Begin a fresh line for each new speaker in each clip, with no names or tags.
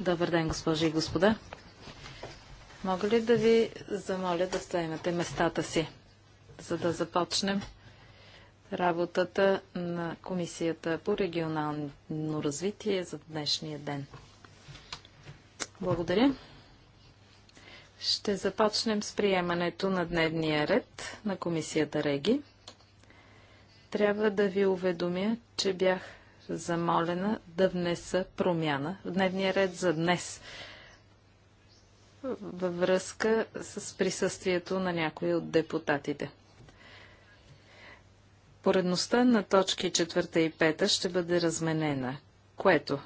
Добър ден, госпожи и господа.
Мога ли да ви замоля да заемете местата си, за да започнем работата на Комисията по регионално развитие за днешния ден? Благодаря. Ще започнем с приемането на дневния ред на Комисията Реги. Трябва да ви уведомя, че бях замолена да внеса промяна в дневния ред за днес във връзка с присъствието на някои от депутатите. Поредността на точки 4 и 5 ще бъде разменена, което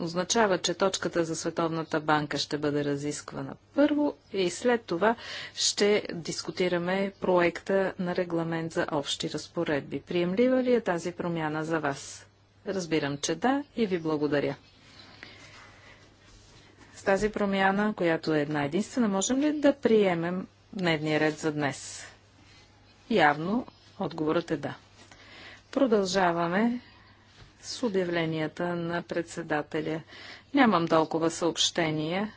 означава, че точката за Световната банка ще бъде разисквана първо и след това ще дискутираме проекта на регламент за общи разпоредби. Приемлива ли е тази промяна за вас? Разбирам, че да и ви благодаря. С тази промяна, която е една единствена, можем ли да приемем дневния ред за днес? Явно отговорът е да. Продължаваме с обявленията на председателя. Нямам толкова съобщения.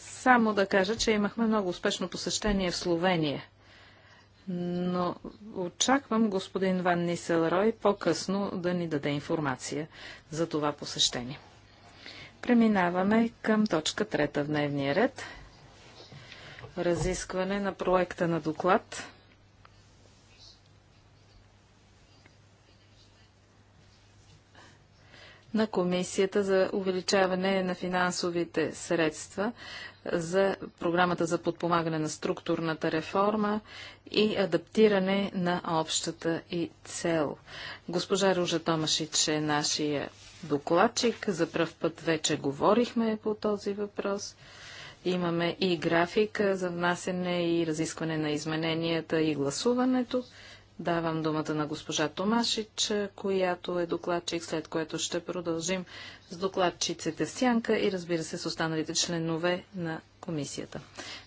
Само да кажа, че имахме много успешно посещение в Словения. Но очаквам господин Ван Ниселрой по-късно да ни даде информация за това посещение. Преминаваме към точка трета в дневния ред. Разискване на проекта на доклад на Комисията за увеличаване на финансовите средства за програмата за подпомагане на структурната реформа и адаптиране на общата и цел. Госпожа Ружа Томашич е нашия докладчик. За пръв път вече говорихме по този въпрос. Имаме и графика за внасене и разискване на измененията и гласуването. Давам думата на госпожа Томашич, която е докладчик, след което ще продължим с докладчиците в сянка и разбира се с останалите членове на комисията.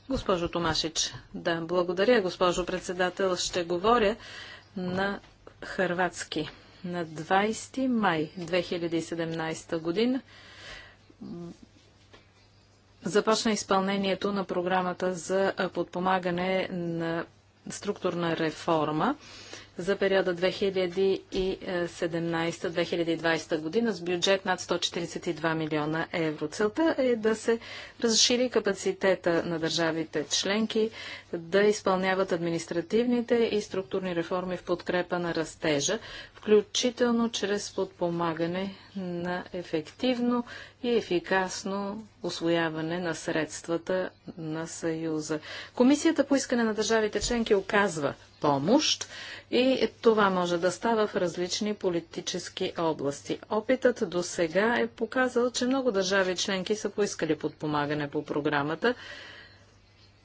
Госпожо Томашич, да, благодаря, госпожо председател. Ще говоря на хърватски. На 20 май 2017 година започна изпълнението на програмата за подпомагане на структурна реформа за периода 2017-2020 година с бюджет над 142 милиона евро. Целта е да се разшири капацитета на държавите членки да изпълняват административните и структурни реформи в подкрепа на растежа, включително чрез подпомагане на ефективно и ефикасно освояване на средствата на Съюза. Комисията по искане на държавите членки оказва помощ и това може да става в различни политически области. Опитът до сега е показал, че много държави членки са поискали подпомагане по програмата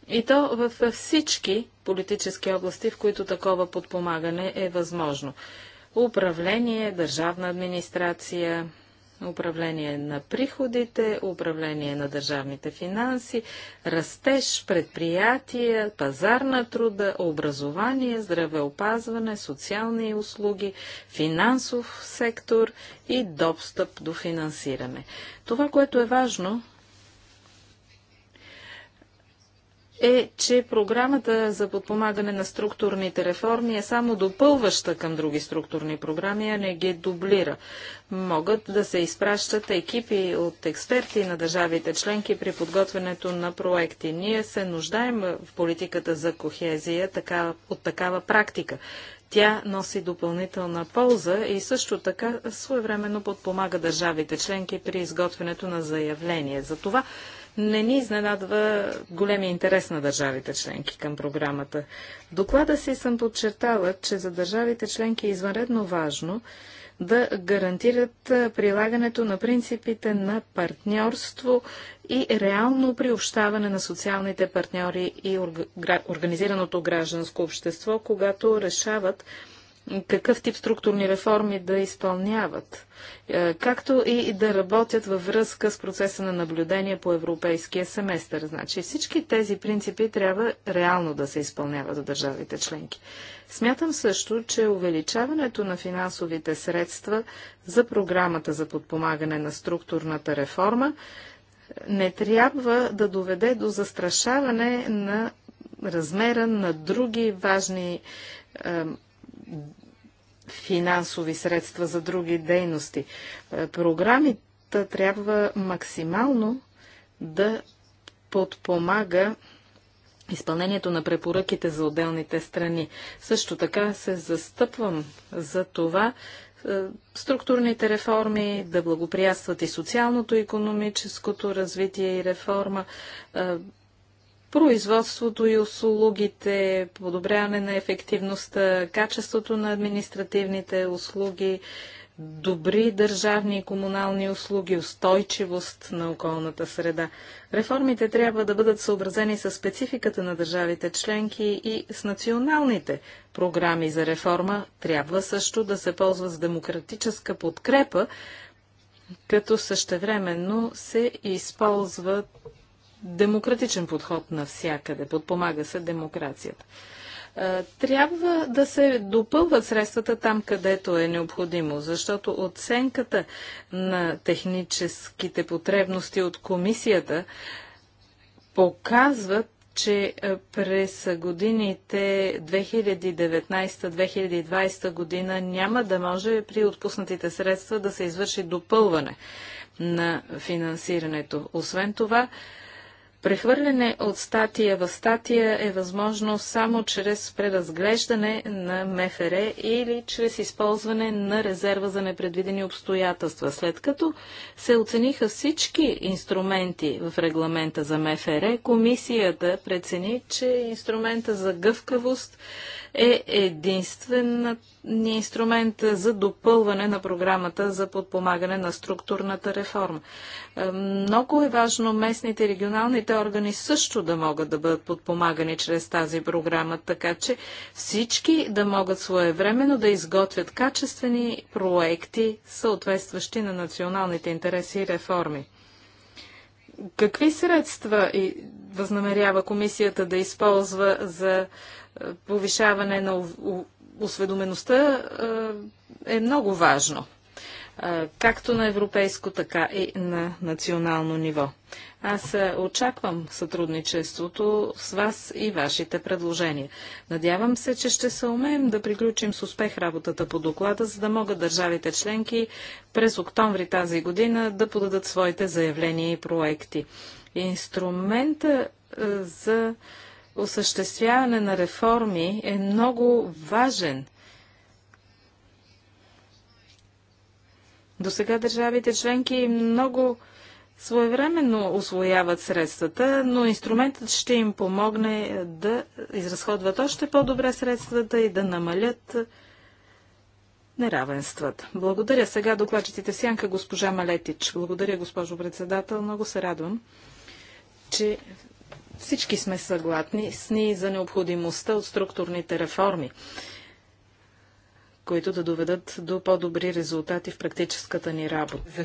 и то във всички политически области, в които такова подпомагане е възможно. Управление, държавна администрация, управление на приходите, управление на държавните финанси, растеж, предприятия, пазар на труда, образование, здравеопазване, социални услуги, финансов сектор и достъп до финансиране. Това, което е важно е, че програмата за подпомагане на структурните реформи е само допълваща към други структурни програми, а не ги дублира. Могат да се изпращат екипи от експерти на държавите членки при подготвянето на проекти. Ние се нуждаем в политиката за кохезия от такава практика. Тя носи допълнителна полза и също така своевременно подпомага държавите членки при изготвянето на заявление. За това не ни изненадва големия интерес на държавите членки към програмата. В доклада си съм подчертала, че за държавите членки е извънредно важно да гарантират прилагането на принципите на партньорство и реално приобщаване на социалните партньори и организираното гражданско общество, когато решават какъв тип структурни реформи да изпълняват, е, както и да работят във връзка с процеса на наблюдение по европейския семестър. Значи всички тези принципи трябва реално да се изпълняват от държавите членки. Смятам също, че увеличаването на финансовите средства за програмата за подпомагане на структурната реформа не трябва да доведе до застрашаване на размера на други важни финансови средства за други дейности. Е, Програмата трябва максимално да подпомага изпълнението на препоръките за отделните страни. Също така се застъпвам за това е, структурните реформи да благоприятстват и социалното, и економическото развитие и реформа. Е, производството и услугите, подобряване на ефективността, качеството на административните услуги, добри държавни и комунални услуги, устойчивост на околната среда. Реформите трябва да бъдат съобразени с спецификата на държавите членки и с националните програми за реформа. Трябва също да се ползва с демократическа подкрепа, като същевременно се използват демократичен подход навсякъде. Подпомага се демокрацията. Трябва да се допълват средствата там, където е необходимо, защото оценката на техническите потребности от комисията показват, че през годините 2019-2020 година няма да може при отпуснатите средства да се извърши допълване на финансирането. Освен това, Прехвърляне от статия в статия е възможно само чрез преразглеждане на МФР или чрез използване на резерва за непредвидени обстоятелства, след като се оцениха всички инструменти в регламента за МФР, комисията прецени, че инструмента за гъвкавост е единствен инструмент за допълване на програмата за подпомагане на структурната реформа. Е, много е важно местните и регионалните органи също да могат да бъдат подпомагани чрез тази програма, така че всички да могат своевременно да изготвят качествени проекти, съответстващи на националните интереси и реформи. Какви средства възнамерява комисията да използва за повишаване на осведомеността е, е много важно, както на европейско, така и на национално ниво. Аз очаквам сътрудничеството с вас и вашите предложения. Надявам се, че ще се умеем да приключим с успех работата по доклада, за да могат държавите членки през октомври тази година да подадат своите заявления и проекти. Инструмента за осъществяване на реформи е много важен. До сега държавите членки много своевременно освояват средствата, но инструментът ще им помогне да изразходват още по-добре средствата и да намалят неравенствата. Благодаря сега докладчиците Сянка, госпожа Малетич. Благодаря, госпожо председател. Много се радвам, че всички сме съгласни с ни за необходимостта от структурните реформи, които да доведат до по-добри резултати в практическата ни работа.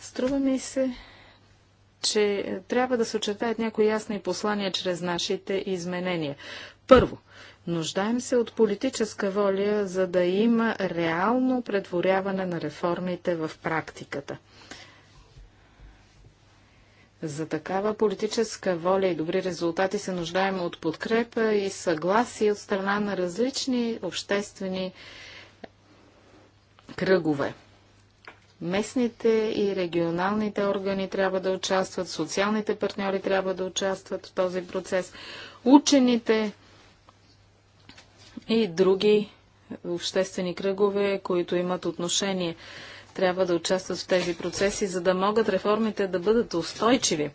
Струва ми се, че трябва да се очертаят някои ясни послания чрез нашите изменения. Първо, нуждаем се от политическа воля, за да има реално претворяване на реформите в практиката – за такава политическа воля и добри резултати се нуждаем от подкрепа и съгласие от страна на различни обществени кръгове. Местните и регионалните органи трябва да участват, социалните партньори трябва да участват в този процес, учените и други обществени кръгове, които имат отношение трябва да участват в тези процеси, за да могат реформите да бъдат устойчиви.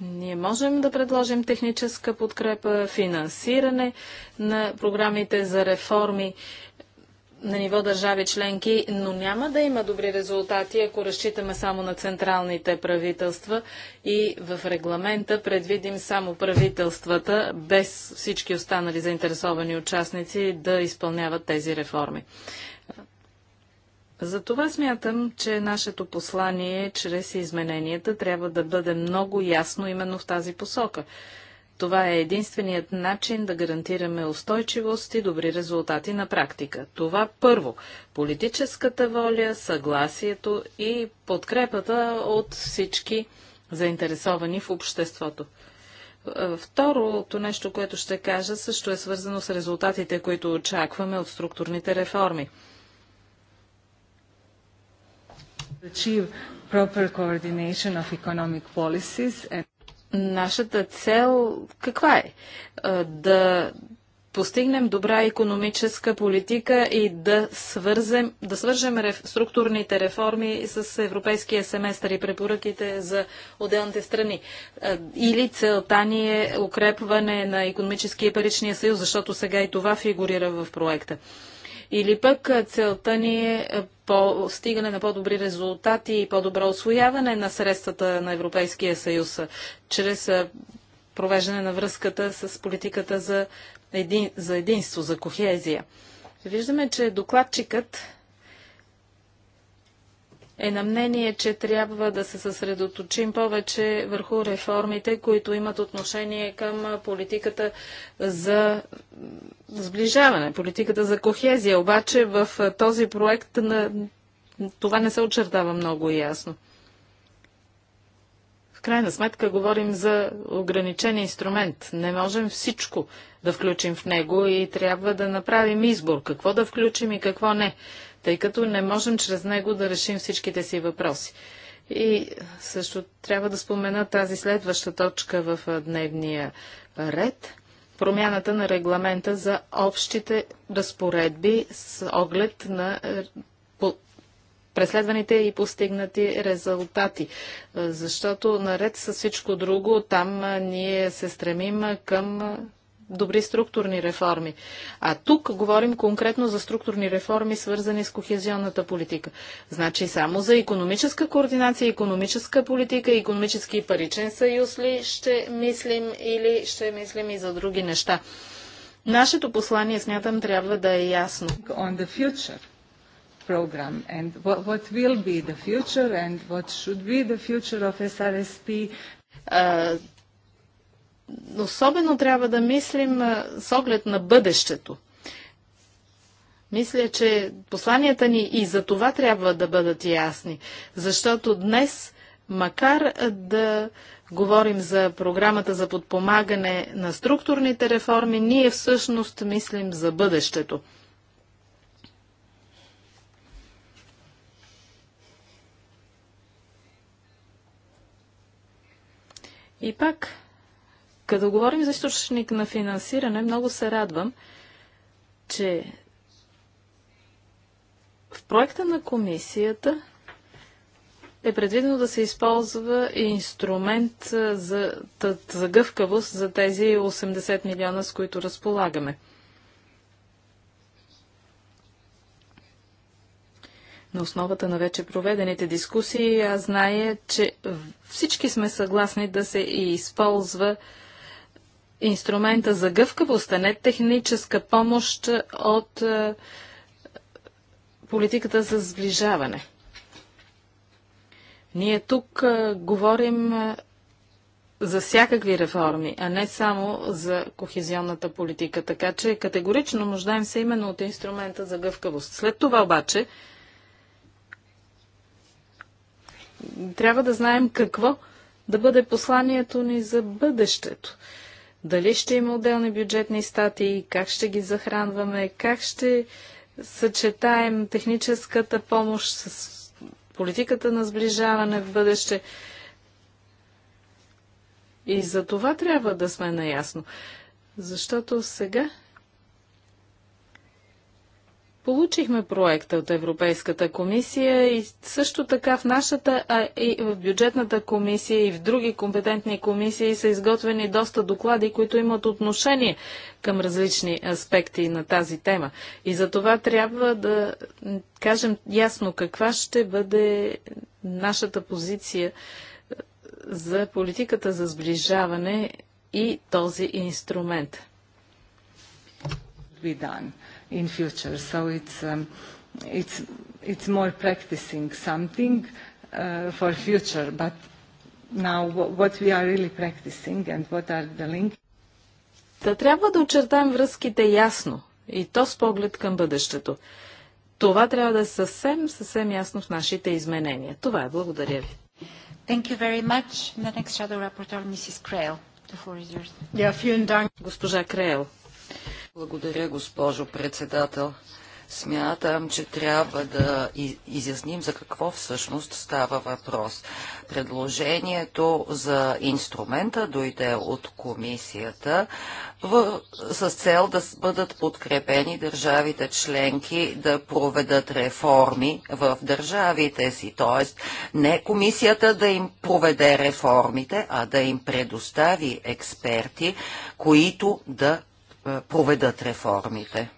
Ние можем да предложим техническа подкрепа, финансиране на програмите за реформи на ниво държави членки, но няма да има добри резултати, ако разчитаме само на централните правителства и в регламента предвидим само правителствата, без всички останали заинтересовани участници да изпълняват тези реформи. Затова смятам, че нашето послание чрез измененията трябва да бъде много ясно именно в тази посока. Това е единственият начин да гарантираме устойчивост и добри резултати на практика. Това първо – политическата воля, съгласието и подкрепата от всички заинтересовани в обществото. Второто нещо, което ще кажа, също е свързано с резултатите, които очакваме от структурните реформи – Нашата цел каква е? Да постигнем добра економическа политика и да, свързем, да свържем структурните реформи с европейския семестър и препоръките за отделните страни. Или целта ни е укрепване на економическия и паричния съюз, защото сега и това фигурира в проекта. Или пък целта ни е постигане стигане на по-добри резултати и по-добро освояване на средствата на Европейския съюз чрез провеждане на връзката с политиката за, един, за единство, за кохезия. Виждаме, че докладчикът е на мнение, че трябва да се съсредоточим повече върху реформите, които имат отношение към политиката за сближаване, политиката за кохезия. Обаче в този проект на... това не се очертава много ясно. В крайна сметка говорим за ограничен инструмент. Не можем всичко да включим в него и трябва да направим избор какво да включим и какво не тъй като не можем чрез него да решим всичките си въпроси. И също трябва да спомена тази следваща точка в дневния ред промяната на регламента за общите разпоредби с оглед на е, преследваните и постигнати резултати. Защото наред с всичко друго, там ние се стремим към добри структурни реформи. А тук говорим конкретно за структурни реформи, свързани с кохезионната политика. Значи само за економическа координация, економическа политика, економически паричен съюз ли ще мислим или ще мислим и за други неща. Нашето послание, смятам, трябва да е ясно. program and what, will be the future and what should be the future of SRSP особено трябва да мислим с оглед на бъдещето. Мисля, че посланията ни и за това трябва да бъдат ясни, защото днес, макар да говорим за програмата за подпомагане на структурните реформи, ние всъщност мислим за бъдещето. И пак като говорим за източник на финансиране, много се радвам, че в проекта на комисията е предвидено да се използва инструмент за, за гъвкавост за тези 80 милиона, с които разполагаме. На основата на вече проведените дискусии аз зная, че всички сме съгласни да се използва инструмента за гъвкавост, а не техническа помощ от е, политиката за сближаване. Ние тук е, говорим е, за всякакви реформи, а не само за кохезионната политика. Така че категорично нуждаем се именно от инструмента за гъвкавост. След това обаче трябва да знаем какво да бъде посланието ни за бъдещето. Дали ще има отделни бюджетни статии, как ще ги захранваме, как ще съчетаем техническата помощ с политиката на сближаване в бъдеще. И за това трябва да сме наясно. Защото сега Получихме проекта от Европейската комисия и също така в нашата, а и в бюджетната комисия и в други компетентни комисии са изготвени доста доклади, които имат отношение към различни аспекти на тази тема. И за това трябва да кажем ясно каква ще бъде нашата позиция за политиката за сближаване и този инструмент
be done in future. So it's, um, it's, it's more practicing something uh, for future, but
now what we are really practicing and what are the links. Та трябва да очертаем връзките ясно и то с поглед към бъдещето. Това трябва да е съвсем, съвсем ясно в нашите изменения. Това е. Благодаря ви.
Thank you very much. The next shadow rapporteur, Mrs. Krehl. The floor is yours. Yeah, vielen Dank. Госпожа Крейл. Благодаря, госпожо председател. Смятам, че трябва да изясним за какво всъщност става въпрос. Предложението за инструмента дойде от комисията в, с цел да бъдат подкрепени държавите членки да проведат реформи в държавите си. Тоест не комисията да им проведе реформите, а да им предостави експерти, които да е, проведат реформите.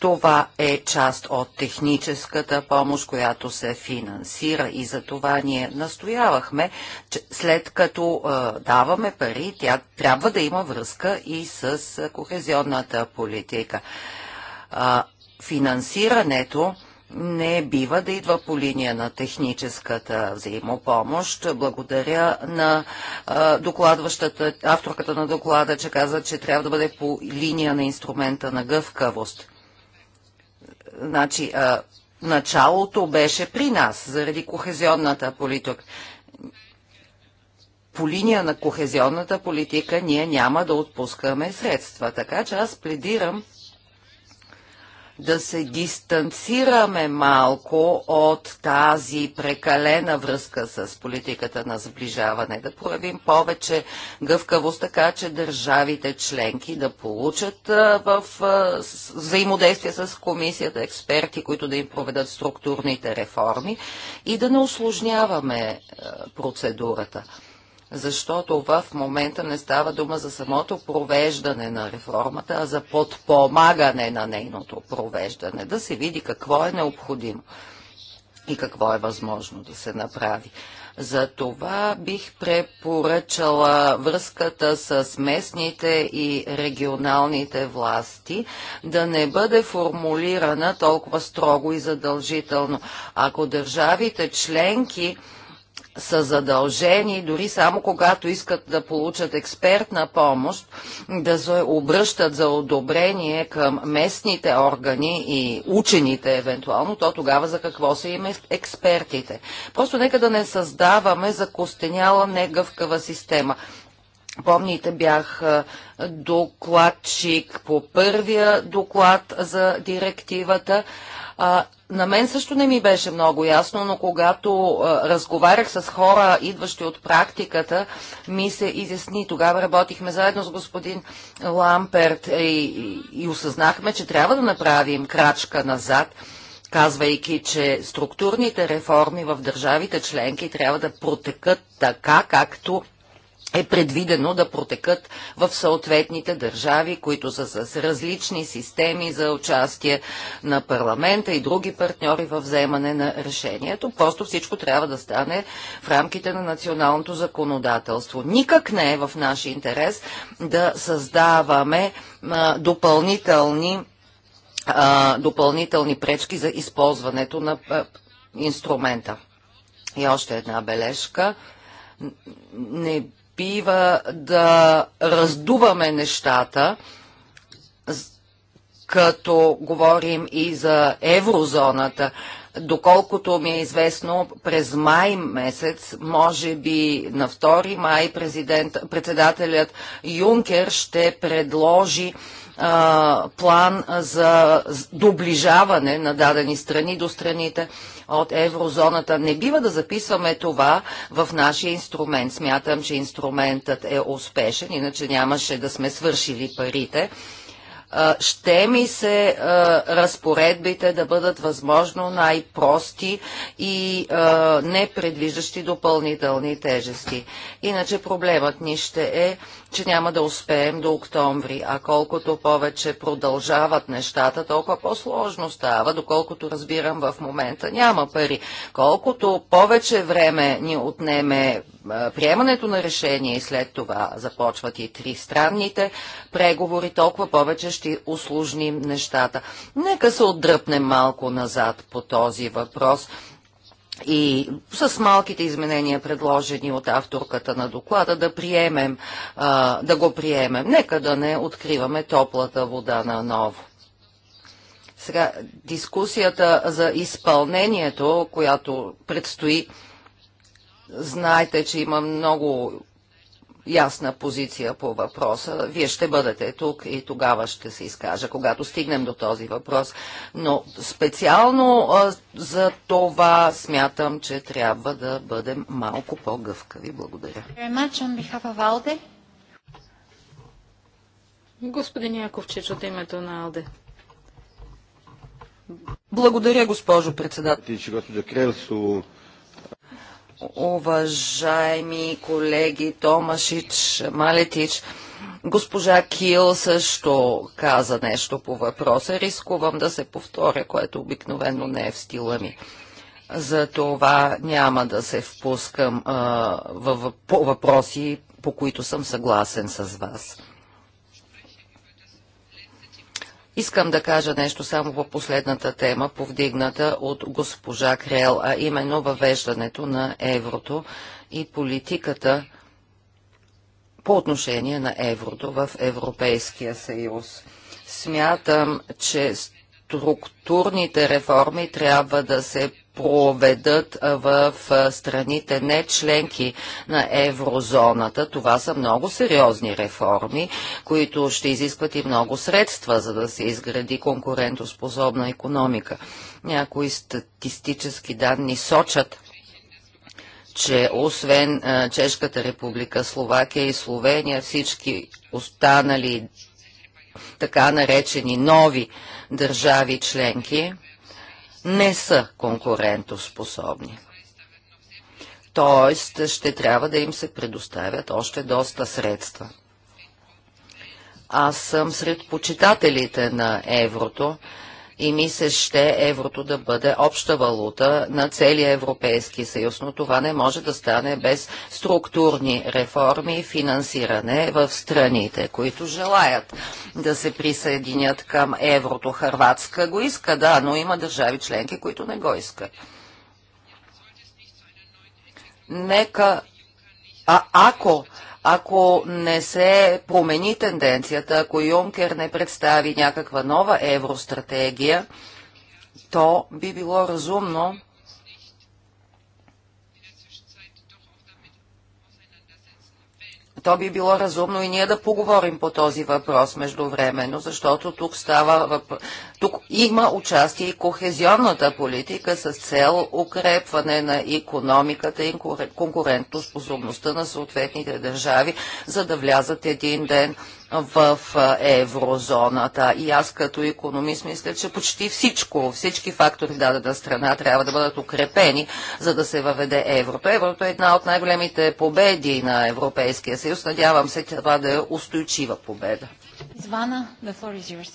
Това е част от техническата помощ, която се финансира и за това ние настоявахме, че след като е, даваме пари, тя трябва да има връзка и с е, кохезионната политика. финансирането не бива да идва по линия на техническата взаимопомощ. Благодаря на докладващата, авторката на доклада, че каза, че трябва да бъде по линия на инструмента на гъвкавост. Значи, началото беше при нас, заради кохезионната политика. По линия на кохезионната политика ние няма да отпускаме средства. Така че аз пледирам да се дистанцираме малко от тази прекалена връзка с политиката на сближаване, да проявим повече гъвкавост, така че държавите членки да получат в взаимодействие с комисията експерти, които да им проведат структурните реформи и да не осложняваме процедурата защото в момента не става дума за самото провеждане на реформата, а за подпомагане на нейното провеждане, да се види какво е необходимо и какво е възможно да се направи. За това бих препоръчала връзката с местните и регионалните власти да не бъде формулирана толкова строго и задължително. Ако държавите членки са задължени, дори само когато искат да получат експертна помощ, да се обръщат за одобрение към местните органи и учените евентуално, то тогава за какво са им експертите. Просто нека да не създаваме закостеняла негъвкава система. Помните, бях докладчик по първия доклад за директивата на мен също не ми беше много ясно, но когато а, разговарях с хора, идващи от практиката, ми се изясни. Тогава работихме заедно с господин Ламперт и, и, и осъзнахме, че трябва да направим крачка назад, казвайки, че структурните реформи в държавите членки трябва да протекат така, както е предвидено да протекат в съответните държави, които са с различни системи за участие на парламента и други партньори в вземане на решението. Просто всичко трябва да стане в рамките на националното законодателство. Никак не е в наш интерес да създаваме допълнителни, допълнителни пречки за използването на инструмента. И още една бележка. Не бива да раздуваме нещата, като говорим и за еврозоната. Доколкото ми е известно, през май месец, може би на 2 май, председателят Юнкер ще предложи а, план за доближаване на дадени страни до страните от еврозоната. Не бива да записваме това в нашия инструмент. Смятам, че инструментът е успешен, иначе нямаше да сме свършили парите ще ми се разпоредбите да бъдат възможно най-прости и непредвиждащи допълнителни тежести. Иначе проблемът ни ще е че няма да успеем до октомври, а колкото повече продължават нещата, толкова по-сложно става, доколкото разбирам в момента няма пари. Колкото повече време ни отнеме приемането на решение и след това започват и три странните преговори, толкова повече ще усложним нещата. Нека се отдръпнем малко назад по този въпрос и с малките изменения, предложени от авторката на доклада, да, приемем, да го приемем. Нека да не откриваме топлата вода на ново. Сега, дискусията за изпълнението, която предстои, знаете, че има много ясна позиция по въпроса. Вие ще бъдете тук и тогава ще се изкажа, когато стигнем до този въпрос. Но специално за това смятам, че трябва да бъдем малко по-гъвкави. Благодаря.
Господин Яковчич от името на Алде.
Благодаря, госпожо председател уважаеми колеги Томашич, Малетич. Госпожа Кил също каза нещо по въпроса. Рискувам да се повторя, което обикновено не е в стила ми. За това няма да се впускам а, в, по въпроси, по които съм съгласен с вас. Искам да кажа нещо само по последната тема, повдигната от госпожа Крел, а именно въвеждането на еврото и политиката по отношение на еврото в Европейския съюз. Смятам, че структурните реформи трябва да се проведат в страните не членки на еврозоната. Това са много сериозни реформи, които ще изискват и много средства, за да се изгради конкурентоспособна економика. Някои статистически данни сочат, че освен Чешката република, Словакия и Словения, всички останали така наречени нови държави членки не са конкурентоспособни. Тоест, ще трябва да им се предоставят още доста средства. Аз съм сред почитателите на еврото, и ми се ще еврото да бъде обща валута на целия Европейски съюз, но това не може да стане без структурни реформи и финансиране в страните, които желаят да се присъединят към еврото. Харватска го иска, да, но има държави членки, които не го искат. Нека а ако ако не се промени тенденцията, ако Юнкер не представи някаква нова евростратегия, то би било разумно то би било разумно и ние да поговорим по този въпрос междувременно, защото тук, става въпро... тук има участие и кохезионната политика с цел укрепване на економиката и конкурентоспособността на съответните държави, за да влязат един ден в еврозоната. И аз като економист мисля, че почти всичко, всички фактори в дадена страна трябва да бъдат укрепени, за да се въведе еврото. Еврото е една от най-големите победи на Европейския съюз. Надявам се това да е устойчива победа. Звана, the floor is yours.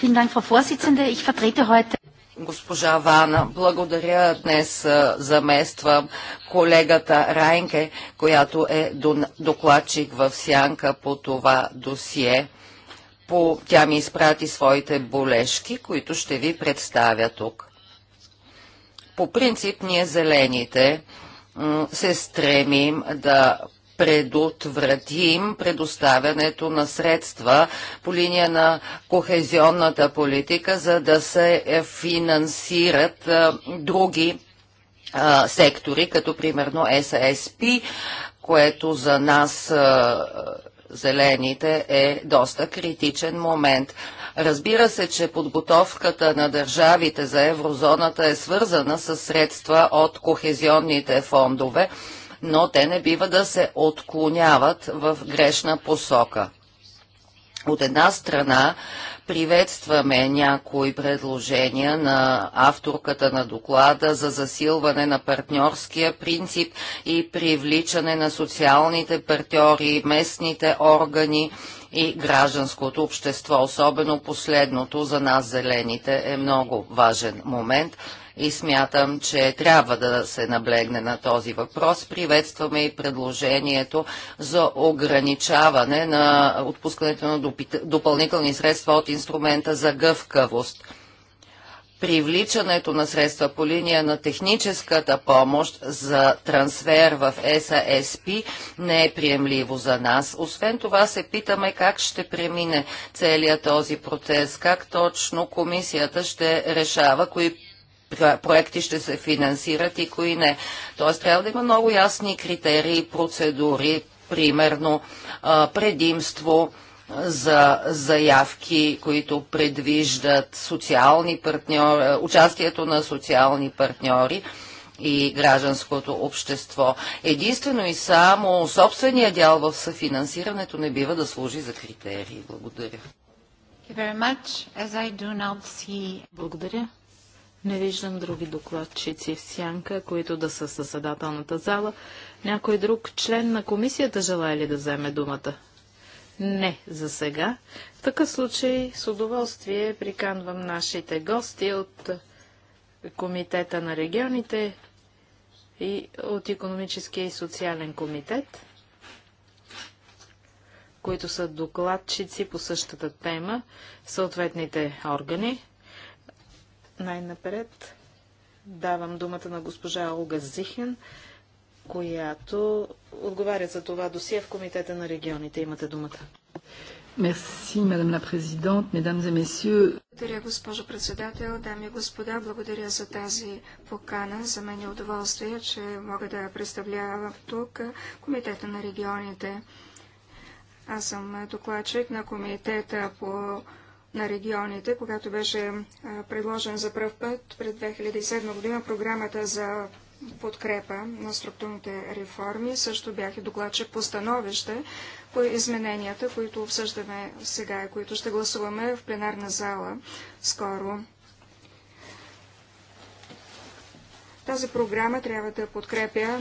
Vielen Dank, Frau Vorsitzende. Ich vertrete heute госпожа Вана. Благодаря. Днес замествам колегата Райнке, която е докладчик в Сянка по това досие. По... Тя ми изпрати своите болешки, които ще ви представя тук. По принцип ние зелените се стремим да предотвратим предоставянето на средства по линия на кохезионната политика, за да се е, финансират е, други е, сектори, като примерно ССП, което за нас зелените е доста критичен момент. Разбира се, че подготовката на държавите за еврозоната е свързана с средства от кохезионните фондове, но те не бива да се отклоняват в грешна посока. От една страна приветстваме някои предложения на авторката на доклада за засилване на партньорския принцип и привличане на социалните партньори, местните органи и гражданското общество. Особено последното за нас зелените е много важен момент – и смятам, че трябва да се наблегне на този въпрос. Приветстваме и предложението за ограничаване на отпускането на допълнителни средства от инструмента за гъвкавост привличането на средства по линия на техническата помощ за трансфер в САСП не е приемливо за нас. Освен това се питаме как ще премине целият този процес, как точно комисията ще решава кои проекти ще се финансират и кои не. Тоест трябва да има много ясни критерии, процедури, примерно предимство за заявки, които предвиждат социални партньори, участието на социални партньори и гражданското общество. Единствено и само собствения дял в съфинансирането не бива да служи за критерии. Благодаря.
Благодаря. Не виждам други докладчици в сянка, които да са съседателната зала. Някой друг член на комисията желая ли да вземе думата? Не, за сега. В такъв случай с удоволствие приканвам нашите гости от Комитета на регионите и от Економическия и социален комитет, които са докладчици по същата тема, съответните органи. Най-напред давам думата на госпожа Олга Зихен, която отговаря за това досие в Комитета на регионите. Имате думата. Мерси, мадам ла президент, медам за месю.
Благодаря, госпожо председател, дами и господа. Благодаря за тази покана. За мен е удоволствие, че мога да представлявам тук Комитета на регионите. Аз съм докладчик на Комитета по на регионите, когато беше предложен за пръв път през 2007 година програмата за подкрепа на структурните реформи. Също бях и докладче по становище по измененията, които обсъждаме сега и които ще гласуваме в пленарна зала скоро. Тази програма трябва да подкрепя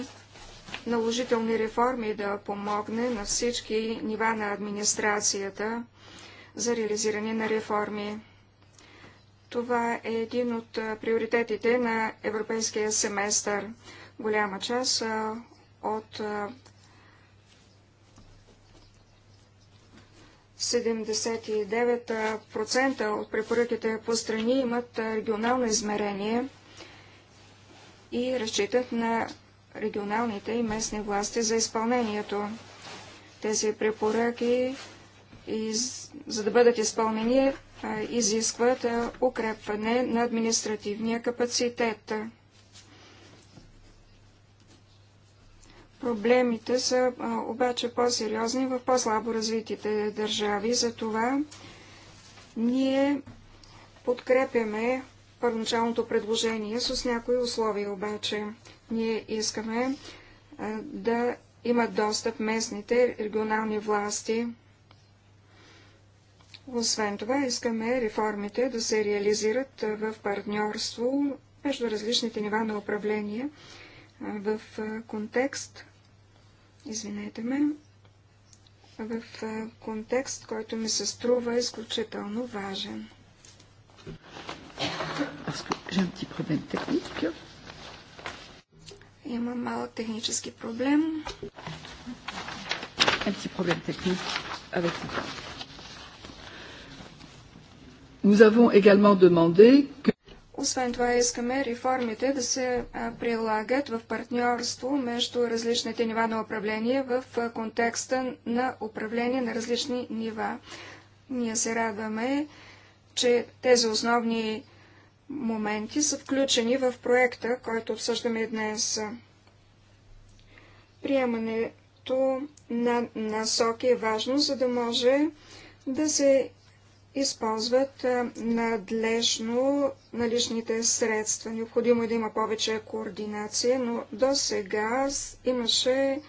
наложителни реформи, да помогне на всички нива на администрацията, за реализиране на реформи. Това е един от приоритетите на европейския семестър. Голяма част от 79% от препоръките по страни имат регионално измерение и разчитат на регионалните и местни власти за изпълнението. Тези препоръки и за да бъдат изпълнени, изискват укрепване на административния капацитет. Проблемите са обаче по-сериозни в по-слабо развитите държави, затова ние подкрепяме първоначалното предложение с някои условия обаче. Ние искаме да имат достъп местните регионални власти освен това, искаме реформите да се реализират в партньорство между различните нива на управление в контекст, извинете ме, в контекст, който ми се струва изключително важен. Има малък технически проблем.
Un petit problème technique Nous avons également demandé que
освен това искаме реформите да се прилагат в партньорство между различните нива на управление в контекста на управление на различни нива. Ние се радваме, че тези основни моменти са включени в проекта, който обсъждаме днес. Приемането на насоки е важно, за да може да се използват надлежно наличните средства. Необходимо е да има повече координация, но до сега имаше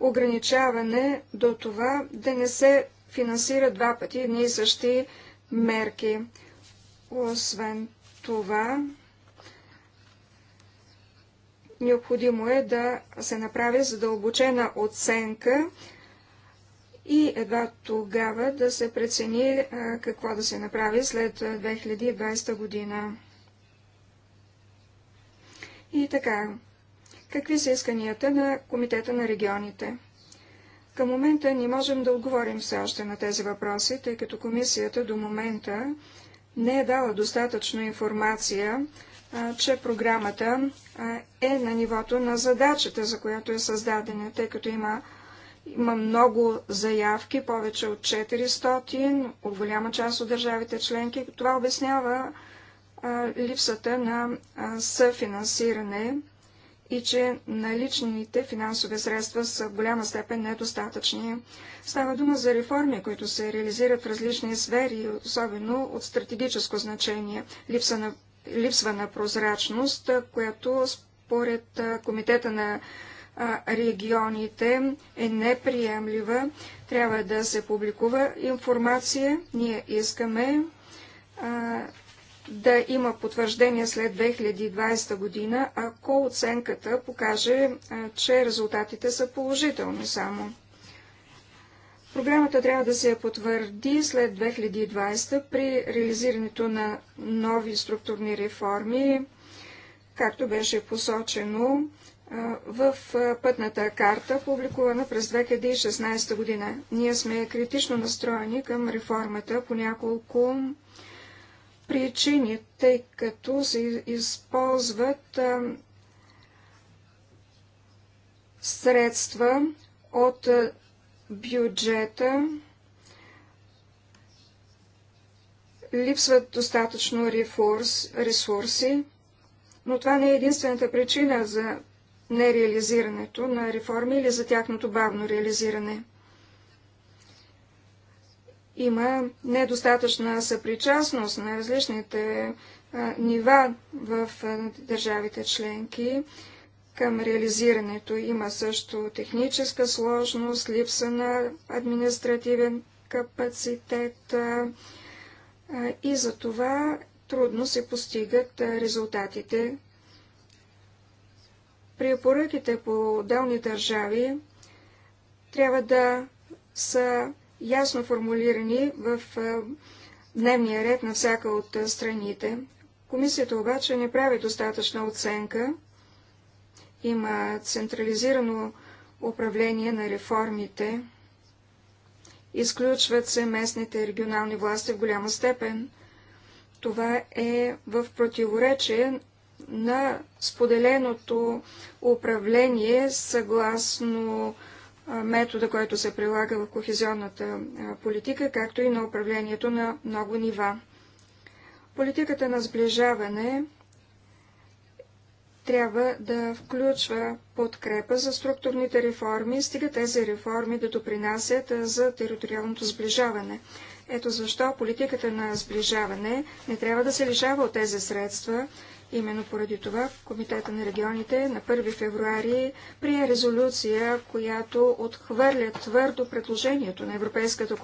ограничаване до това да не се финансира два пъти едни и същи мерки. Освен това, необходимо е да се направи задълбочена оценка и едва тогава да се прецени какво да се направи след 2020 година. И така, какви са исканията на Комитета на регионите? Към момента не можем да отговорим все още на тези въпроси, тъй като комисията до момента не е дала достатъчно информация, че програмата е на нивото на задачата, за която е създадена, тъй като има има много заявки, повече от 400, от голяма част от държавите членки. Това обяснява а, липсата на а, съфинансиране и че наличните финансови средства са в голяма степен недостатъчни. Става дума за реформи, които се реализират в различни сфери, особено от стратегическо значение. Липса на, липсва на прозрачност, която според Комитета на регионите е неприемлива. Трябва да се публикува информация. Ние искаме а, да има потвърждение след 2020 година, ако оценката покаже, а, че резултатите са положителни само. Програмата трябва да се потвърди след 2020 при реализирането на нови структурни реформи, както беше посочено в пътната карта, публикувана през 2016 година. Ние сме критично настроени към реформата по няколко причини, тъй като се използват средства от бюджета, липсват достатъчно ресурси, но това не е единствената причина за нереализирането на реформи или за тяхното бавно реализиране. Има недостатъчна съпричастност на различните а, нива в а, държавите членки към реализирането. Има също техническа сложност, липса на административен капацитет а, и за това трудно се постигат резултатите, препоръките по отделни държави трябва да са ясно формулирани в дневния ред на всяка от страните. Комисията обаче не прави достатъчна оценка. Има централизирано управление на реформите. Изключват се местните регионални власти в голяма степен. Това е в противоречие на споделеното управление съгласно метода, който се прилага в кохезионната политика, както и на управлението на много нива. Политиката на сближаване трябва да включва подкрепа за структурните реформи, стига тези реформи да допринасят за териториалното сближаване. Ето защо политиката на сближаване не трябва да се лишава от тези средства, Именно поради това Комитета на регионите на 1 февруари прие резолюция, която отхвърля твърдо предложението на Европейската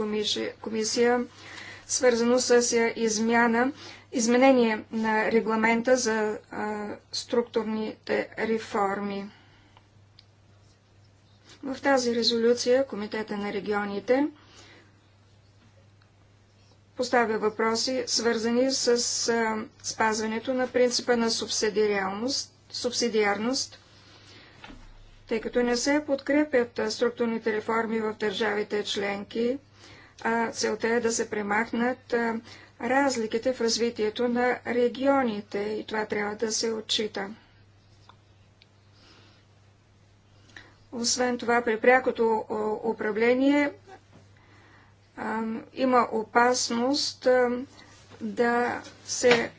комисия, свързано с измяна, изменение на регламента за а, структурните реформи. В тази резолюция Комитета на регионите поставя въпроси, свързани с а, спазването на принципа на субсидиарност, тъй като не се подкрепят структурните реформи в държавите членки, а целта е да се премахнат а, разликите в развитието на регионите и това трябва да се отчита. Освен това, при прякото управление има опасност да се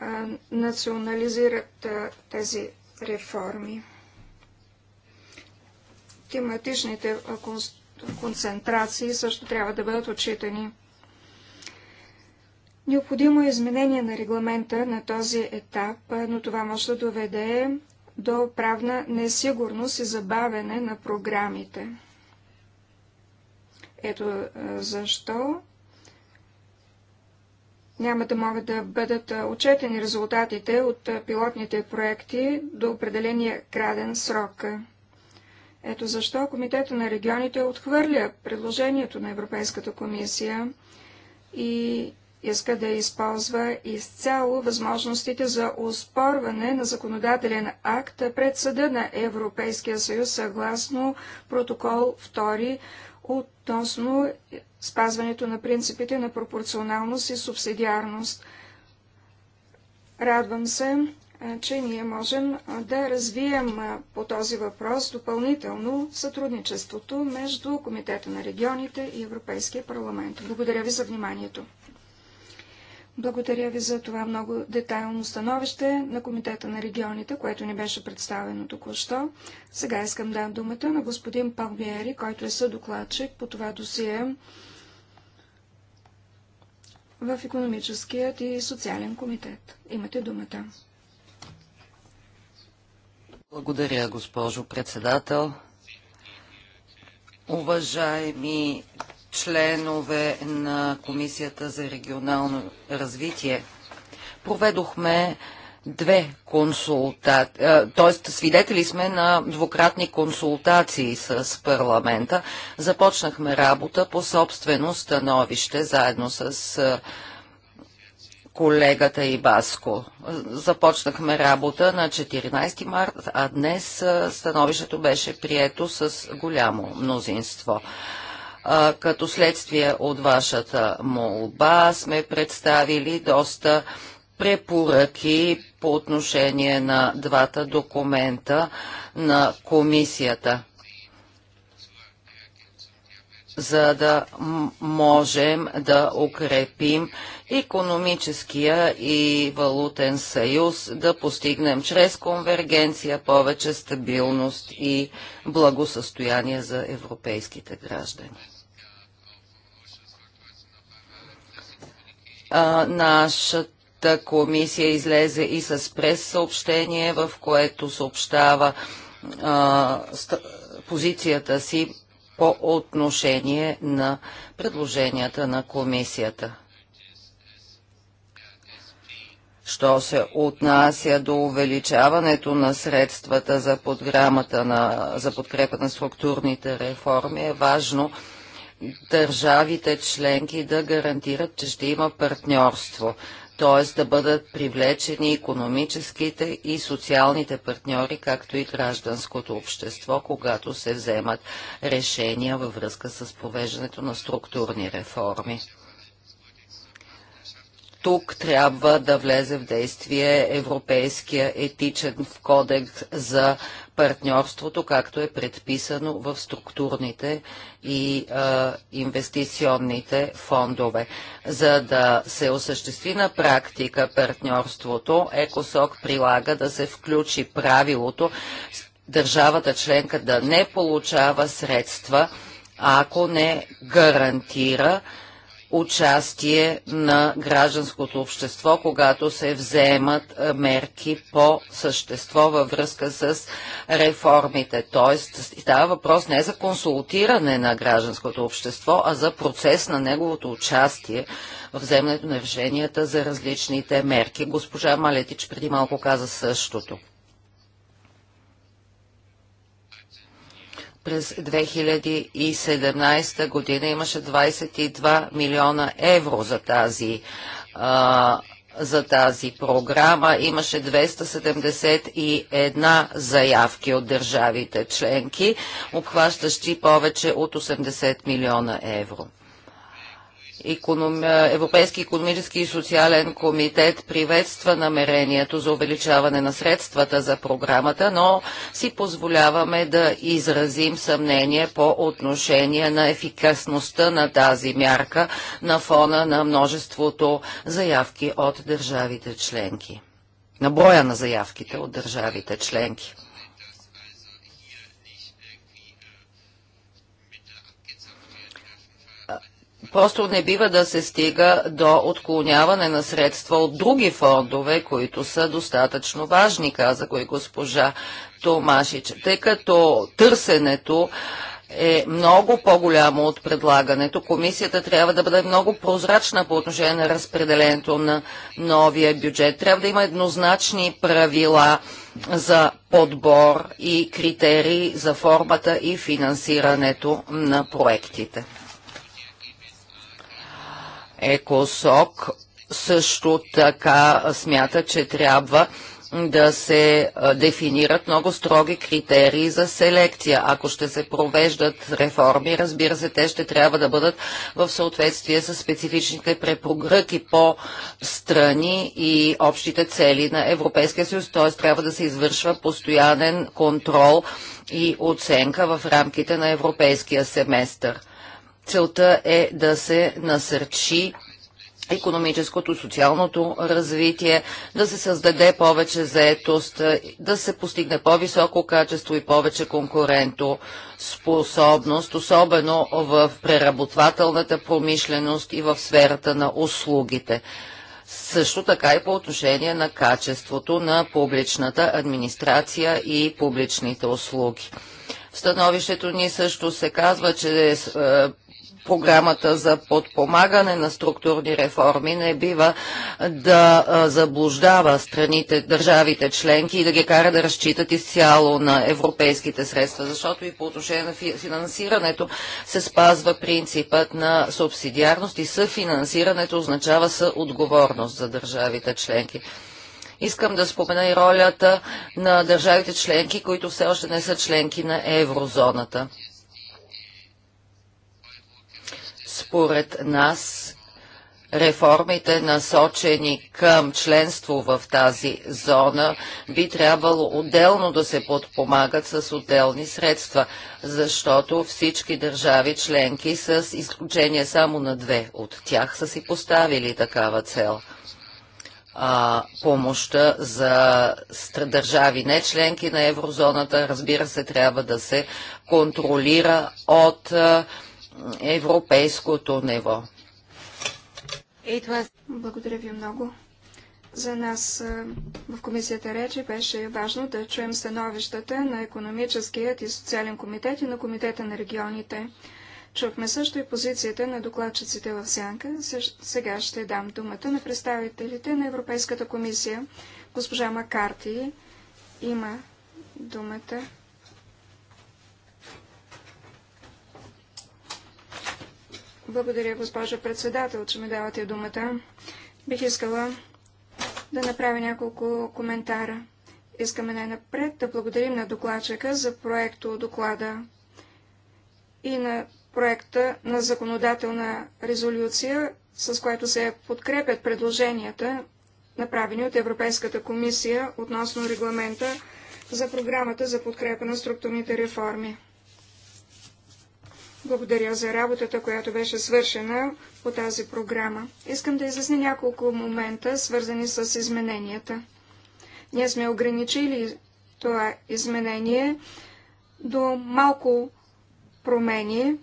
ренационализират тези реформи. Тематичните концентрации също трябва да бъдат отчитани. Необходимо е изменение на регламента на този етап, но това може да доведе до правна несигурност и забавене на програмите. Ето защо няма да могат да бъдат отчетени резултатите от пилотните проекти до определения краден срок. Ето защо Комитета на регионите отхвърля предложението на Европейската комисия и иска да използва изцяло възможностите за успорване на законодателен акт пред съда на Европейския съюз съгласно протокол 2 относно спазването на принципите на пропорционалност и субсидиарност. Радвам се, че ние можем да развием по този въпрос допълнително сътрудничеството между Комитета на регионите и Европейския парламент. Благодаря ви за вниманието. Благодаря ви за това много детайлно становище на Комитета на регионите, което ни беше представено току-що. Сега искам да дам думата на господин Палмиери, който е съдокладчик по това досие в економическият и социален комитет. Имате думата.
Благодаря, госпожо председател. Уважаеми членове на Комисията за регионално развитие. Проведохме две консултации, т.е. свидетели сме на двукратни консултации с парламента. Започнахме работа по собствено становище заедно с колегата Ибаско. Започнахме работа на 14 март, а днес становището беше прието с голямо мнозинство като следствие от вашата молба сме представили доста препоръки по отношение на двата документа на комисията за да можем да укрепим економическия и валутен съюз, да постигнем чрез конвергенция повече стабилност и благосъстояние за европейските граждани. а, нашата комисия излезе и с прес-съобщение, в което съобщава а, позицията си по отношение на предложенията на комисията. Що се отнася до увеличаването на средствата за, за подкрепа на структурните реформи, е важно да държавите членки да гарантират, че ще има партньорство, т.е. да бъдат привлечени економическите и социалните партньори, както и гражданското общество, когато се вземат решения във връзка с провеждането на структурни реформи тук трябва да влезе в действие Европейския етичен кодекс за партньорството, както е предписано в структурните и а, инвестиционните фондове. За да се осъществи на практика партньорството, ЕКОСОК прилага да се включи правилото държавата членка да не получава средства, ако не гарантира участие на гражданското общество, когато се вземат мерки по същество във връзка с реформите. Тоест, става въпрос не за консултиране на гражданското общество, а за процес на неговото участие в вземането на решенията за различните мерки. Госпожа Малетич преди малко каза същото. през 2017 година имаше 22 милиона евро за тази а, за тази програма. Имаше 271 заявки от държавите членки, обхващащи повече от 80 милиона евро. Европейски економически и социален комитет приветства намерението за увеличаване на средствата за програмата, но си позволяваме да изразим съмнение по отношение на ефикасността на тази мярка на фона на множеството заявки от държавите членки. На броя на заявките от държавите членки. Просто не бива да се стига до отклоняване на средства от други фондове, които са достатъчно важни, каза го и госпожа Томашич, тъй като търсенето е много по-голямо от предлагането. Комисията трябва да бъде много прозрачна по отношение на разпределението на новия бюджет. Трябва да има еднозначни правила за подбор и критерии за формата и финансирането на проектите. ЕКОСОК също така смята, че трябва да се дефинират много строги критерии за селекция. Ако ще се провеждат реформи, разбира се, те ще трябва да бъдат в съответствие с специфичните препоръки по страни и общите цели на Европейския съюз, т.е. трябва да се извършва постоянен контрол и оценка в рамките на европейския семестър. Целта е да се насърчи економическото, социалното развитие, да се създаде повече заетост, да се постигне по-високо качество и повече конкуренто способност, особено в преработвателната промишленост и в сферата на услугите. Също така и по отношение на качеството на публичната администрация и публичните услуги. В становището ни също се казва, че е, програмата за подпомагане на структурни реформи не бива да заблуждава страните, държавите членки и да ги кара да разчитат изцяло на европейските средства, защото и по отношение на финансирането се спазва принципът на субсидиарност и съфинансирането означава съотговорност за държавите членки. Искам да спомена и ролята на държавите членки, които все още не са членки на еврозоната. Според нас реформите насочени към членство в тази зона би трябвало отделно да се подпомагат с отделни средства, защото всички държави членки, с изключение само на две от тях, са си поставили такава цел. А, помощта за държави не членки на еврозоната, разбира се, трябва да се контролира от а, европейското ниво. Благодаря
ви много. За нас в комисията речи беше важно да чуем становищата на економическият и социален комитет и на комитета на регионите. Чухме също и позицията на докладчиците в Сянка. Сега ще дам думата на представителите на Европейската комисия. Госпожа Макарти има думата. Благодаря, госпожа председател, че ми давате думата. Бих искала да направя няколко коментара. Искаме най-напред да благодарим на докладчика за проекто доклада и на проекта на законодателна резолюция, с която се подкрепят предложенията, направени от Европейската комисия относно регламента за програмата за подкрепа на структурните реформи. Благодаря за работата, която беше свършена по тази програма. Искам да изясня няколко момента, свързани с измененията. Ние сме ограничили това изменение до малко промени.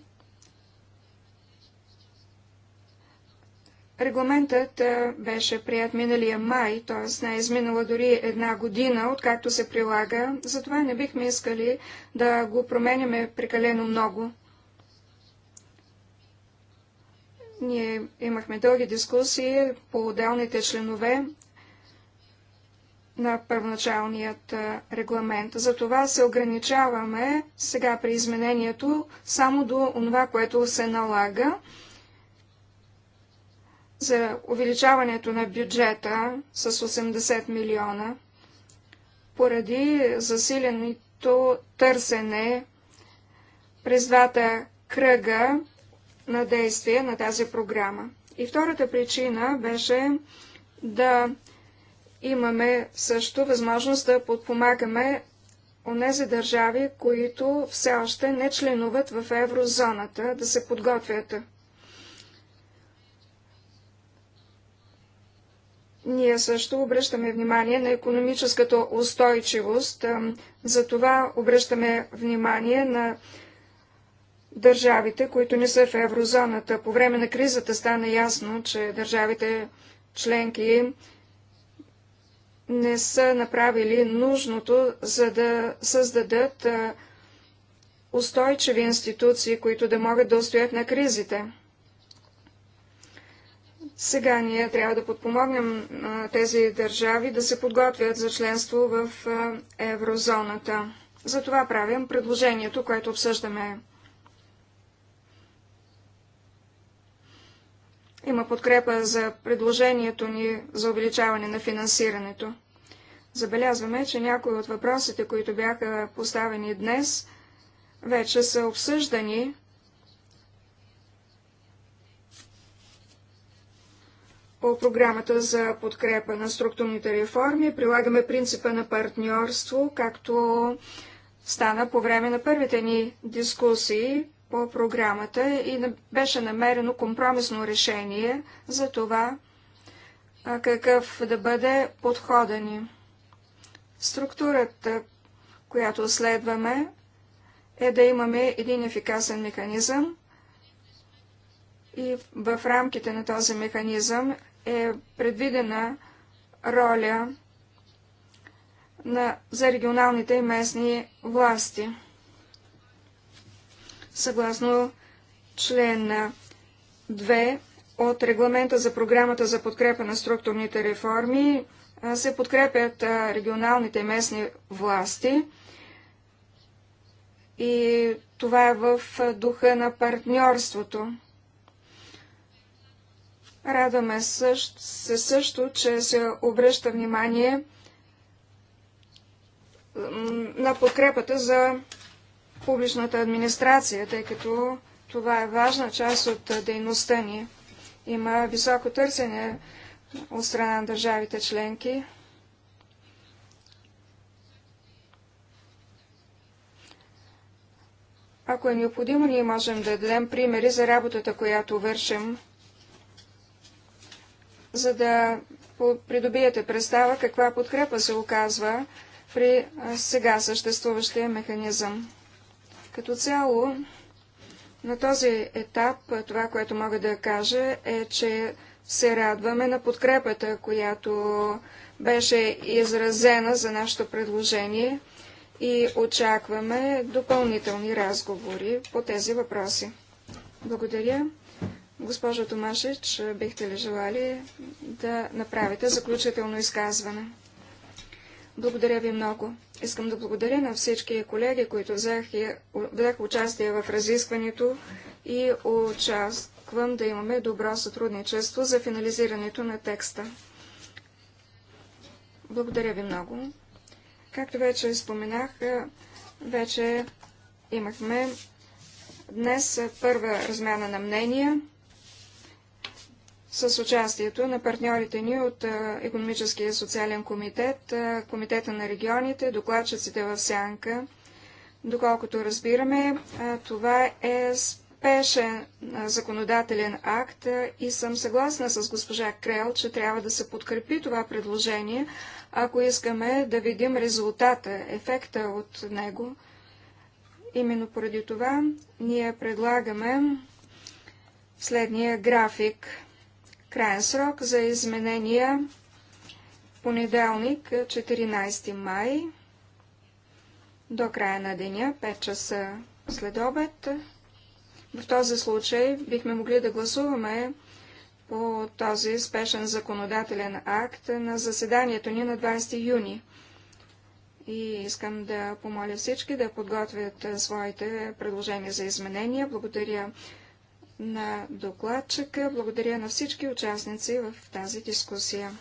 Регламентът беше прият миналия май, т.е. не е изминала дори една година, откакто се прилага, затова не бихме искали да го променяме прекалено много. Ние имахме дълги дискусии по отделните членове на първоначалният регламент. Затова се ограничаваме сега при изменението само до това, което се налага за увеличаването на бюджета с 80 милиона поради засиленото търсене през двата кръга на действие на тази програма. И втората причина беше да имаме също възможност да подпомагаме онези държави, които все още не членуват в еврозоната, да се подготвят. Ние също обръщаме внимание на економическата устойчивост, затова обръщаме внимание на държавите, които не са в еврозоната. По време на кризата стана ясно, че държавите членки не са направили нужното, за да създадат устойчиви институции, които да могат да устоят на кризите. Сега ние трябва да подпомогнем тези държави да се подготвят за членство в еврозоната. Затова правим предложението, което обсъждаме Има подкрепа за предложението ни за увеличаване на финансирането. Забелязваме, че някои от въпросите, които бяха поставени днес, вече са обсъждани по програмата за подкрепа на структурните реформи. Прилагаме принципа на партньорство, както стана по време на първите ни дискусии по програмата и беше намерено компромисно решение за това какъв да бъде подхода ни. Структурата, която следваме, е да имаме един ефикасен механизъм и в рамките на този механизъм е предвидена роля на, за регионалните и местни власти съгласно член 2 от регламента за програмата за подкрепа на структурните реформи се подкрепят регионалните местни власти и това е в духа на партньорството. Радваме се също, че се обръща внимание на подкрепата за публичната администрация, тъй като това е важна част от дейността ни. Има високо търсене от страна на държавите членки. Ако е необходимо, ние можем да дадем примери за работата, която вършим, за да придобиете представа каква подкрепа се оказва при сега съществуващия механизъм. Като цяло, на този етап това, което мога да кажа е, че се радваме на подкрепата, която беше изразена за нашето предложение и очакваме допълнителни разговори по тези въпроси. Благодаря. Госпожо Томашич, бихте ли желали да направите заключително изказване? Благодаря ви много. Искам да благодаря на всички колеги, които взеха взех участие в разискването и очаквам да имаме добро сътрудничество за финализирането на текста. Благодаря ви много. Както вече споменах, е, вече имахме днес първа размяна на мнения с участието на партньорите ни от Економическия и социален комитет, Комитета на регионите, докладчиците в Сянка. Доколкото разбираме, това е спешен законодателен акт и съм съгласна с госпожа Крел, че трябва да се подкрепи това предложение, ако искаме да видим резултата, ефекта от него. Именно поради това ние предлагаме следния график – Краен срок за изменения понеделник, 14 май, до края на деня, 5 часа след обед. В този случай бихме могли да гласуваме по този спешен законодателен акт на заседанието ни на 20 юни. И искам да помоля всички да подготвят своите предложения за изменения. Благодаря на докладчика. Благодаря на всички участници в тази дискусия.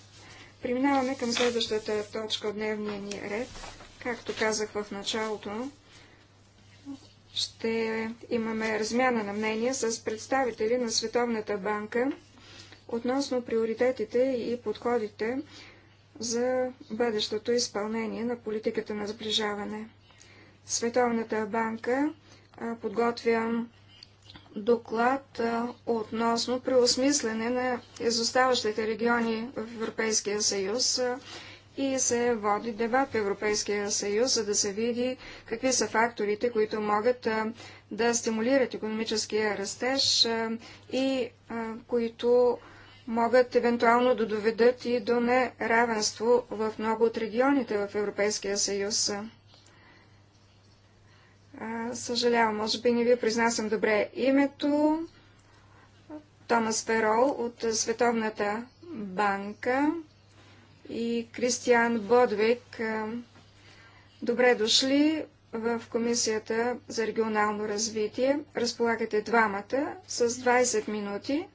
Преминаваме към следващата точка от дневния ни ред. Както казах в началото, ще имаме размяна на мнение с представители на Световната банка относно приоритетите и подходите за бъдещото изпълнение на политиката на сближаване. Световната банка подготвя доклад относно преосмислене на изоставащите региони в Европейския съюз и се води дебат в Европейския съюз, за да се види какви са факторите, които могат да стимулират економическия растеж и които могат евентуално да доведат и до неравенство в много от регионите в Европейския съюз съжалявам, може би не ви произнасям добре името. Томас Ферол от Световната банка и Кристиан Бодвик. Добре дошли в Комисията за регионално развитие. Разполагате двамата с 20 минути,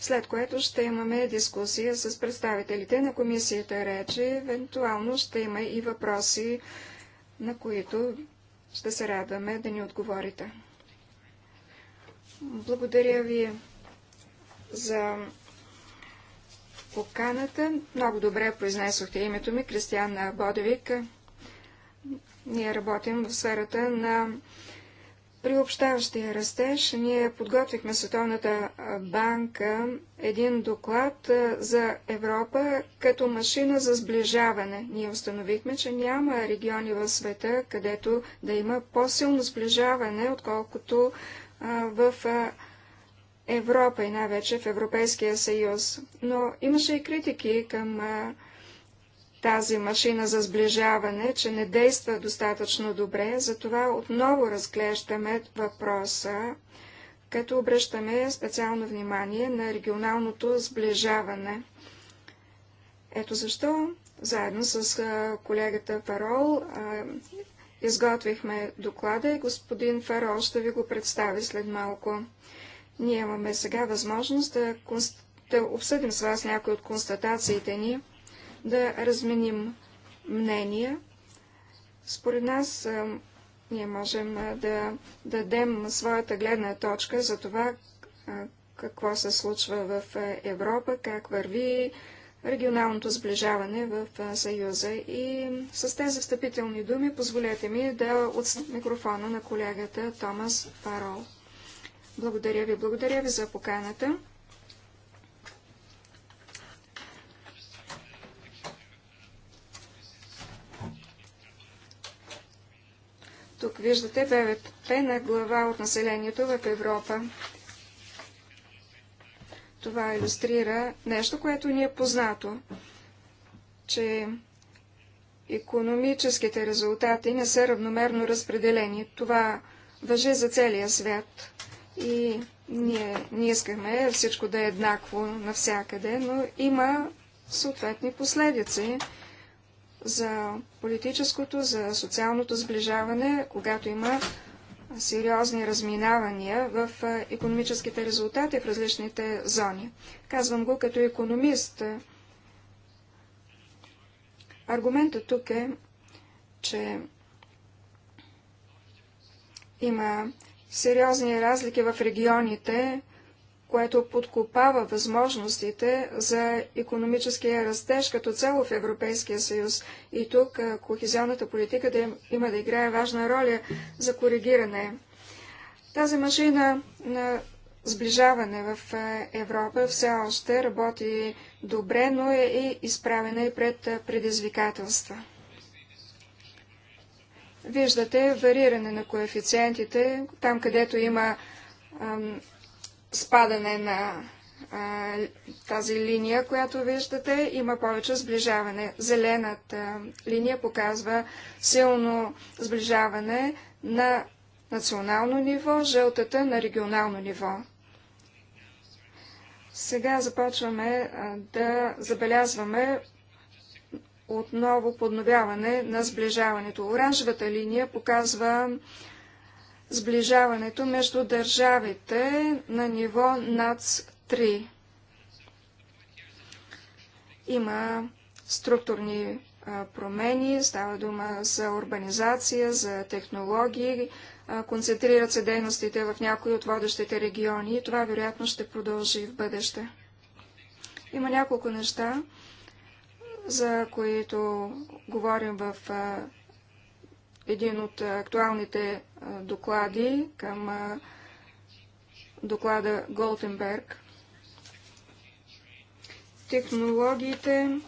след което ще имаме дискусия с представителите на Комисията Речи. Евентуално ще има и въпроси, на които ще се радваме да ни отговорите. Благодаря ви за поканата. Много добре произнесохте името ми, Кристиан Бодовик. Ние работим в сферата на приобщаващия растеж ние подготвихме Световната банка един доклад за Европа като машина за сближаване. Ние установихме, че няма региони в света, където да има по-силно сближаване, отколкото в Европа и най-вече в Европейския съюз. Но имаше и критики към а, тази машина за сближаване, че не действа достатъчно добре, затова отново разглеждаме въпроса, като обръщаме специално внимание на регионалното сближаване. Ето защо, заедно с колегата Фарол, изготвихме доклада и господин Фарол ще ви го представи след малко. Ние имаме сега възможност да, конст... да обсъдим с вас някои от констатациите ни да разменим мнения. Според нас ние можем да дадем своята гледна точка за това какво се случва в Европа, как върви регионалното сближаване в Съюза. И с тези встъпителни думи позволете ми да отсна микрофона на колегата Томас Фарол. Благодаря ви, благодаря ви за поканата. Тук виждате БВП на глава от населението в Европа. Това иллюстрира нещо, което ни е познато, че економическите резултати не са равномерно разпределени. Това въже за целия свят. И ние не искаме всичко да е еднакво навсякъде, но има съответни последици за политическото, за социалното сближаване, когато има сериозни разминавания в економическите резултати в различните зони. Казвам го като економист. Аргументът тук е, че има сериозни разлики в регионите което подкопава възможностите за економическия растеж като цяло в Европейския съюз. И тук кохезионната политика да има да играе важна роля за коригиране. Тази машина на сближаване в Европа все още работи добре, но е и изправена и пред предизвикателства. Виждате вариране на коефициентите, там където има спадане на а, тази линия, която виждате. Има повече сближаване. Зелената линия показва силно сближаване на национално ниво, жълтата на регионално ниво. Сега започваме а, да забелязваме отново подновяване на сближаването. Оранжевата линия показва сближаването между държавите на ниво НАЦ-3. Има структурни промени, става дума за урбанизация, за технологии, концентрират се дейностите в някои от водещите региони и това вероятно ще продължи в бъдеще. Има няколко неща, за които говорим в един от актуалните доклади към доклада Голтенберг. Технологиите,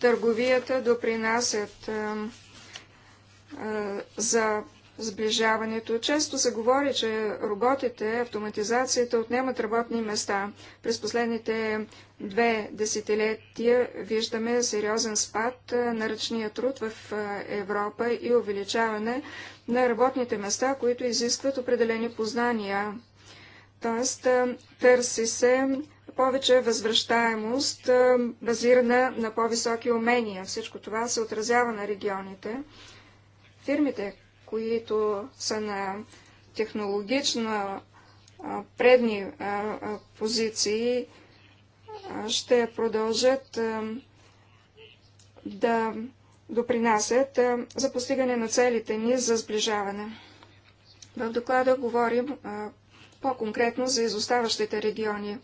търговията допринасят за сближаването. Често се говори, че роботите, автоматизацията отнемат работни места. През последните две десетилетия виждаме сериозен спад на ръчния труд в Европа и увеличаване на работните места, които изискват определени познания. Тоест, търси се повече възвръщаемост, базирана на по-високи умения. Всичко това се отразява на регионите. Фирмите, които са на технологично предни позиции, ще продължат да допринасят за постигане на целите ни за сближаване. В доклада говорим по-конкретно за изоставащите региони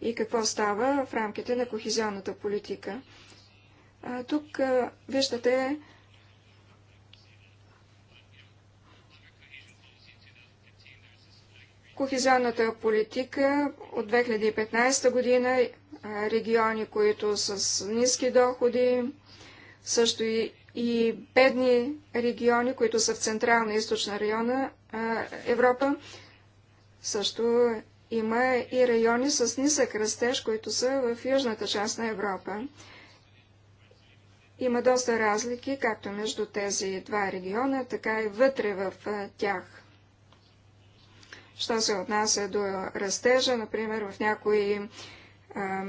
и какво става в рамките на кохезионната политика. Тук виждате Кохизионната политика от 2015 година, региони, които с ниски доходи, също и, и бедни региони, които са в Централна и Източна района Европа, също има и райони с нисък растеж, които са в южната част на Европа. Има доста разлики, както между тези два региона, така и вътре в тях. Що се отнася до растежа, например, в някои а,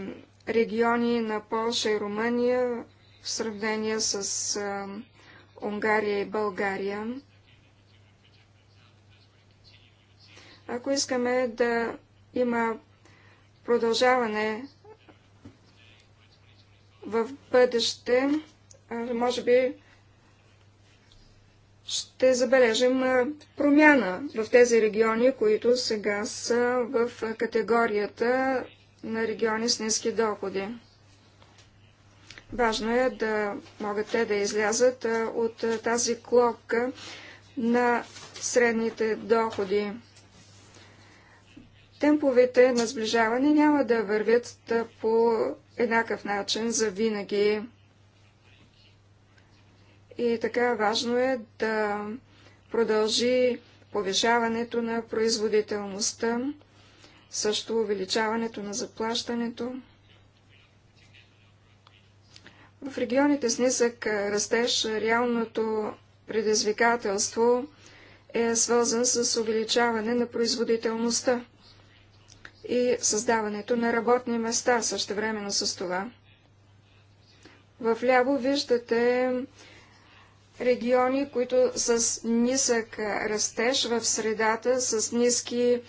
региони на Польша и Румъния в сравнение с а, Унгария и България. Ако искаме да има продължаване в бъдеще, може би ще забележим промяна в тези региони, които сега са в категорията на региони с ниски доходи. Важно е да могат те да излязат от тази клопка на средните доходи. Темповете на сближаване няма да вървят по еднакъв начин за винаги. И така важно е да продължи повишаването на производителността, също увеличаването на заплащането. В регионите с нисък растеж реалното предизвикателство е свързан с увеличаване на производителността и създаването на работни места същевременно с това. В ляво виждате региони, които с нисък растеж в средата, с ниски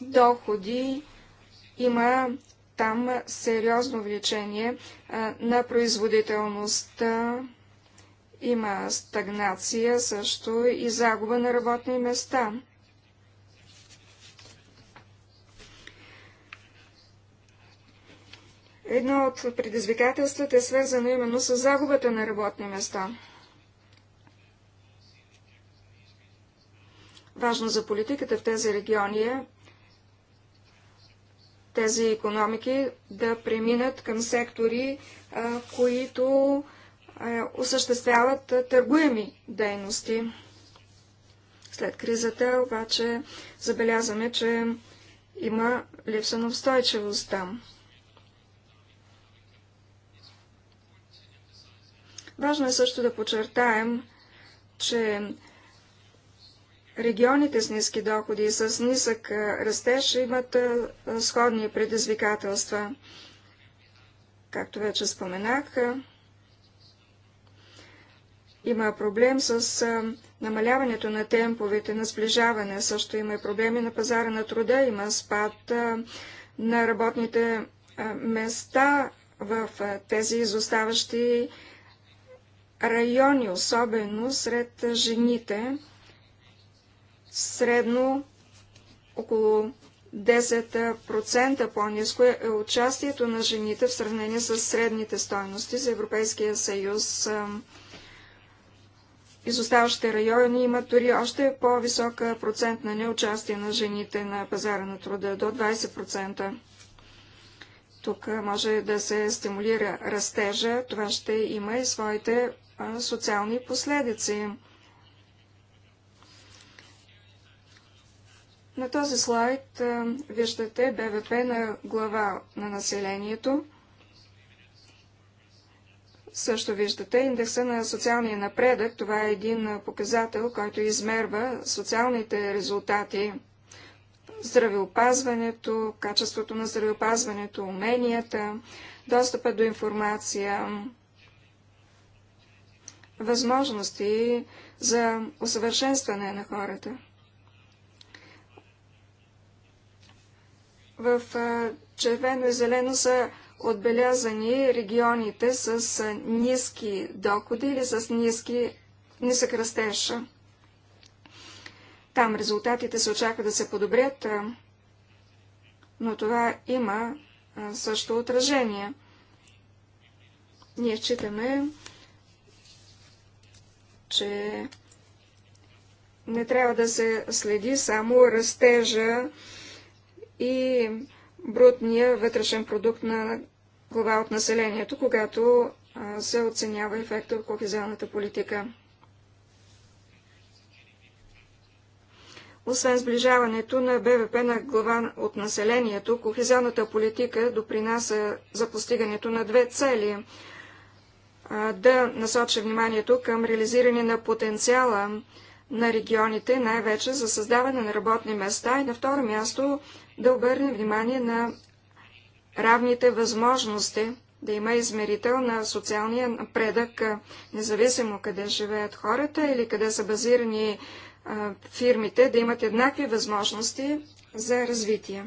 доходи, има там сериозно увеличение на производителността, има стагнация също и загуба на работни места. Едно от предизвикателствата е свързано именно с загубата на работни места. Важно за политиката в тези региони е тези економики да преминат към сектори, които осъществяват търгуеми дейности. След кризата обаче забелязваме, че има липса на устойчивост там. Важно е също да подчертаем, че Регионите с ниски доходи и с нисък растеж имат сходни предизвикателства. Както вече споменах, има проблем с намаляването на темповете на сближаване. Също има и проблеми на пазара на труда, има спад на работните места в тези изоставащи райони, особено сред жените средно около 10% по-низко е участието на жените в сравнение с средните стойности за Европейския съюз. Изоставащите райони имат дори още по-висока процент на неучастие на жените на пазара на труда, до 20%. Тук може да се стимулира растежа, това ще има и своите социални последици. На този слайд виждате БВП на глава на населението. Също виждате индекса на социалния напредък. Това е един показател, който измерва социалните резултати. Здравеопазването, качеството на здравеопазването, уменията, достъпа до информация, възможности за усъвършенстване на хората. В червено и зелено са отбелязани регионите с ниски доходи или с ниски, нисък растеж. Там резултатите се очаква да се подобрят, но това има също отражение. Ние считаме, че не трябва да се следи само растежа и брутния вътрешен продукт на глава от населението, когато се оценява ефекта от кохезионната политика. Освен сближаването на БВП на глава от населението, кохезионната политика допринася за постигането на две цели да насочи вниманието към реализиране на потенциала на регионите, най-вече за създаване на работни места и на второ място да обърне внимание на равните възможности, да има измерител на социалния напредък, независимо къде живеят хората или къде са базирани фирмите, да имат еднакви възможности за развитие.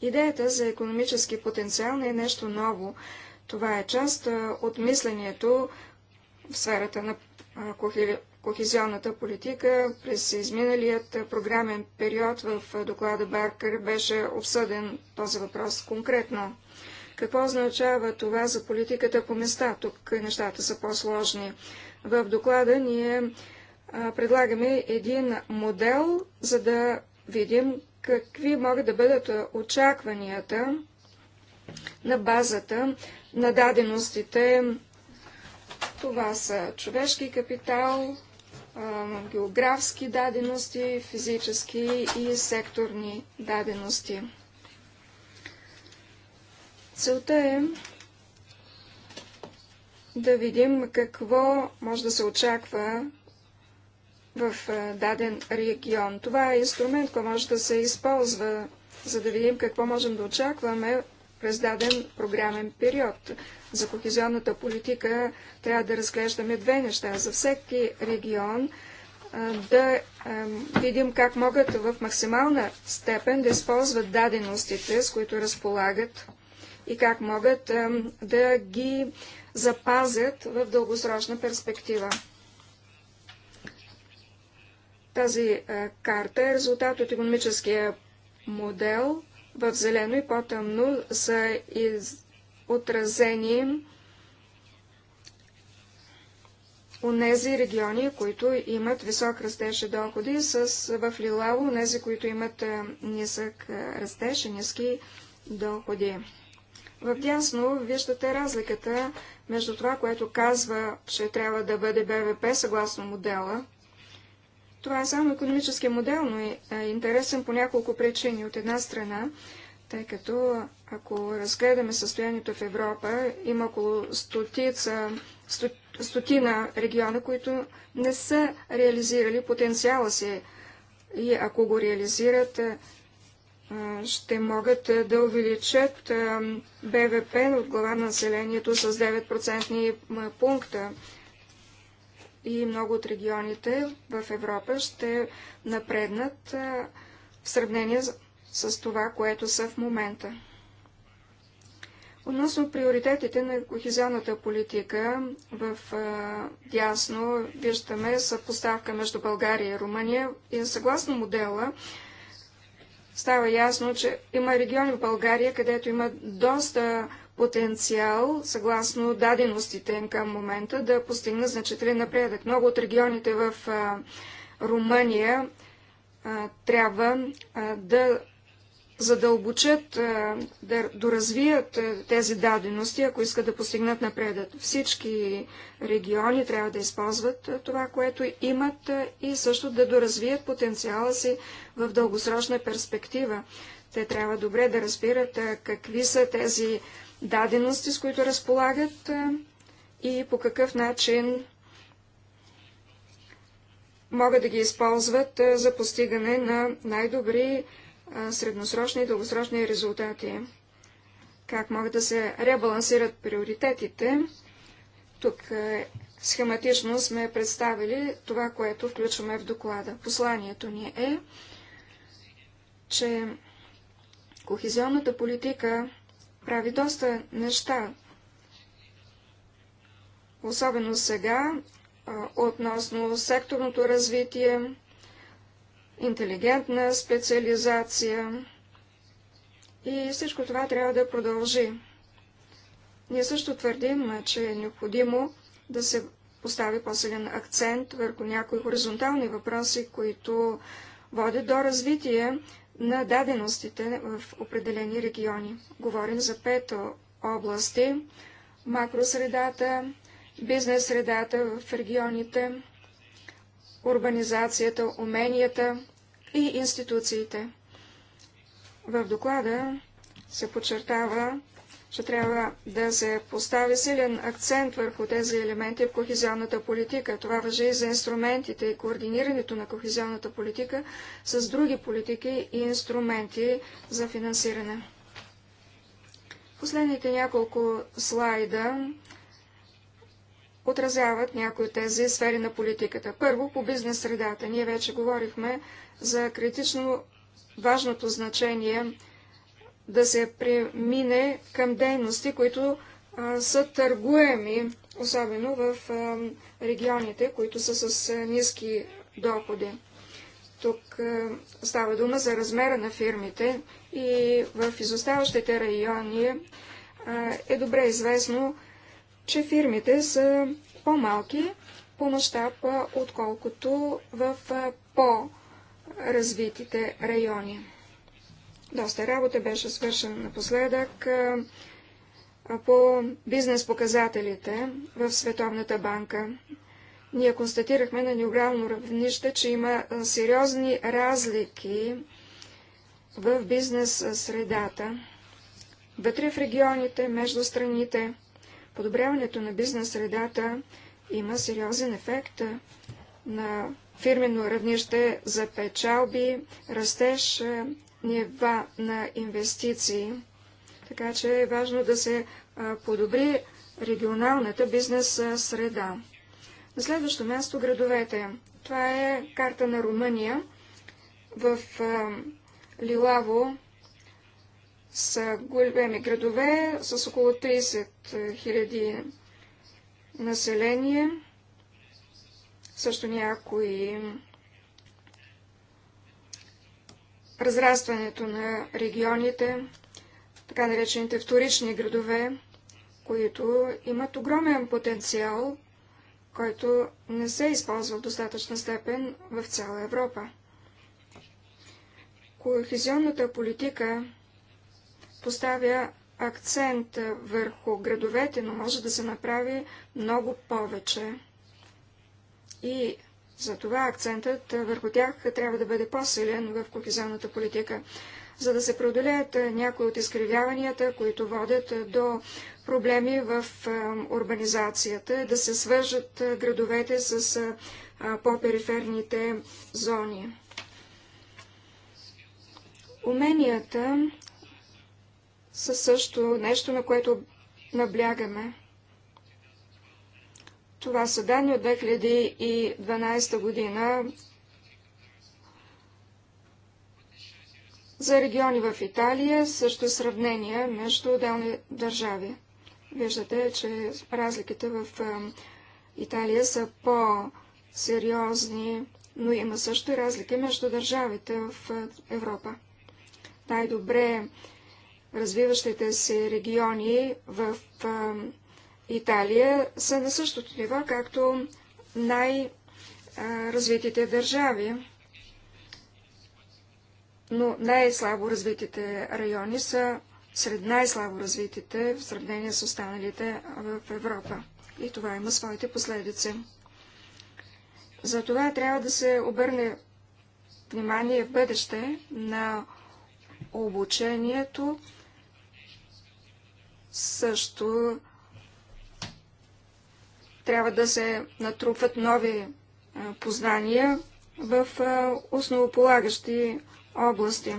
Идеята за економически потенциал не е нещо ново. Това е част от мисленето в сферата на кохезионната политика през изминалият програмен период в доклада Баркър беше обсъден този въпрос конкретно. Какво означава това за политиката по места? Тук нещата са по-сложни. В доклада ние предлагаме един модел, за да видим какви могат да бъдат очакванията на базата на даденостите. Това са човешки капитал, географски дадености, физически и секторни дадености. Целта е да видим какво може да се очаква в даден регион. Това е инструмент, който може да се използва, за да видим какво можем да очакваме през даден програмен период. За кохезионната политика трябва да разглеждаме две неща. За всеки регион да видим как могат в максимална степен да използват даденостите, с които разполагат и как могат да ги запазят в дългосрочна перспектива. Тази карта е резултат от економическия модел, в зелено и по-тъмно са из... отразени онези региони, които имат висок растеж и доходи, с в лилаво онези, които имат е, нисък е, растеж и ниски доходи. В дясно виждате разликата между това, което казва, че трябва да бъде БВП съгласно модела това е само економически модел, но е интересен по няколко причини. От една страна, тъй като ако разгледаме състоянието в Европа, има около стотица, сто, стотина региона, които не са реализирали потенциала си. И ако го реализират, е, е, ще могат е, да увеличат БВП от глава на населението с 9% пункта и много от регионите в Европа ще напреднат в сравнение с това, което са в момента. Относно приоритетите на кохезионната политика, в а, дясно виждаме съпоставка между България и Румъния и съгласно модела става ясно, че има региони в България, където има доста потенциал, съгласно даденостите им към момента, да постигнат значителен напредък. Много от регионите в Румъния трябва да задълбочат, да доразвият тези дадености, ако искат да постигнат напредък. Всички региони трябва да използват това, което имат и също да доразвият потенциала си в дългосрочна перспектива. Те трябва добре да разбират какви са тези дадености, с които разполагат и по какъв начин могат да ги използват за постигане на най-добри средносрочни и дългосрочни резултати. Как могат да се ребалансират приоритетите. Тук схематично сме представили това, което включваме в доклада. Посланието ни е, че кохезионната политика прави доста неща. Особено сега, относно секторното развитие, интелигентна специализация. И всичко това трябва да продължи. Ние също твърдим, че е необходимо да се постави по-силен акцент върху някои хоризонтални въпроси, които водят до развитие на даденостите в определени региони. Говорим за пет области – макросредата, бизнес средата в регионите, урбанизацията, уменията и институциите. В доклада се подчертава че трябва да се постави силен акцент върху тези елементи в кохезионната политика. Това въжи и за инструментите и координирането на кохезионната политика с други политики и инструменти за финансиране. Последните няколко слайда отразяват някои от тези сфери на политиката. Първо, по бизнес средата. Ние вече говорихме за критично важното значение да се премине към дейности, които а, са търгуеми, особено в а, регионите, които са с ниски доходи. Тук става дума за размера на фирмите и в изоставащите райони е добре известно, че фирмите са по-малки по мащаб, отколкото в по-развитите райони. Доста работа беше свършена напоследък по бизнес показателите в Световната банка. Ние констатирахме на неогранно равнище, че има сериозни разлики в бизнес средата, вътре в регионите, между страните. Подобряването на бизнес средата има сериозен ефект на фирмено равнище за печалби, растеж нива на инвестиции. Така че е важно да се подобри регионалната бизнес среда. На следващо място градовете. Това е карта на Румъния. В Лилаво са големи градове с около 30 000 население. Също някои разрастването на регионите, така наречените вторични градове, които имат огромен потенциал, който не се използва в достатъчна степен в цяла Европа. Кохезионната политика поставя акцент върху градовете, но може да се направи много повече. И затова акцентът върху тях трябва да бъде по-силен в кохезионната политика, за да се преодолеят някои от изкривяванията, които водят до проблеми в урбанизацията, да се свържат градовете с по-периферните зони. Уменията са също нещо, на което наблягаме. Това са данни от 2012 година за региони в Италия, също сравнения между отделни държави. Виждате, че разликите в Италия са по-сериозни, но има също и разлики между държавите в Европа. Най-добре развиващите се региони в Италия са на същото ниво, както най-развитите държави. Но най-слабо развитите райони са сред най-слабо развитите в сравнение с останалите в Европа. И това има своите последици. Затова трябва да се обърне внимание в бъдеще на обучението също трябва да се натрупват нови е, познания в е, основополагащи области.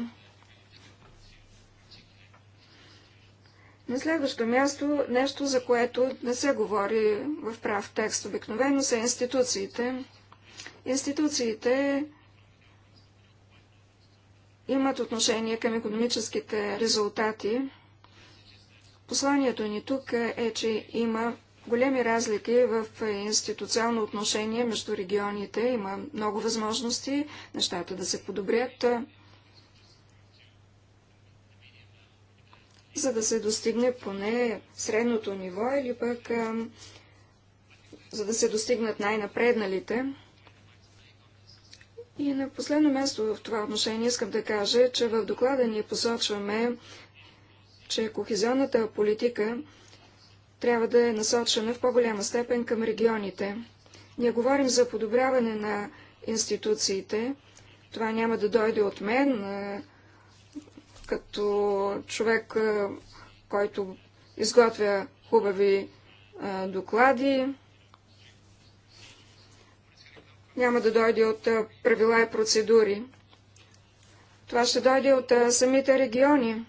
На следващо място, нещо, за което не се говори в прав текст обикновено, са институциите. Институциите имат отношение към економическите резултати. Посланието ни тук е, че има големи разлики в институционно отношение между регионите. Има много възможности нещата да се подобрят, за да се достигне поне средното ниво или пък за да се достигнат най-напредналите. И на последно място в това отношение искам да кажа, че в доклада ни посочваме, че кохезионната политика трябва да е насочена в по-голяма степен към регионите. Ние говорим за подобряване на институциите. Това няма да дойде от мен, като човек, който изготвя хубави доклади. Няма да дойде от правила и процедури. Това ще дойде от самите региони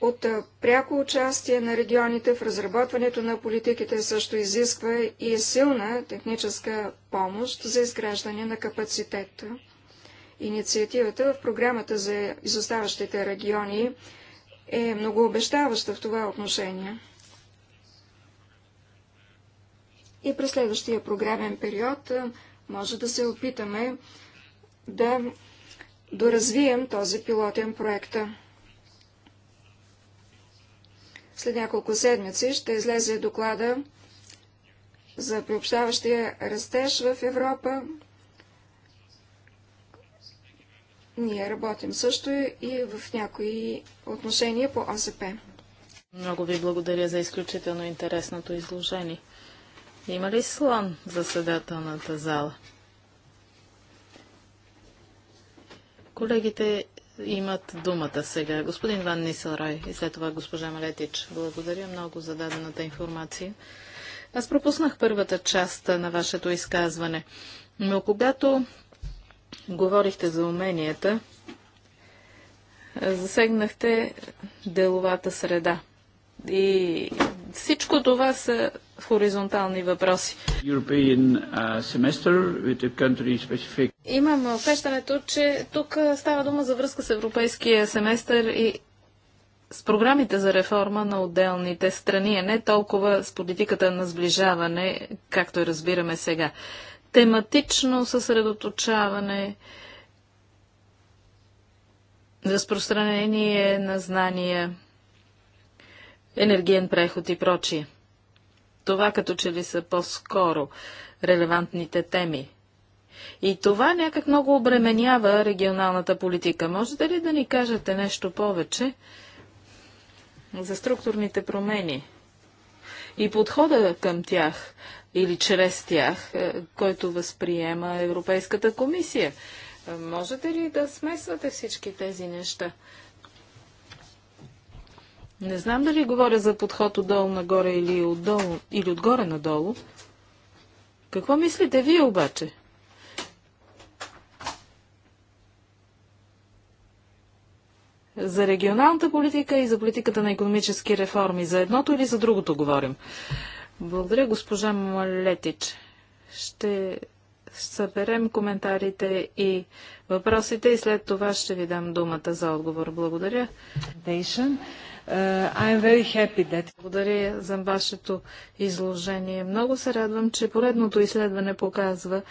от пряко участие на регионите в разработването на политиките също изисква и силна техническа помощ за изграждане на капацитет. Инициативата в програмата за изоставащите региони е много обещаваща в това отношение. И през следващия програмен период може да се опитаме да доразвием този пилотен проект. След няколко седмици ще излезе доклада за приобщаващия растеж в Европа. Ние работим също и в някои отношения по ОСП.
Много ви благодаря за изключително интересното изложение. Има ли слон в заседателната зала? Колегите имат думата сега. Господин Ван Нисълрой и след това госпожа Малетич. Благодаря много за дадената информация. Аз пропуснах първата част на вашето изказване, но когато говорихте за уменията, засегнахте деловата среда и всичко това са хоризонтални въпроси. Имам усещането, че тук става дума за връзка с европейския семестър и с програмите за реформа на отделните страни, а не толкова с политиката на сближаване, както разбираме сега. Тематично съсредоточаване, разпространение на знания, енергиен преход и прочие. Това като че ли са по-скоро релевантните теми. И това някак много обременява регионалната политика. Можете ли да ни кажете нещо повече за структурните промени и подхода към тях или чрез тях, е, който възприема Европейската комисия? Е, можете ли да смесвате всички тези неща? Не знам дали говоря за подход отдолу нагоре или, отдолу, или отгоре надолу. Какво мислите вие обаче? За регионалната политика и за политиката на економически реформи. За едното или за другото говорим. Благодаря, госпожа Малетич. Ще съберем коментарите и въпросите и след това ще ви дам думата за отговор. Благодаря. Uh, that... Благодаря за вашето изложение. Много се радвам, че поредното изследване показва,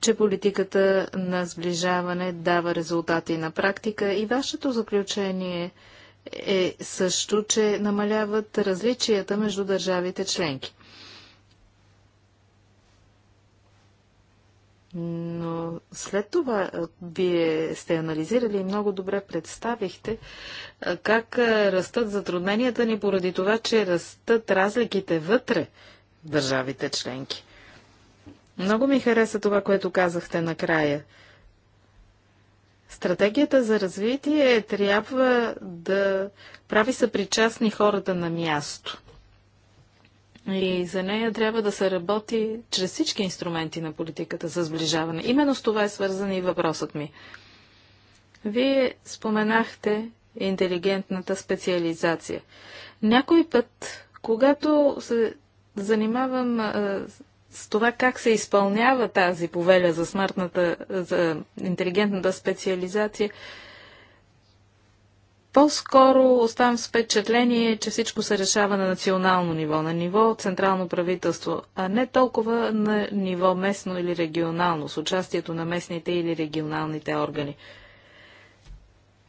че политиката на сближаване дава резултати на практика и вашето заключение е също, че намаляват различията между държавите членки. Но след това вие сте анализирали и много добре представихте как растат затрудненията ни поради това, че растат разликите вътре в държавите членки. Много ми хареса това, което казахте накрая. Стратегията за развитие трябва да прави съпричастни хората на място. И за нея трябва да се работи чрез всички инструменти на политиката за сближаване. Именно с това е свързан и въпросът ми. Вие споменахте интелигентната специализация. Някой път, когато се занимавам а, с това как се изпълнява тази повеля за смъртната, за интелигентната специализация, по-скоро оставам с впечатление, че всичко се решава на национално ниво, на ниво централно правителство, а не толкова на ниво местно или регионално, с участието на местните или регионалните органи.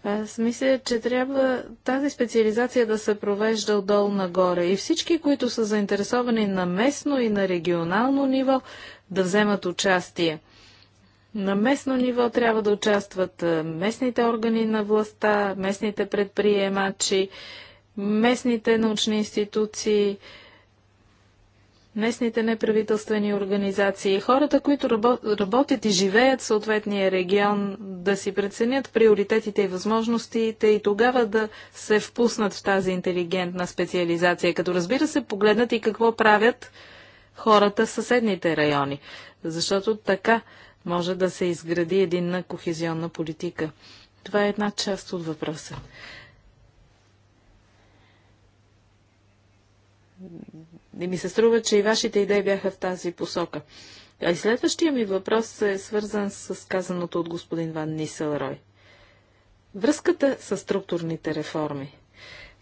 Аз мисля, че трябва тази специализация да се провежда отдолу нагоре и всички, които са заинтересовани на местно и на регионално ниво, да вземат участие. На местно ниво трябва да участват местните органи на властта, местните предприемачи, местните научни институции, местните неправителствени организации, хората, които работят и живеят в съответния регион, да си преценят приоритетите и възможностите и тогава да се впуснат в тази интелигентна специализация, като разбира се погледнат и какво правят хората в съседните райони. Защото така може да се изгради единна кохезионна политика? Това е една част от въпроса. И ми се струва, че и вашите идеи бяха в тази посока. А и следващия ми въпрос е свързан с казаното от господин Ван Ниселрой. Връзката с структурните реформи.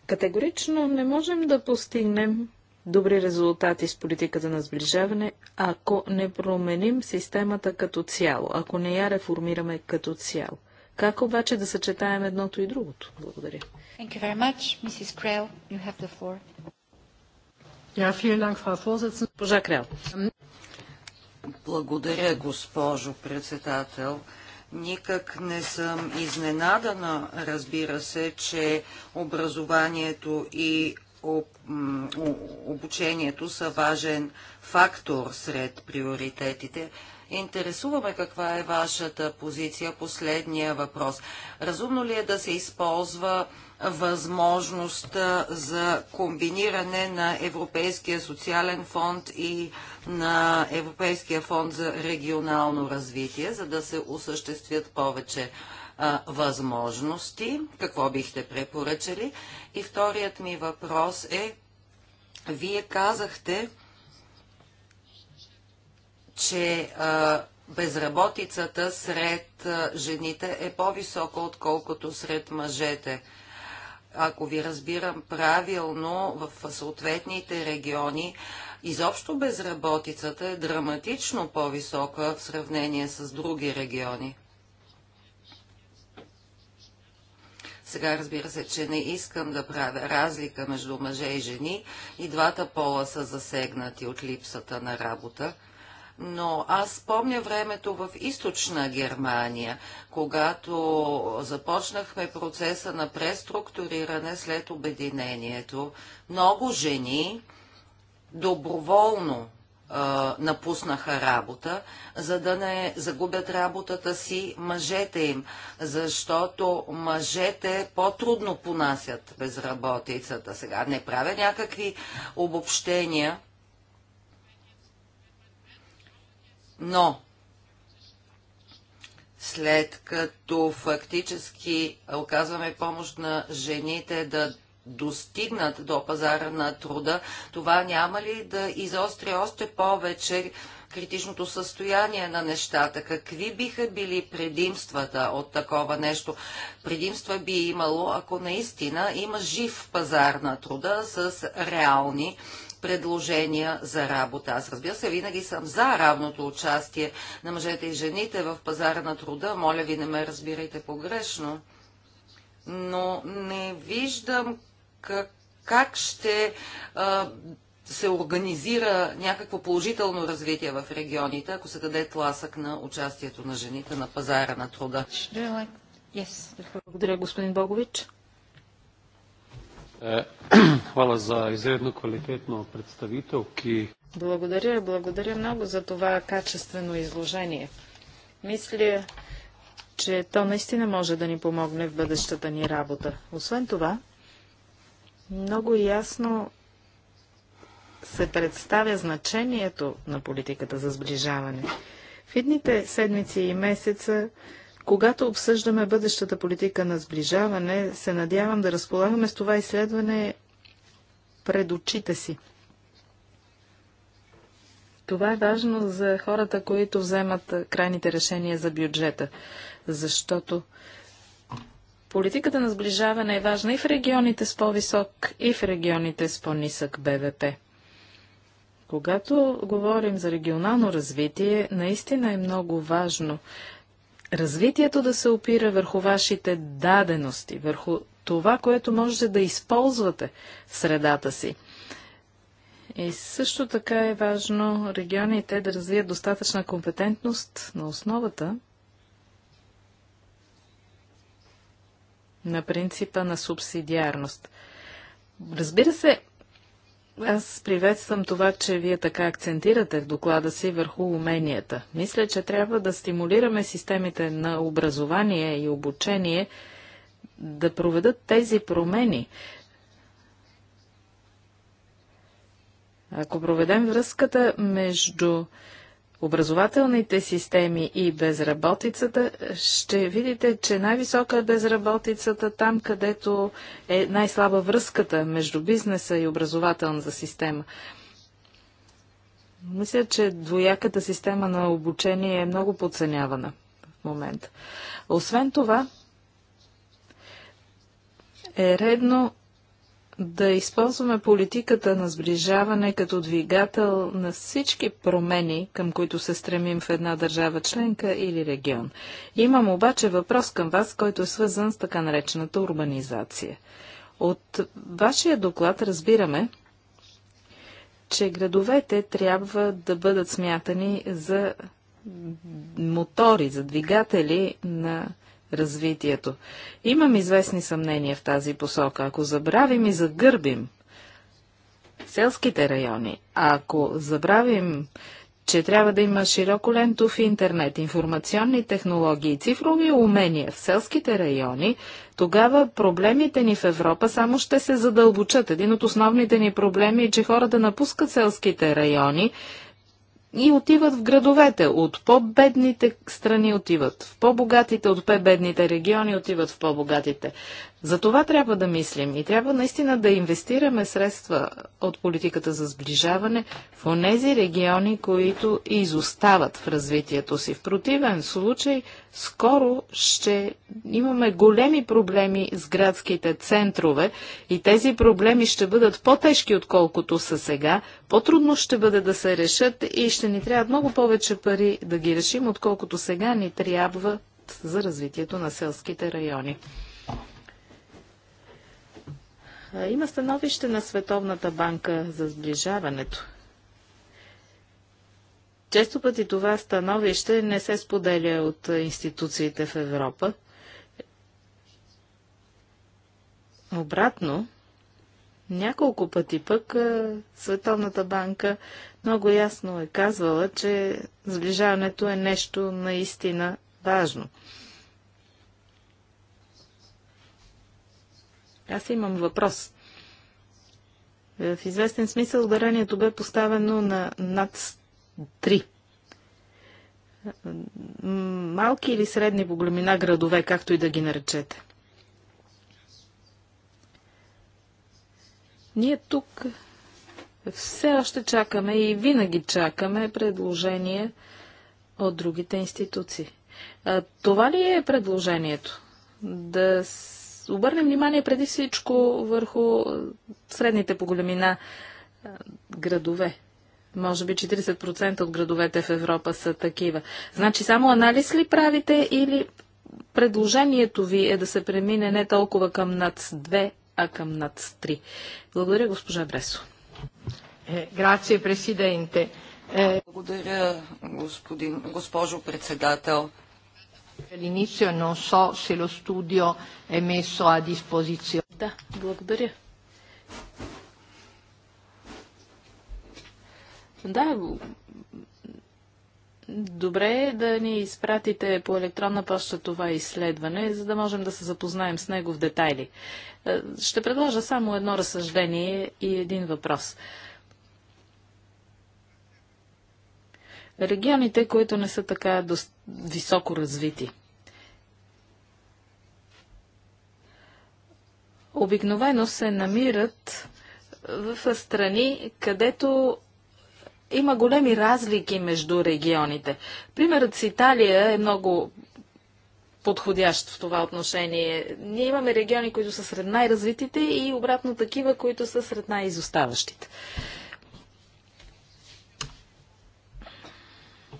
Категорично не можем да постигнем добри резултати с политиката на сближаване, ако не променим системата като цяло, ако не я реформираме като цяло. Как обаче да съчетаем едното и другото? Благодаря.
Thank you very much. Mrs. Krell, you have the floor.
Ja, vielen Dank, Frau Vorsitzende. Крел. Благодаря, госпожо председател. Никак не съм изненадана, разбира се, че образованието и обучението са важен фактор сред приоритетите. Интересуваме каква е вашата позиция. Последния въпрос. Разумно ли е да се използва възможността за комбиниране на Европейския социален фонд и на Европейския фонд за регионално развитие, за да се осъществят повече а, възможности? Какво бихте препоръчали? И вторият ми въпрос е, вие казахте, че а, безработицата сред а, жените е по-висока, отколкото сред мъжете. Ако ви разбирам правилно, в съответните региони изобщо безработицата е драматично по-висока в сравнение с други региони. Сега разбира се, че не искам да правя разлика между мъже и жени. И двата пола са засегнати от липсата на работа. Но аз помня времето в източна Германия, когато започнахме процеса на преструктуриране след обединението. Много жени доброволно напуснаха работа, за да не загубят работата си мъжете им, защото мъжете по-трудно понасят безработицата. Сега не правя някакви обобщения, но след като фактически оказваме помощ на жените да достигнат до пазара на труда, това няма ли да изостри още повече критичното състояние на нещата? Какви биха били предимствата от такова нещо? Предимства би имало, ако наистина има жив пазар на труда с реални предложения за работа. Аз разбира се, винаги съм за равното участие на мъжете и жените в пазара на труда. Моля ви, не ме разбирайте погрешно. Но не виждам как, как ще а, се организира някакво положително развитие в регионите, ако се даде тласък на участието на жените на пазара на труда.
Благодаря, господин Богович. Е, хвала за изредно квалитетно представител. Благодаря, благодаря много за това качествено изложение. Мисля, че то наистина може да ни помогне в бъдещата ни работа. Освен това, много ясно се представя значението на политиката за сближаване. В едните седмици и месеца, когато обсъждаме бъдещата политика на сближаване, се надявам да разполагаме с това изследване пред очите си. Това е важно за хората, които вземат крайните решения за бюджета, защото Политиката на сближаване е важна и в регионите с по-висок, и в регионите с по-нисък БВП. Когато говорим за регионално развитие, наистина е много важно развитието да се опира върху вашите дадености, върху това, което можете да използвате в средата си. И също така е важно регионите да развият достатъчна компетентност на основата на принципа на субсидиарност. Разбира се, аз приветствам това, че вие така акцентирате в доклада си върху уменията. Мисля, че трябва да стимулираме системите на образование и обучение да проведат тези промени. Ако проведем връзката между образователните системи и безработицата, ще видите, че най-висока е безработицата там, където е най-слаба връзката между бизнеса и образователната система. Мисля, че двояката система на обучение е много подценявана в момента. Освен това, е редно да използваме политиката на сближаване като двигател на всички промени, към които се стремим в една държава членка или регион. Имам обаче въпрос към вас, който е свързан с така наречената урбанизация. От вашия доклад разбираме, че градовете трябва да бъдат смятани за мотори, за двигатели на развитието. Имам известни съмнения в тази посока. Ако забравим и загърбим селските райони, ако забравим, че трябва да има широко лентов интернет, информационни технологии и цифрови умения в селските райони, тогава проблемите ни в Европа само ще се задълбочат. Един от основните ни проблеми е, че хората напускат селските райони и отиват в градовете. От по-бедните страни отиват в по-богатите, от по-бедните региони отиват в по-богатите. За това трябва да мислим и трябва наистина да инвестираме средства от политиката за сближаване в онези региони, които изостават в развитието си. В противен случай, скоро ще имаме големи проблеми с градските центрове и тези проблеми ще бъдат по-тежки, отколкото са сега. По-трудно ще бъде да се решат и ще ни трябва много повече пари да ги решим, отколкото сега ни трябва за развитието на селските райони. Има становище на Световната банка за сближаването. Често пъти това становище не се споделя от институциите в Европа. Обратно, няколко пъти пък Световната банка много ясно е казвала, че сближаването е нещо наистина важно. Аз имам въпрос. Е, в известен смисъл ударението бе поставено на над 3. Е, малки или средни по големина градове, както и да ги наречете. Ние тук все още чакаме и винаги чакаме предложение от другите институции. това ли е предложението? Да обърнем внимание преди всичко върху средните по големина градове. Може би 40% от градовете в Европа са такива. Значи само анализ ли правите или предложението ви е да се премине не толкова към над 2 а към над 3 Благодаря, госпожа Бресо. Е, грация, президенте. Е,
Благодаря, господин, госпожо председател.
All'inizio non so se lo studio è messo a disposizione. благодаря. Да, добре е да ни изпратите по електронна почта това изследване, за да можем да се запознаем с него в детайли. Е, ще предложа само едно разсъждение и един въпрос. регионите, които не са така дост... високо развити. Обикновено се намират в страни, където има големи разлики между регионите. Примерът с Италия е много подходящ в това отношение. Ние имаме региони, които са сред най-развитите и обратно такива, които са сред най-изоставащите.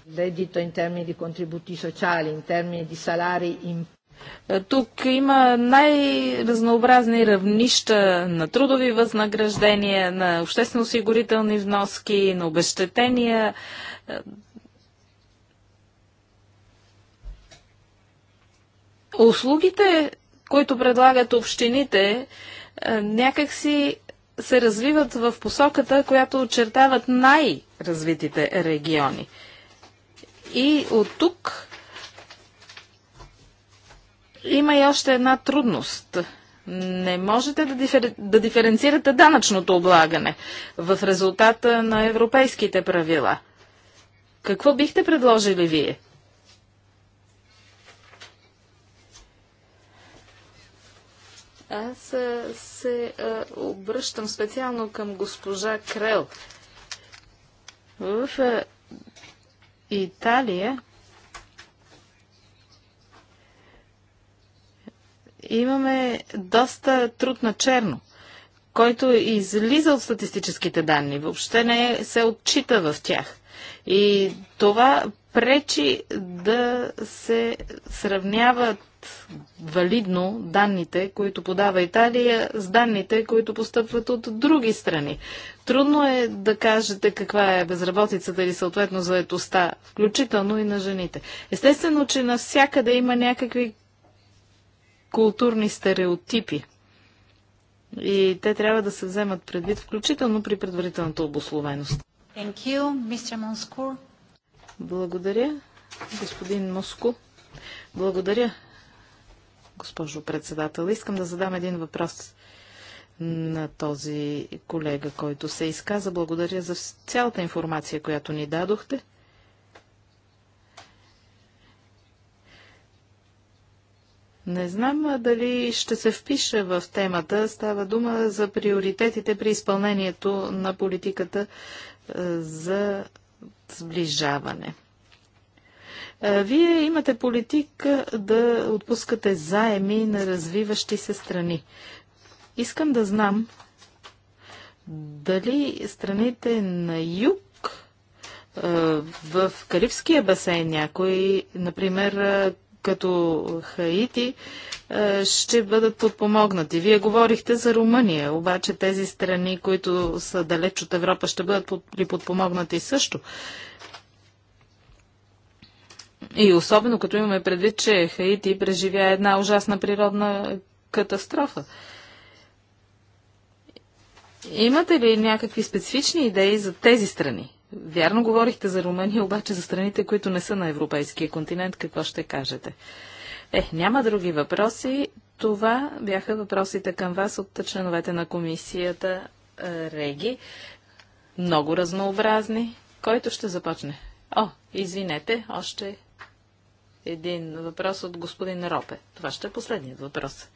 Дедито in termini di contributi sociali, in termini di salari in е, тук има най-разнообразни равнища на трудови възнаграждения, на обществено-осигурителни вноски, на обещетения. Е, услугите, които предлагат общините, е, някакси се развиват в посоката, която очертават най-развитите региони. И от тук има и още една трудност. Не можете да, дифер... да диференцирате данъчното облагане в резултата на европейските правила. Какво бихте предложили вие? Аз се а, обръщам специално към госпожа Крел. В Италия имаме доста труд на черно, който е излиза от статистическите данни, въобще не се отчита в тях. И това пречи да се сравняват валидно данните, които подава Италия, с данните, които постъпват от други страни. Трудно е да кажете каква е безработицата или съответно заетостта, включително и на жените. Естествено, че навсякъде има някакви културни стереотипи. И те трябва да се вземат предвид, включително при предварителната обословеност. You, Благодаря, господин Моско. Благодаря, госпожо председател. Искам да задам един въпрос на този колега, който се изказа. Благодаря за цялата информация, която ни дадохте. Не знам дали ще се впиша в темата. Става дума за приоритетите при изпълнението на политиката за сближаване. Вие имате политика да отпускате заеми на развиващи се страни. Искам да знам дали страните на юг в Карибския басейн някои, например като Хаити, ще бъдат подпомогнати. Вие говорихте за Румъния, обаче тези страни, които са далеч от Европа, ще бъдат ли подпомогнати също? И особено като имаме предвид, че Хаити преживя една ужасна природна катастрофа. Имате ли някакви специфични идеи за тези страни? Вярно говорихте за Румъния, обаче за страните, които не са на европейския континент, какво ще кажете? Е, няма други въпроси. Това бяха въпросите към вас от членовете на комисията е, Реги. Много разнообразни. Който ще започне? О, извинете, още един въпрос от господин Ропе. Това ще е последният въпрос.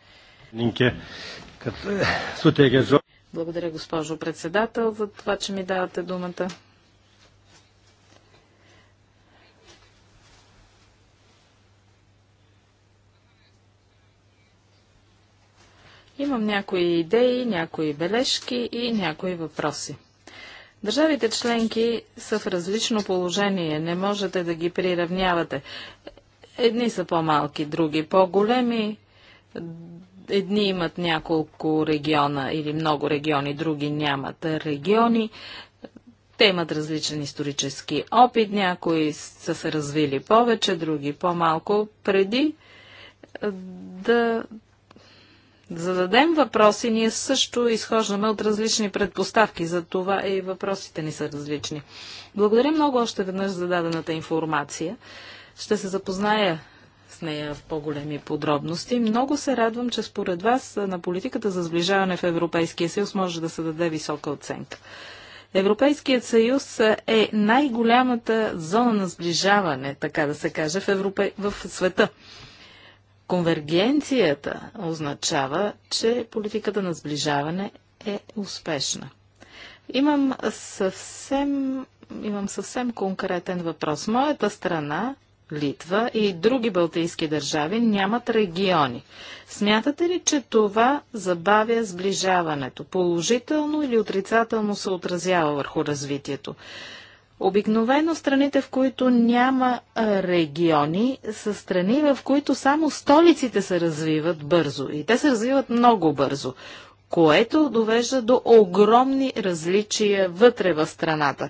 Благодаря, госпожо председател, за това, че ми давате думата. Имам някои идеи, някои бележки и някои въпроси. Държавите членки са в различно положение, не можете да ги приравнявате. Едни са по-малки, други по-големи, Едни имат няколко региона или много региони, други нямат региони. Те имат различен исторически опит, някои са се развили повече, други по-малко. Преди е, да зададем въпроси, ние също изхождаме от различни предпоставки, за това и въпросите ни са различни. Благодаря много още веднъж за дадената информация. Ще се запозная с нея в по-големи подробности. Много се радвам, че според вас на политиката за сближаване в Европейския съюз може да се даде висока оценка. Европейският съюз е най-голямата зона на сближаване, така да се каже, в, Европе... в света. Конвергенцията означава, че политиката на сближаване е успешна. Имам съвсем, имам съвсем конкретен въпрос. Моята страна Литва и други балтийски държави нямат региони. Смятате ли, че това забавя сближаването? Положително или отрицателно се отразява върху развитието? Обикновено страните, в които няма региони, са страни, в които само столиците се развиват бързо. И те се развиват много бързо, което довежда до огромни различия вътре в страната.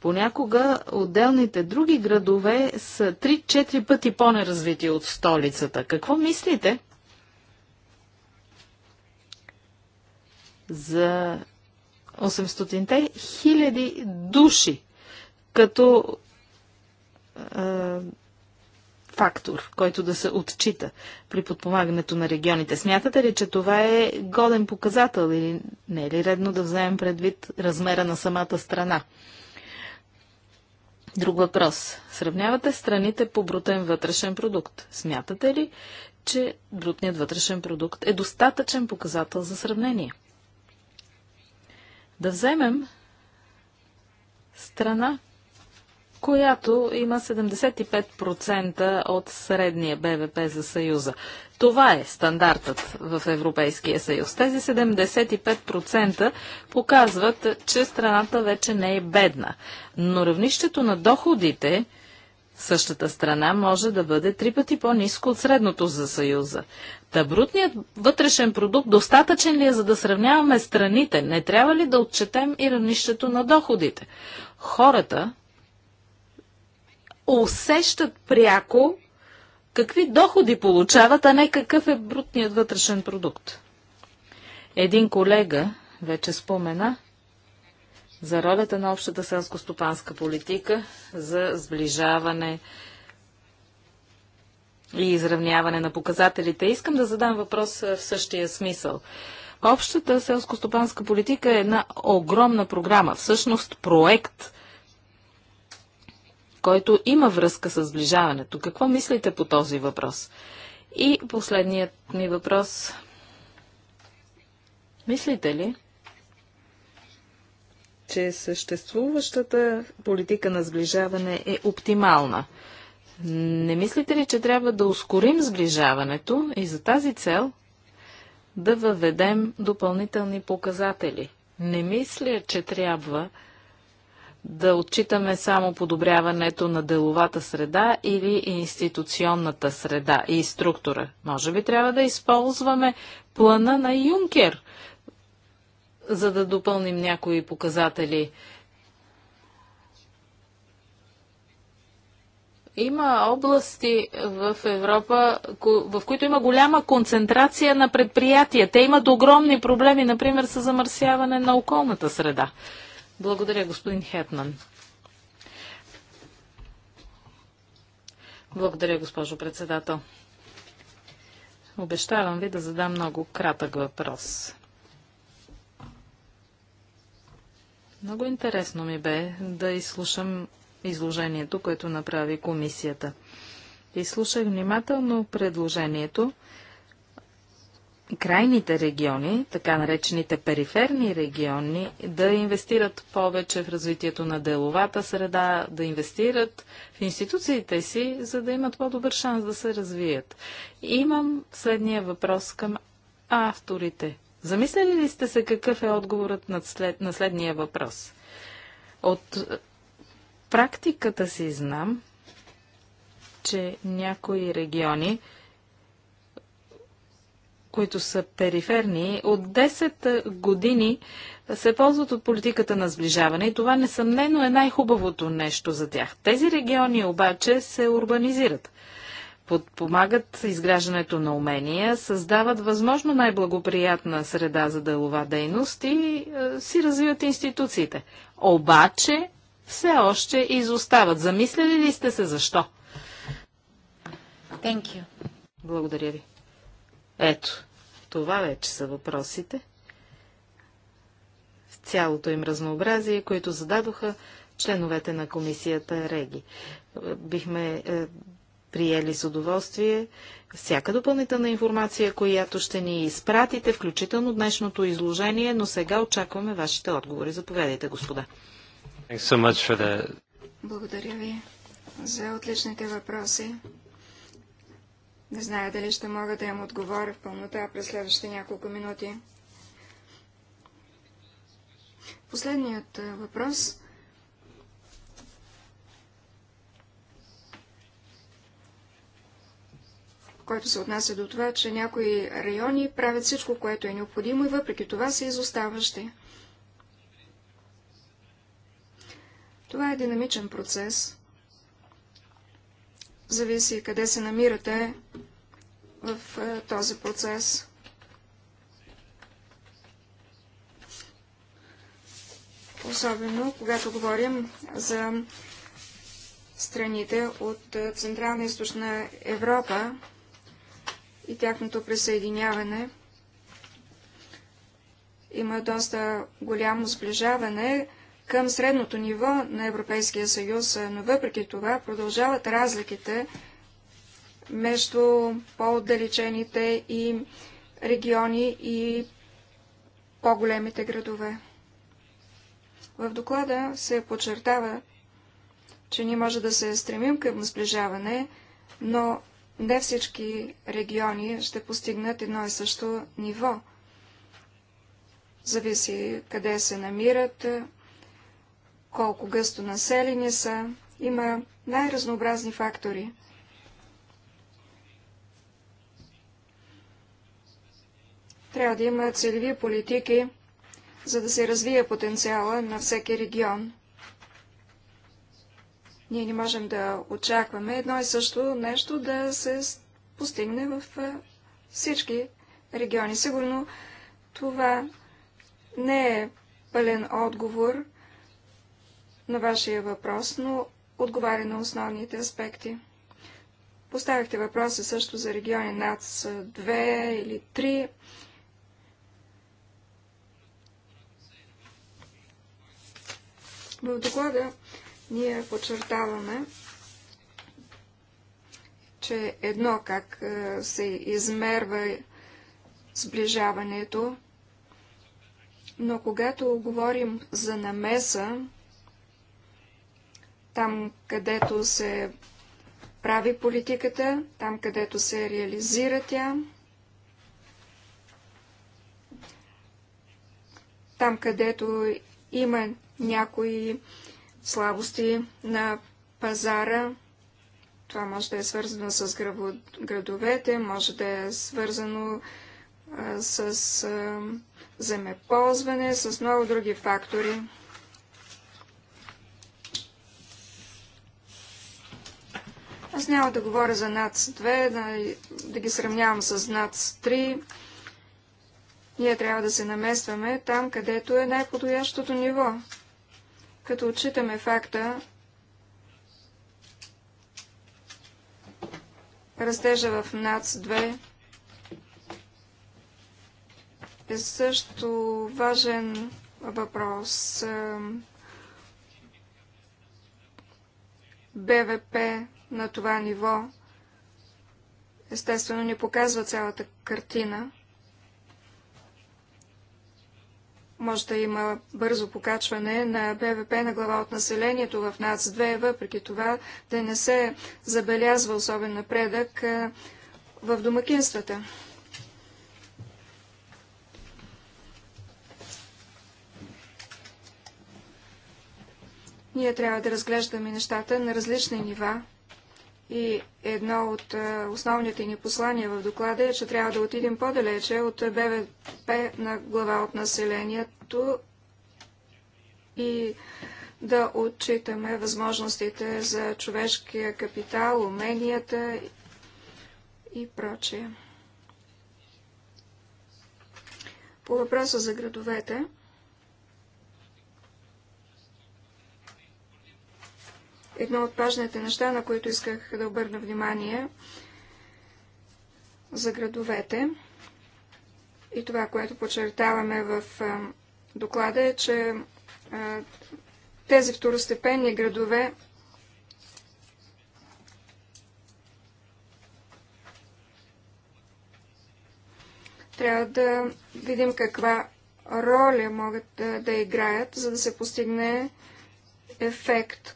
Понякога отделните други градове са 3-4 пъти по-неразвити от столицата. Какво мислите за 800-те хиляди души като е, фактор, който да се отчита при подпомагането на регионите. Смятате ли, че това е годен показател или не е ли редно да вземем предвид размера на самата страна? Друг въпрос. Сравнявате страните по брутен вътрешен продукт. Смятате ли, че брутният вътрешен продукт е достатъчен показател за сравнение? Да вземем страна която има 75% от средния БВП за Съюза. Това е стандартът в Европейския съюз. Тези 75% показват, че страната вече не е бедна, но равнището на доходите същата страна може да бъде три пъти по-низко от средното за Съюза. Та брутният вътрешен продукт достатъчен ли е, за да сравняваме страните? Не трябва ли да отчетем и равнището на доходите? Хората, усещат пряко какви доходи получават, а не какъв е брутният вътрешен продукт. Един колега вече спомена за ролята на общата селско-стопанска политика за сближаване и изравняване на показателите. Искам да задам въпрос в същия смисъл. Общата селско-стопанска политика е една огромна програма, всъщност проект – който има връзка с сближаването. Какво мислите по този въпрос? И последният ми въпрос. Мислите ли, че съществуващата политика на сближаване е оптимална? Не мислите ли, че трябва да ускорим сближаването и за тази цел да въведем допълнителни показатели? Не мисля, че трябва да отчитаме само подобряването на деловата среда или институционната среда и структура. Може би трябва да използваме плана на Юнкер, за да допълним някои показатели. Има области в Европа, в които има голяма концентрация на предприятия. Те имат огромни проблеми, например, с замърсяване на околната среда. Благодаря, господин Хетман. Благодаря, госпожо председател. Обещавам ви да задам много кратък въпрос. Много интересно ми бе да изслушам изложението, което направи комисията. Изслушах внимателно предложението крайните региони, така наречените периферни региони, да инвестират повече в развитието на деловата среда, да инвестират в институциите си, за да имат по-добър шанс да се развият. Имам следния въпрос към авторите. Замисляли ли сте се какъв е отговорът на, след, на следния въпрос? От практиката си знам, че някои региони които са периферни, от 10 години се ползват от политиката на сближаване и това несъмнено е най-хубавото нещо за тях. Тези региони обаче се урбанизират подпомагат изграждането на умения, създават възможно най-благоприятна среда за делова дейност и си развиват институциите. Обаче все още изостават. Замислили ли сте се защо? Thank you. Благодаря ви. Ето, това вече са въпросите. В цялото им разнообразие, които зададоха членовете на комисията Реги. Бихме е, приели с удоволствие всяка допълнителна информация, която ще ни изпратите, включително днешното изложение, но сега очакваме вашите отговори. Заповядайте, господа.
So the...
Благодаря ви за отличните въпроси. Не зная дали ще мога да им отговоря в пълнота през следващите няколко минути. Последният е, въпрос който се отнася до това, че някои райони правят всичко, което е необходимо и въпреки това са изоставащи. Това е динамичен процес зависи къде се намирате в е, този процес. Особено когато говорим за страните от е, Централна и Източна Европа и тяхното присъединяване. Има доста голямо сближаване към средното ниво на Европейския съюз, но въпреки това продължават разликите между по-отдалечените и региони и по-големите градове. В доклада се подчертава, че ние може да се стремим към сближаване, но не всички региони ще постигнат едно и също ниво. Зависи къде се намират, колко гъсто населени са. Има най-разнообразни фактори. Трябва да има целеви политики, за да се развие потенциала на всеки регион. Ние не можем да очакваме едно и също нещо да се постигне в всички региони. Сигурно това не е пълен отговор на вашия въпрос, но отговаря на основните аспекти. Поставихте въпроса също за региони над 2 или 3. В доклада ние подчертаваме, че едно как е, се измерва сближаването, но когато говорим за намеса, там, където се прави политиката, там, където се реализира тя, там, където има някои слабости на пазара. Това може да е свързано с градовете, може да е свързано а, с а, земеползване, с много други фактори. Аз няма да говоря за НАЦ-2, да, да ги сравнявам с НАЦ-3. Ние трябва да се наместваме там, където е най-подходящото ниво. Като отчитаме факта, растежа в НАЦ-2 е също важен въпрос. БВП на това ниво, естествено, не показва цялата картина. Може да има бързо покачване на БВП на глава от населението в НАЦ-2, въпреки това да не се забелязва особен напредък в домакинствата. Ние трябва да разглеждаме нещата на различни нива. И едно от е, основните ни послания в доклада е, че трябва да отидем по-далече от БВП на глава от населението и да отчитаме възможностите за човешкия капитал, уменията и прочее. По въпроса за градовете – едно от важните неща, на които исках да обърна внимание за градовете. И това, което подчертаваме в доклада е, че тези второстепенни градове трябва да видим каква роля могат да, да играят, за да се постигне ефект,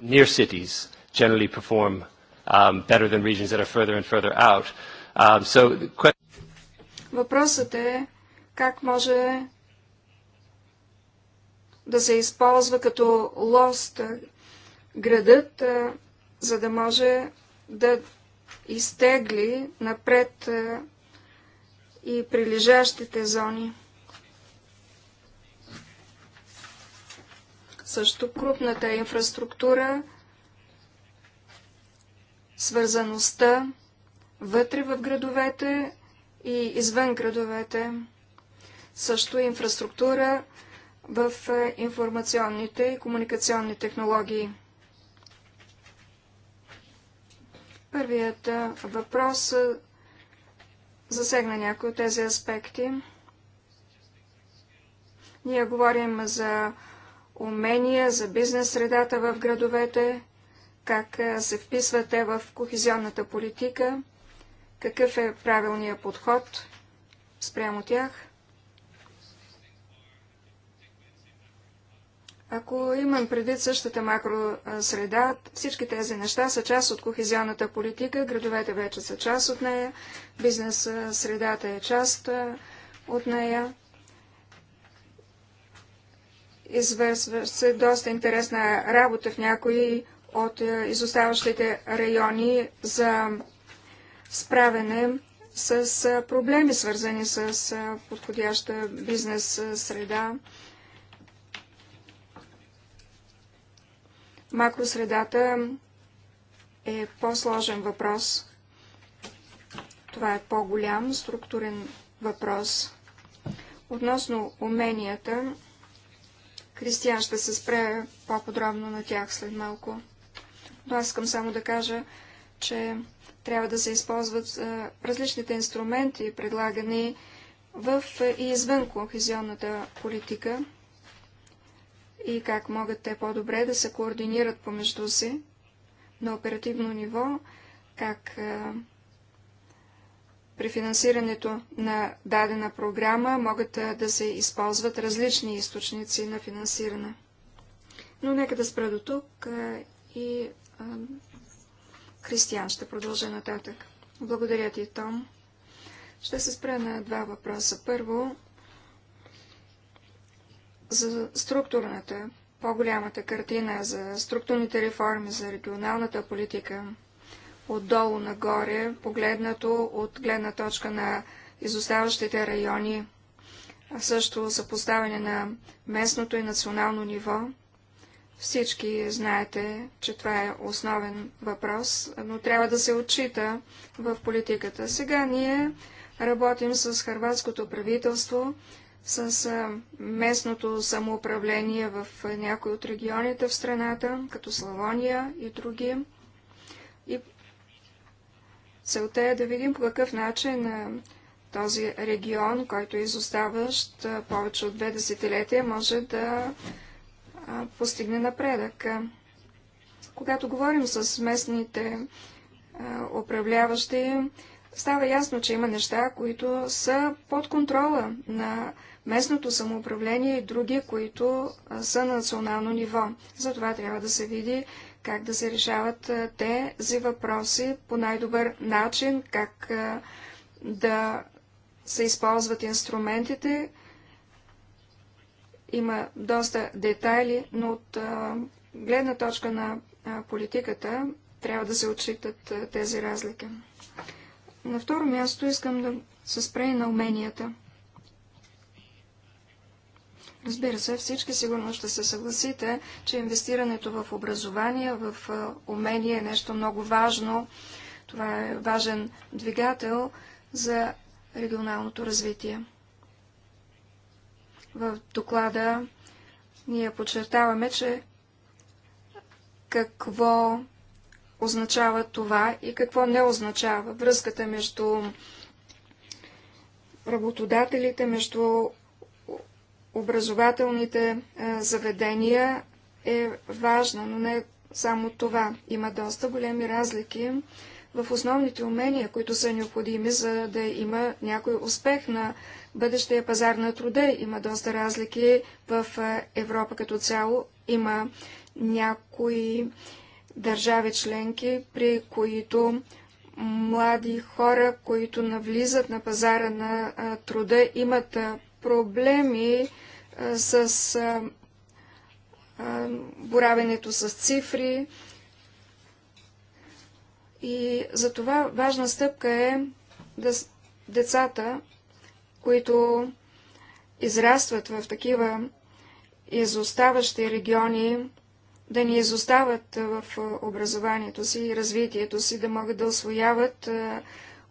Near cities generally perform um, better than regions that are further and further out. Um, so the...
Въпросът е как може да се използва като лост градът, за да може да изтегли напред и прилежащите зони. също крупната инфраструктура, свързаността вътре в градовете и извън градовете, също инфраструктура в е, информационните и комуникационни технологии. Първият е, въпрос е, засегна някои от тези аспекти. Ние говорим за умения за бизнес средата в градовете, как се вписват в кохезионната политика, какъв е правилният подход спрямо тях. Ако имам предвид същата макросреда, всички тези неща са част от кохезионната политика, градовете вече са част от нея, бизнес средата е част от нея. Извършва се доста интересна работа в някои от е, изоставащите райони за справяне с е, проблеми, свързани с е, подходяща бизнес среда, макросредата е по-сложен въпрос. Това е по-голям структурен въпрос. Относно уменията, Кристиян ще се спре по-подробно на тях след малко. Но аз искам само да кажа, че трябва да се използват различните инструменти, предлагани в и извън кохезионната политика и как могат те по-добре да се координират помежду си на оперативно ниво, как при финансирането на дадена програма могат да се използват различни източници на финансиране. Но нека да спра до тук и Кристиян ще продължа нататък. Благодаря ти, Том. Ще се спра на два въпроса. Първо, за структурната, по-голямата картина, за структурните реформи, за регионалната политика – отдолу нагоре, погледнато от гледна точка на изоставащите райони, а също съпоставяне на местното и национално ниво. Всички знаете, че това е основен въпрос, но трябва да се отчита в политиката. Сега ние работим с харватското правителство, с местното самоуправление в някои от регионите в страната, като Славония и други. И Целта е да видим по какъв начин този регион, който е изоставащ повече от две десетилетия, може да постигне напредък. Когато говорим с местните управляващи, става ясно, че има неща, които са под контрола на местното самоуправление и други, които са на национално ниво. Затова трябва да се види как да се решават тези въпроси по най-добър начин, как да се използват инструментите. Има доста детайли, но от гледна точка на политиката трябва да се отчитат тези разлики. На второ място искам да се спре на уменията. Разбира се, всички сигурно ще се съгласите, че инвестирането в образование, в умение е нещо много важно. Това е важен двигател за регионалното развитие. В доклада ние подчертаваме, че какво означава това и какво не означава. Връзката между работодателите, между образователните заведения е важна, но не само това. Има доста големи разлики в основните умения, които са необходими, за да има някой успех на бъдещия пазар на труда. Има доста разлики в Европа като цяло. Има някои държави членки, при които млади хора, които навлизат на пазара на труда, имат проблеми с боравенето с цифри. И за това важна стъпка е да децата, които израстват в такива изоставащи региони, да не изостават в образованието си и развитието си, да могат да освояват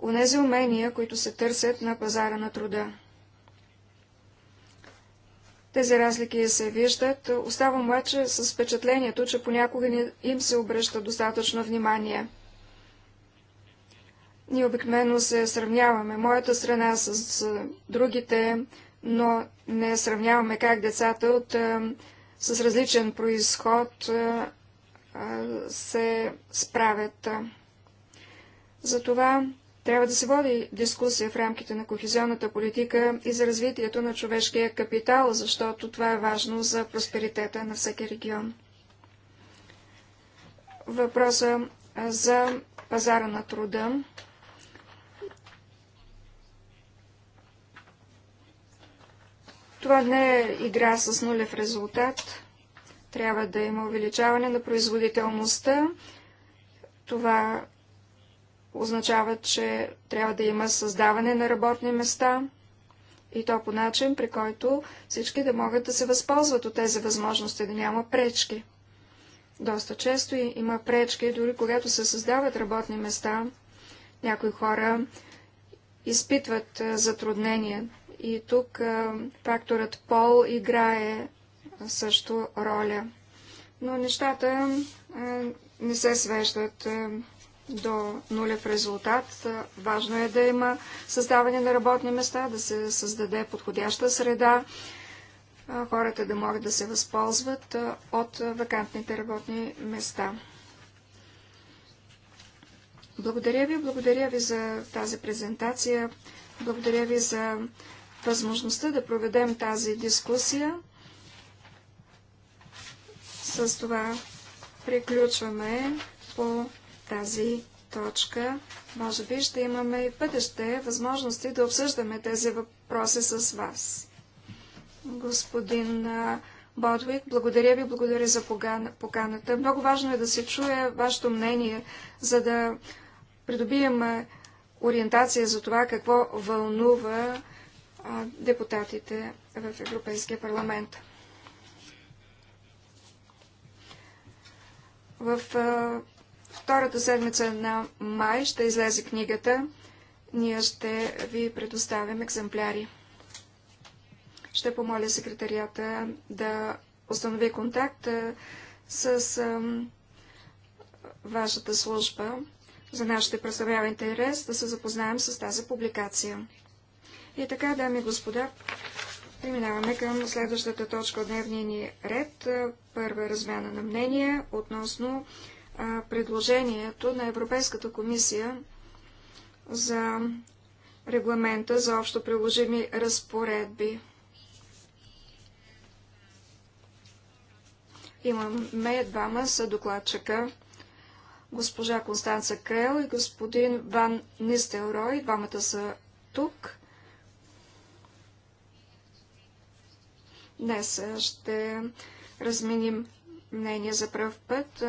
унези умения, които се търсят на пазара на труда. Тези разлики се виждат. Оставам обаче с впечатлението, че понякога не им се обръща достатъчно внимание. Ние обикновено се сравняваме моята страна с, с другите, но не сравняваме как децата от, е, с различен происход е, е, се справят. Затова трябва да се води дискусия в рамките на кохезионната политика и за развитието на човешкия капитал, защото това е важно за просперитета на всеки регион. Въпроса за пазара на труда. Това не е игра с нулев резултат. Трябва да има увеличаване на производителността. Това означава, че трябва да има създаване на работни места и то по начин, при който всички да могат да се възползват от тези възможности, да няма пречки. Доста често има пречки, дори когато се създават работни места, някои хора изпитват затруднения. И тук факторът пол играе също роля. Но нещата не се свеждат до нулев резултат. Важно е да има създаване на работни места, да се създаде подходяща среда, хората да могат да се възползват от вакантните работни места. Благодаря ви, благодаря ви за тази презентация, благодаря ви за възможността да проведем тази дискусия. С това приключваме по тази точка. Може би ще имаме и бъдеще възможности да обсъждаме тези въпроси с вас. Господин Бодвик, благодаря ви, благодаря за поканата. Много важно е да се чуе вашето мнение, за да придобием ориентация за това какво вълнува депутатите в Европейския парламент. В Втората седмица на май ще излезе книгата. Ние ще ви предоставим екземпляри. Ще помоля секретарията да установи контакт с вашата служба. За нашите представява интерес да се запознаем с тази публикация. И така, дами и господа, преминаваме към следващата точка от дневния ни ред. Първа размяна на мнение относно предложението на Европейската комисия за регламента за общо приложими разпоредби. Имаме двама са докладчика, госпожа Констанца Крел и господин Ван Нистелрой. Двамата са тук. Днес ще разменим мнение за пръв път.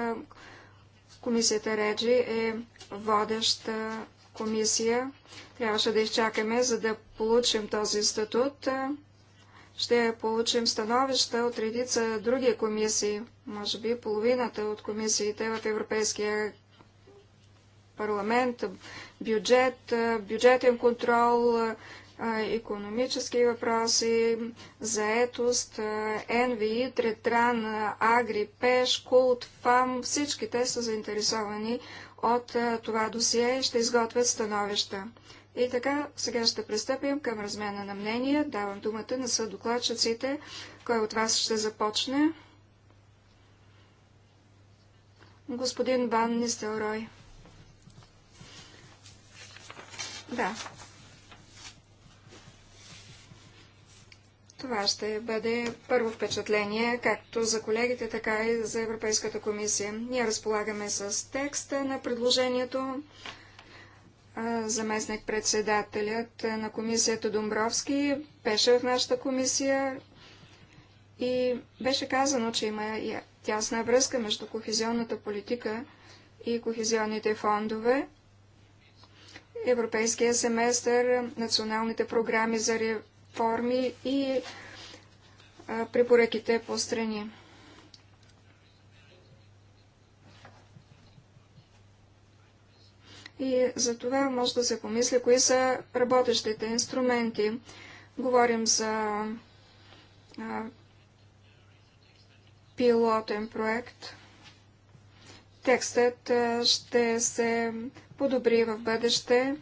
Комисията Реджи е водеща комисия. Трябваше да изчакаме, за да получим този статут. Ще получим становища от редица други комисии, може би половината от комисиите в Европейския парламент, бюджет, бюджетен контрол, економически въпроси, заетост, НВИ, Третран, Агри, Пеш, Култ, ФАМ, всички те са заинтересовани от това досие и ще изготвят становища. И така, сега ще пристъпим към размена на мнения. Давам думата на съдокладчиците. Кой от вас ще започне? Господин Бан Нистелрой. Да, Това ще бъде първо впечатление, както за колегите, така и за Европейската комисия. Ние разполагаме с текста на предложението. Заместник-председателят на комисията Домбровски беше в нашата комисия и беше казано, че има тясна връзка между кохезионната политика и кохезионните фондове. Европейския семестър, националните програми за форми и препоръките по страни. И за това може да се помисли, кои са работещите инструменти. Говорим за а, пилотен проект. Текстът ще се подобри в бъдеще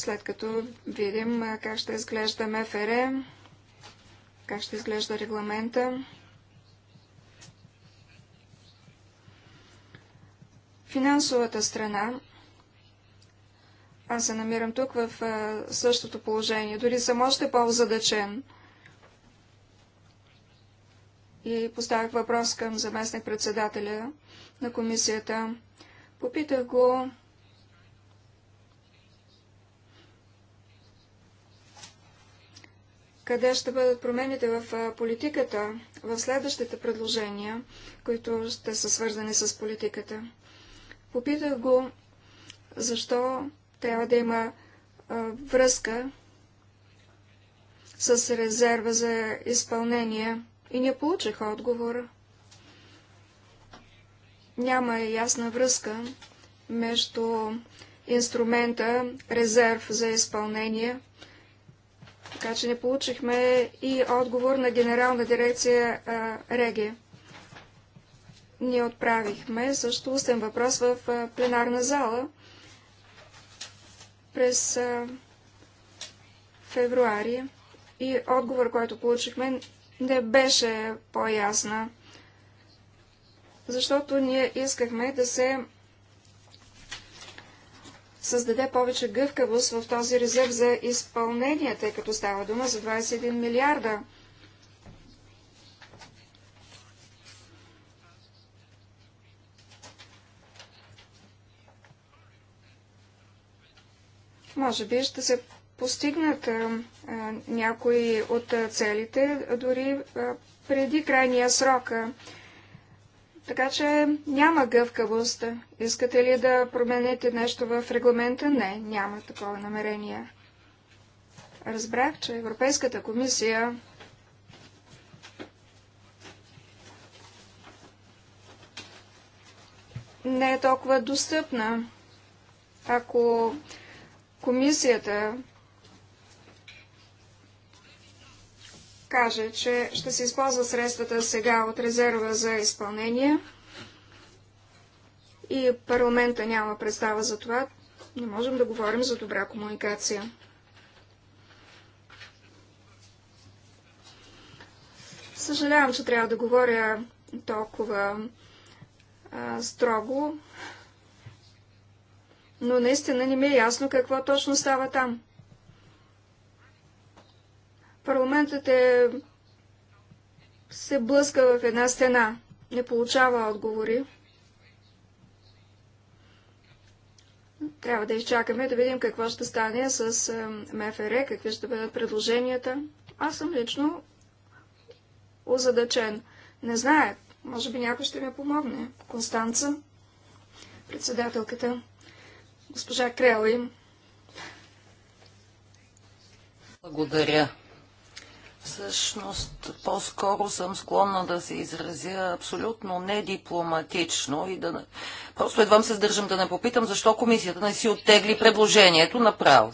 след като видим как ще изглежда МФР, как ще изглежда регламента. Финансовата страна. Аз се намирам тук в същото положение. Дори съм още по-задачен. И поставях въпрос към заместник-председателя на комисията. Попитах го къде ще бъдат промените в политиката, в следващите предложения, които ще са свързани с политиката. Попитах го, защо трябва да има връзка с резерва за изпълнение и не получих отговор. Няма ясна връзка между инструмента резерв за изпълнение така че не получихме и отговор на генерална дирекция а, Реги. Ние отправихме също устен въпрос в а, пленарна зала през а, февруари и отговор, който получихме, не беше по-ясна, защото ние искахме да се създаде повече гъвкавост в този резерв за изпълнение, тъй като става дума за 21 милиарда. Може би ще се постигнат а, някои от целите дори а, преди крайния срок. Така че няма гъвкавост. Искате ли да промените нещо в регламента? Не, няма такова намерение. Разбрах, че Европейската комисия не е толкова достъпна. Ако комисията каже, че ще се използва средствата сега от резерва за изпълнение и парламента няма представа за това, не можем да говорим за добра комуникация. Съжалявам, че трябва да говоря толкова а, строго, но наистина не ми е ясно какво точно става там. Парламентът е... се блъска в една стена, не получава отговори. Трябва да изчакаме да видим какво ще стане с е, МФР, какви ще бъдат предложенията. Аз съм лично озадачен. Не знае, може би някой ще ми помогне. Констанца, председателката, госпожа Крел
Благодаря. Всъщност, по-скоро съм склонна да се изразя абсолютно недипломатично и да... Просто едвам се сдържам да не попитам, защо комисията не си оттегли предложението направо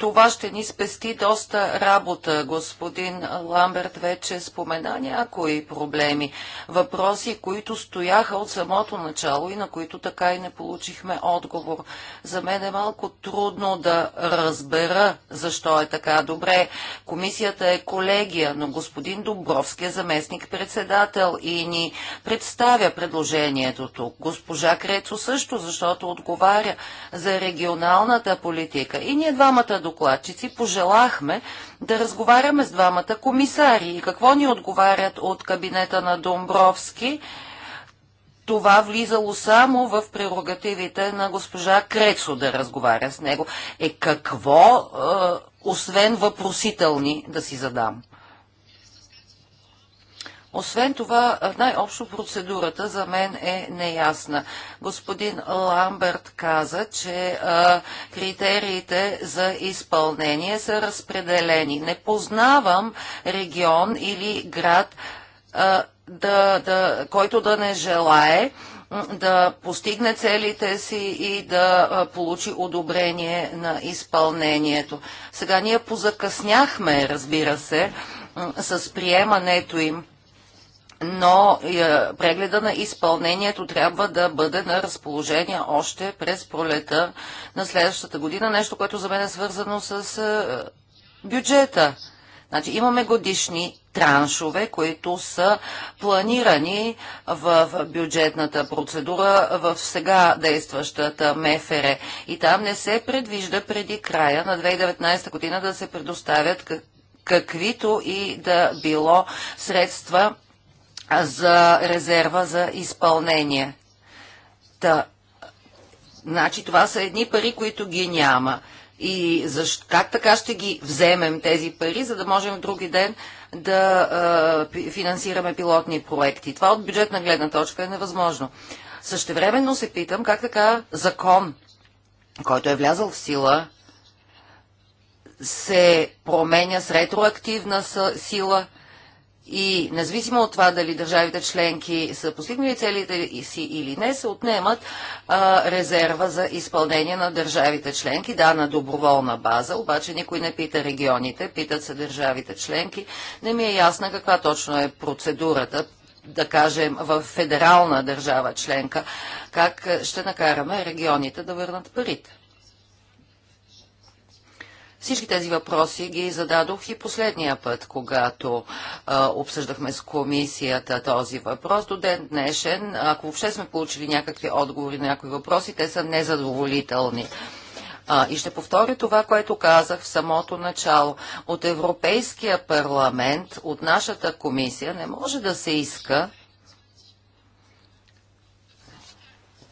това ще ни спести доста работа. Господин Ламберт вече спомена някои проблеми, въпроси, които стояха от самото начало и на които така и не получихме отговор. За мен е малко трудно да разбера защо е така. Добре, комисията е колегия, но господин Добровски е заместник-председател и ни представя предложението тук. Госпожа Крецо също, защото отговаря за регионалната политика. И ние двамата докладчици пожелахме да разговаряме с двамата комисари. И какво ни отговарят от кабинета на Домбровски? това влизало само в прерогативите на госпожа Крецо да разговаря с него. Е какво, е, освен въпросителни, да си задам? Освен това, най-общо процедурата за мен е неясна. Господин Ламберт каза, че а, критериите за изпълнение са разпределени. Не познавам регион или град, а, да, да, който да не желае да постигне целите си и да получи одобрение на изпълнението. Сега ние позакъсняхме, разбира се, с приемането им но е, прегледа на изпълнението трябва да бъде на разположение още през пролета на следващата година. Нещо, което за мен е свързано с е, бюджета. Значи имаме годишни траншове, които са планирани в бюджетната процедура в сега действащата МФР. И там не се предвижда преди края на 2019 година да се предоставят каквито и да било средства за резерва за изпълнение. Та, значи това са едни пари, които ги няма. И защ, как така ще ги вземем тези пари, за да можем в други ден да е, финансираме пилотни проекти? Това от бюджетна гледна точка е невъзможно. Същевременно се питам как така закон, който е влязъл в сила, се променя с ретроактивна сила – и независимо от това дали държавите членки са постигнали целите си или не, се отнемат а, резерва за изпълнение на държавите членки, да, на доброволна база, обаче никой не пита регионите, питат се държавите членки. Не ми е ясна каква точно е процедурата, да кажем, в федерална държава членка, как ще накараме регионите да върнат парите. Всички тези въпроси ги зададох и последния път, когато а, обсъждахме с комисията този въпрос. До ден днешен, ако въобще сме получили някакви отговори на някои въпроси, те са незадоволителни. А, и ще повторя това, което казах в самото начало. От Европейския парламент, от нашата комисия не може да се иска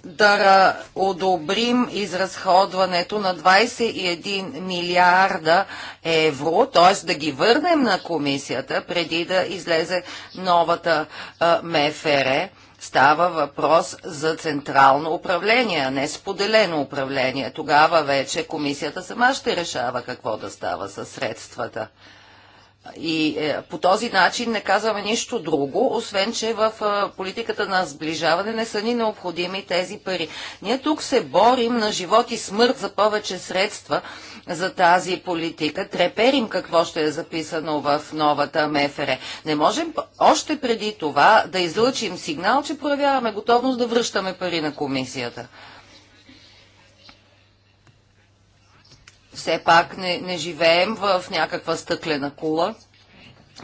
да одобрим изразходването на 21 милиарда евро, т.е. да ги върнем на комисията преди да излезе новата МФР. Става въпрос за централно управление, а не споделено управление. Тогава вече комисията сама ще решава какво да става със средствата. И е, по този начин не казваме нищо друго, освен че в е, политиката на сближаване не са ни необходими тези пари. Ние тук се борим на живот и смърт за повече средства за тази политика. Треперим какво ще е записано в новата МФР. Не можем още преди това да излъчим сигнал, че проявяваме готовност да връщаме пари на комисията. Все пак не, не живеем в някаква стъклена кула.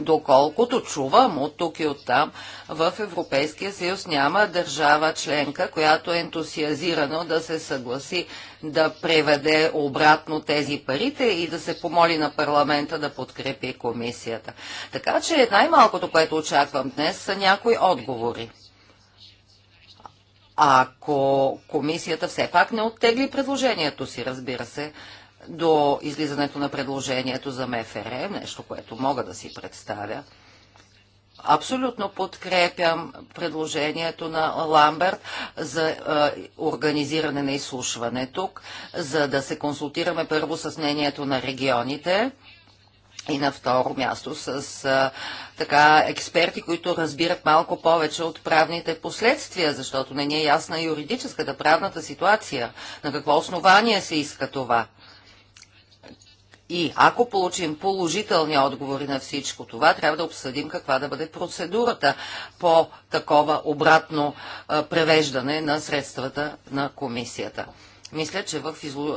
Доколкото чувам от тук и от там, в Европейския съюз няма държава членка, която е ентусиазирано да се съгласи да преведе обратно тези парите и да се помоли на парламента да подкрепи комисията. Така че най-малкото, което очаквам днес, са някои отговори. Ако комисията все пак не оттегли предложението си, разбира се, до излизането на предложението за МФР, нещо, което мога да си представя. Абсолютно подкрепям предложението на Ламберт за е, организиране на изслушване тук, за да се консултираме първо с мнението на регионите и на второ място с е, така експерти, които разбират малко повече от правните последствия, защото не ни е ясна юридическата, правната ситуация, на какво основание се иска това. И ако получим положителни отговори на всичко това, трябва да обсъдим каква да бъде процедурата по такова обратно превеждане на средствата на комисията. Мисля, че в изло...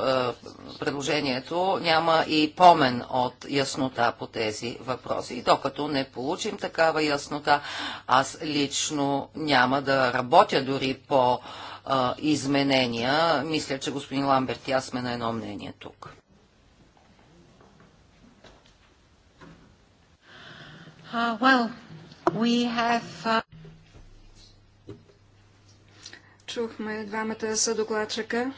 предложението няма и помен от яснота по тези въпроси. И докато не получим такава яснота, аз лично няма да работя дори по а, изменения. Мисля, че господин Ламберт и аз сме на едно мнение тук. Uh,
uh, Чухме двамата съдокладчика.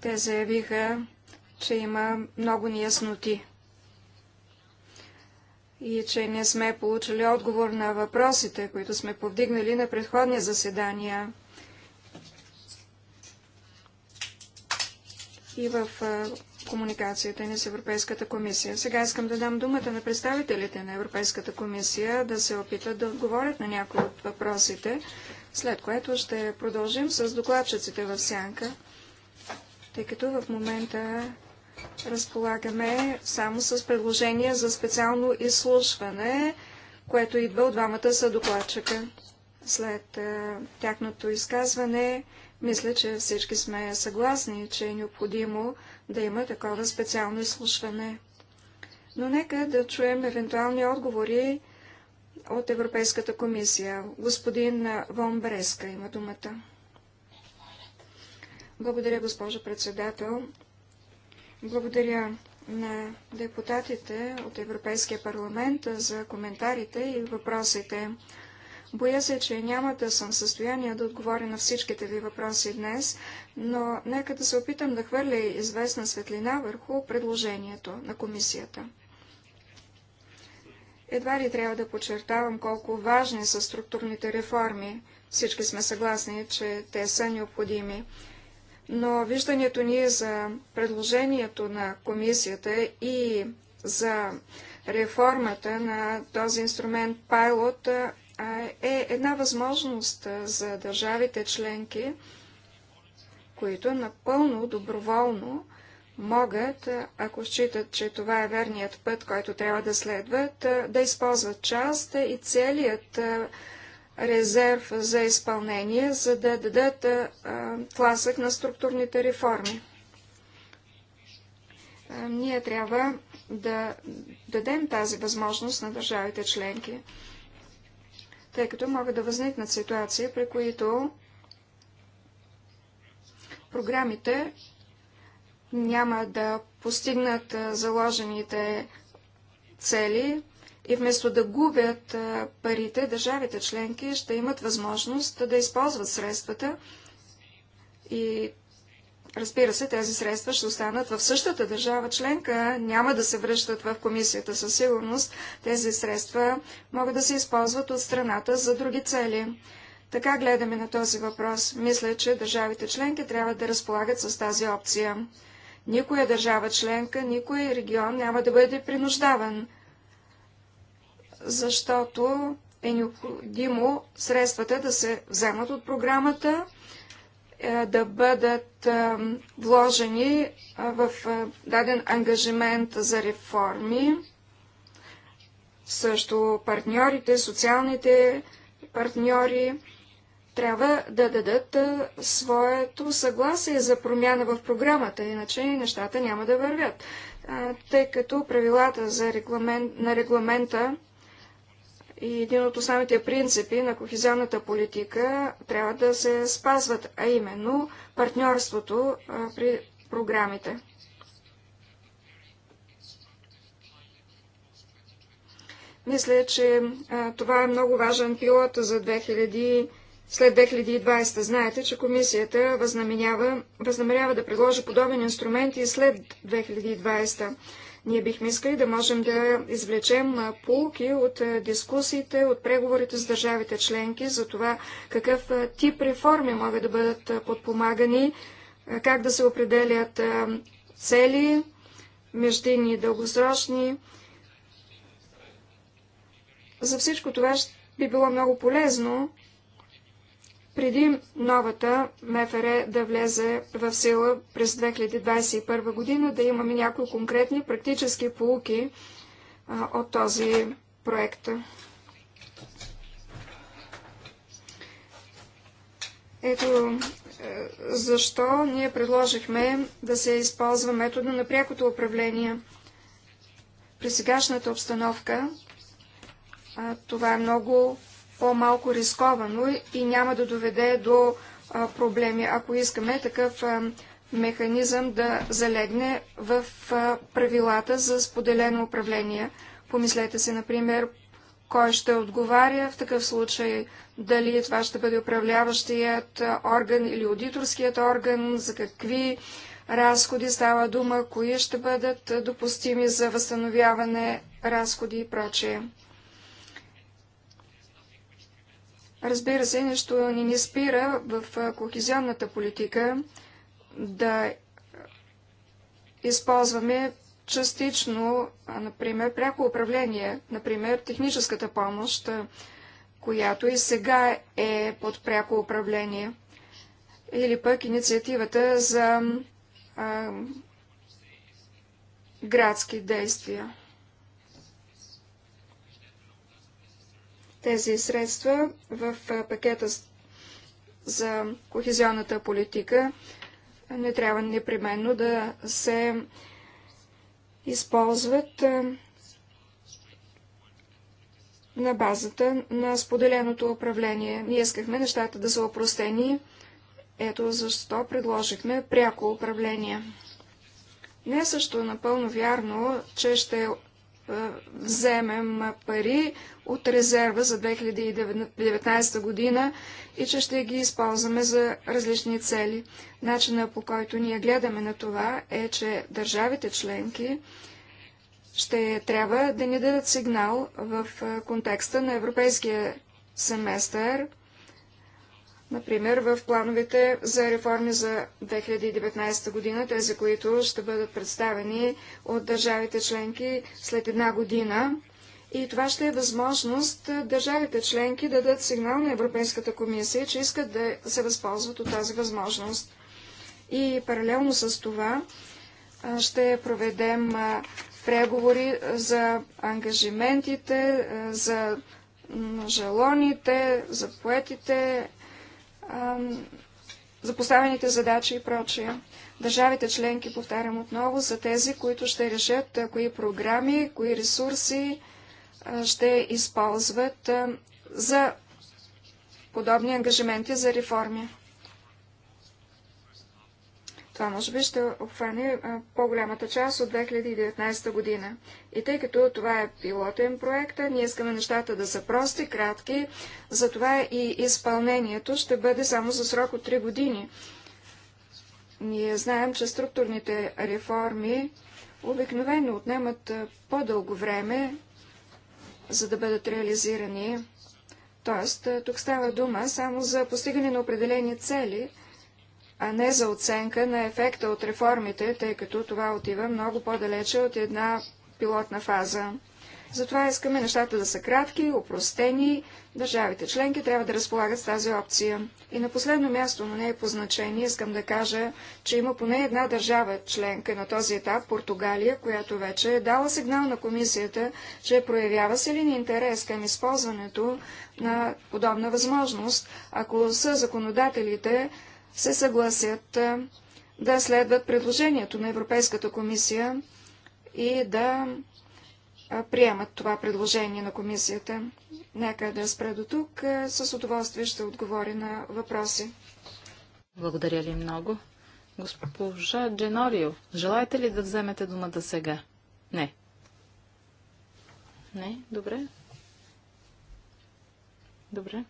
Те заявиха, че има много неясноти и че не сме получили отговор на въпросите, които сме повдигнали на предходни заседания. И в комуникацията ни с Европейската комисия. Сега искам да дам думата на представителите на Европейската комисия да се опитат да отговорят на някои от въпросите, след което ще продължим с докладчиците в сянка, тъй като в момента разполагаме само с предложение за специално изслушване, което идва от двамата са докладчика. След е, тяхното изказване мисля, че всички сме съгласни, че е необходимо да има такова специално изслушване. Но нека да чуем евентуални отговори от Европейската комисия. Господин Вон Бреска има думата. Благодаря, госпожо председател. Благодаря на депутатите от Европейския парламент за коментарите и въпросите. Боя се, че няма да съм в състояние да отговоря на всичките ви въпроси днес, но нека да се опитам да хвърля известна светлина върху предложението на комисията. Едва ли трябва да подчертавам колко важни са структурните реформи. Всички сме съгласни, че те са необходими. Но виждането ни за предложението на комисията и за реформата на този инструмент пайлот е една възможност за държавите членки, които напълно доброволно могат, ако считат, че това е верният път, който трябва да следват, да използват част и целият резерв за изпълнение, за да дадат тласък на структурните реформи. Ние трябва да дадем тази възможност на държавите членки тъй като могат да възникнат ситуации, при които програмите няма да постигнат заложените цели и вместо да губят парите, държавите членки ще имат възможност да използват средствата и Разбира се, тези средства ще останат в същата държава членка, няма да се връщат в комисията със сигурност. Тези средства могат да се използват от страната за други цели. Така гледаме на този въпрос. Мисля, че държавите членки трябва да разполагат с тази опция. Никоя държава членка, никой регион няма да бъде принуждаван, защото е необходимо средствата да се вземат от програмата е, да бъдат е, вложени е, в даден ангажимент за реформи. Също партньорите, социалните партньори трябва да дадат своето съгласие за промяна в програмата, иначе нещата няма да вървят. Тъй като правилата за регламент, на регламента и един от основните принципи на кохезионната политика трябва да се спазват, а именно партньорството при програмите. Мисля, че а, това е много важен пилот за 2000, след 2020. Знаете, че комисията възнамерява да предложи подобен инструмент и след 2020. Ние бихме искали да можем да извлечем полки от дискусиите, от преговорите с държавите членки за това какъв тип реформи могат да бъдат подпомагани, как да се определят цели, междинни и дългосрочни. За всичко това би било много полезно преди новата МФР да влезе в сила през 2021 година, да имаме някои конкретни практически полуки а, от този проект. Ето е, защо ние предложихме да се използва метода на прякото управление. При сегашната обстановка а, това е много по-малко рисковано и няма да доведе до проблеми, ако искаме такъв механизъм да залегне в правилата за споделено управление. Помислете се, например, кой ще отговаря в такъв случай, дали това ще бъде управляващият орган или аудиторският орган, за какви разходи става дума, кои ще бъдат допустими за възстановяване разходи и прочее. Разбира се, нещо ни не спира в кохезионната политика да използваме частично, например, пряко управление, например, техническата помощ, която и сега е под пряко управление, или пък инициативата за а, градски действия. тези средства в пакета за кохезионната политика не трябва непременно да се използват на базата на споделеното управление. Ние искахме нещата да са опростени. Ето защо предложихме пряко управление. Не е също напълно вярно, че ще вземем пари от резерва за 2019 година и че ще ги използваме за различни цели. Начина по който ние гледаме на това е, че държавите членки ще трябва да ни дадат сигнал в контекста на европейския семестър – Например, в плановете за реформи за 2019 година, тези, които ще бъдат представени от държавите членки след една година. И това ще е възможност държавите членки да дадат сигнал на Европейската комисия, че искат да се възползват от тази възможност. И паралелно с това ще проведем преговори за ангажиментите, за жалоните, за поетите за поставените задачи и прочие. Държавите членки, повтарям отново, са тези, които ще решат кои програми, кои ресурси ще използват за подобни ангажименти за реформи. Това може би ще обхване по-голямата част от 2019 година. И тъй като това е пилотен проект, ние искаме нещата да са прости, кратки, затова и изпълнението ще бъде само за срок от 3 години. Ние знаем, че структурните реформи обикновено отнемат по-дълго време, за да бъдат реализирани. Тоест, тук става дума само за постигане на определени цели – а не за оценка на ефекта от реформите, тъй като това отива много по-далече от една пилотна фаза. Затова искаме нещата да са кратки, упростени. Държавите членки трябва да разполагат с тази опция. И на последно място, но не е по значение, искам да кажа, че има поне една държава членка на този етап, Португалия, която вече е дала сигнал на комисията, че проявява ни интерес към използването на подобна възможност, ако са законодателите се съгласят да следват предложението на Европейската комисия и да приемат това предложение на комисията. Нека да спра до тук. С удоволствие ще отговоря на
въпроси. Благодаря ли много? Госпожа Дженорио, желаете ли да вземете думата сега? Не. Не? Добре. Добре.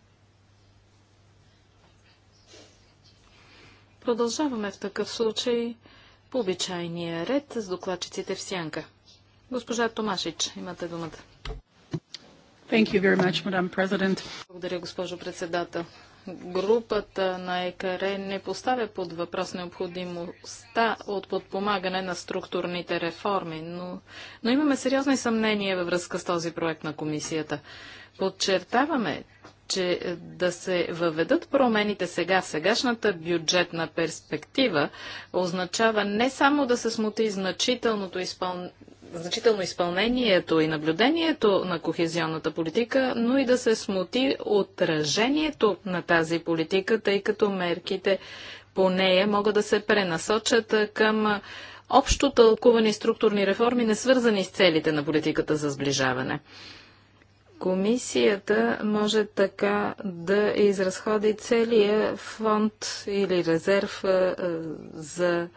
Продължаваме в такъв случай по обичайния ред с докладчиците в сянка. Госпожа Томашич, имате думата.
Thank you very much, Madam President.
Благодаря, госпожо председател. Групата на ЕКР не поставя под въпрос необходимостта от подпомагане на структурните реформи, но, но имаме сериозни съмнения във връзка с този проект на комисията. Подчертаваме, че е, да се въведат промените сега, сегашната бюджетна перспектива, означава не само да се смути значителното изпълнение, значително изпълнението и наблюдението на кохезионната политика, но и да се смути отражението на тази политика, тъй като мерките по нея могат да се пренасочат е, към е, общо тълкувани структурни реформи, не свързани с целите на политиката за сближаване. Комисията може така да изразходи целия фонд или резерв за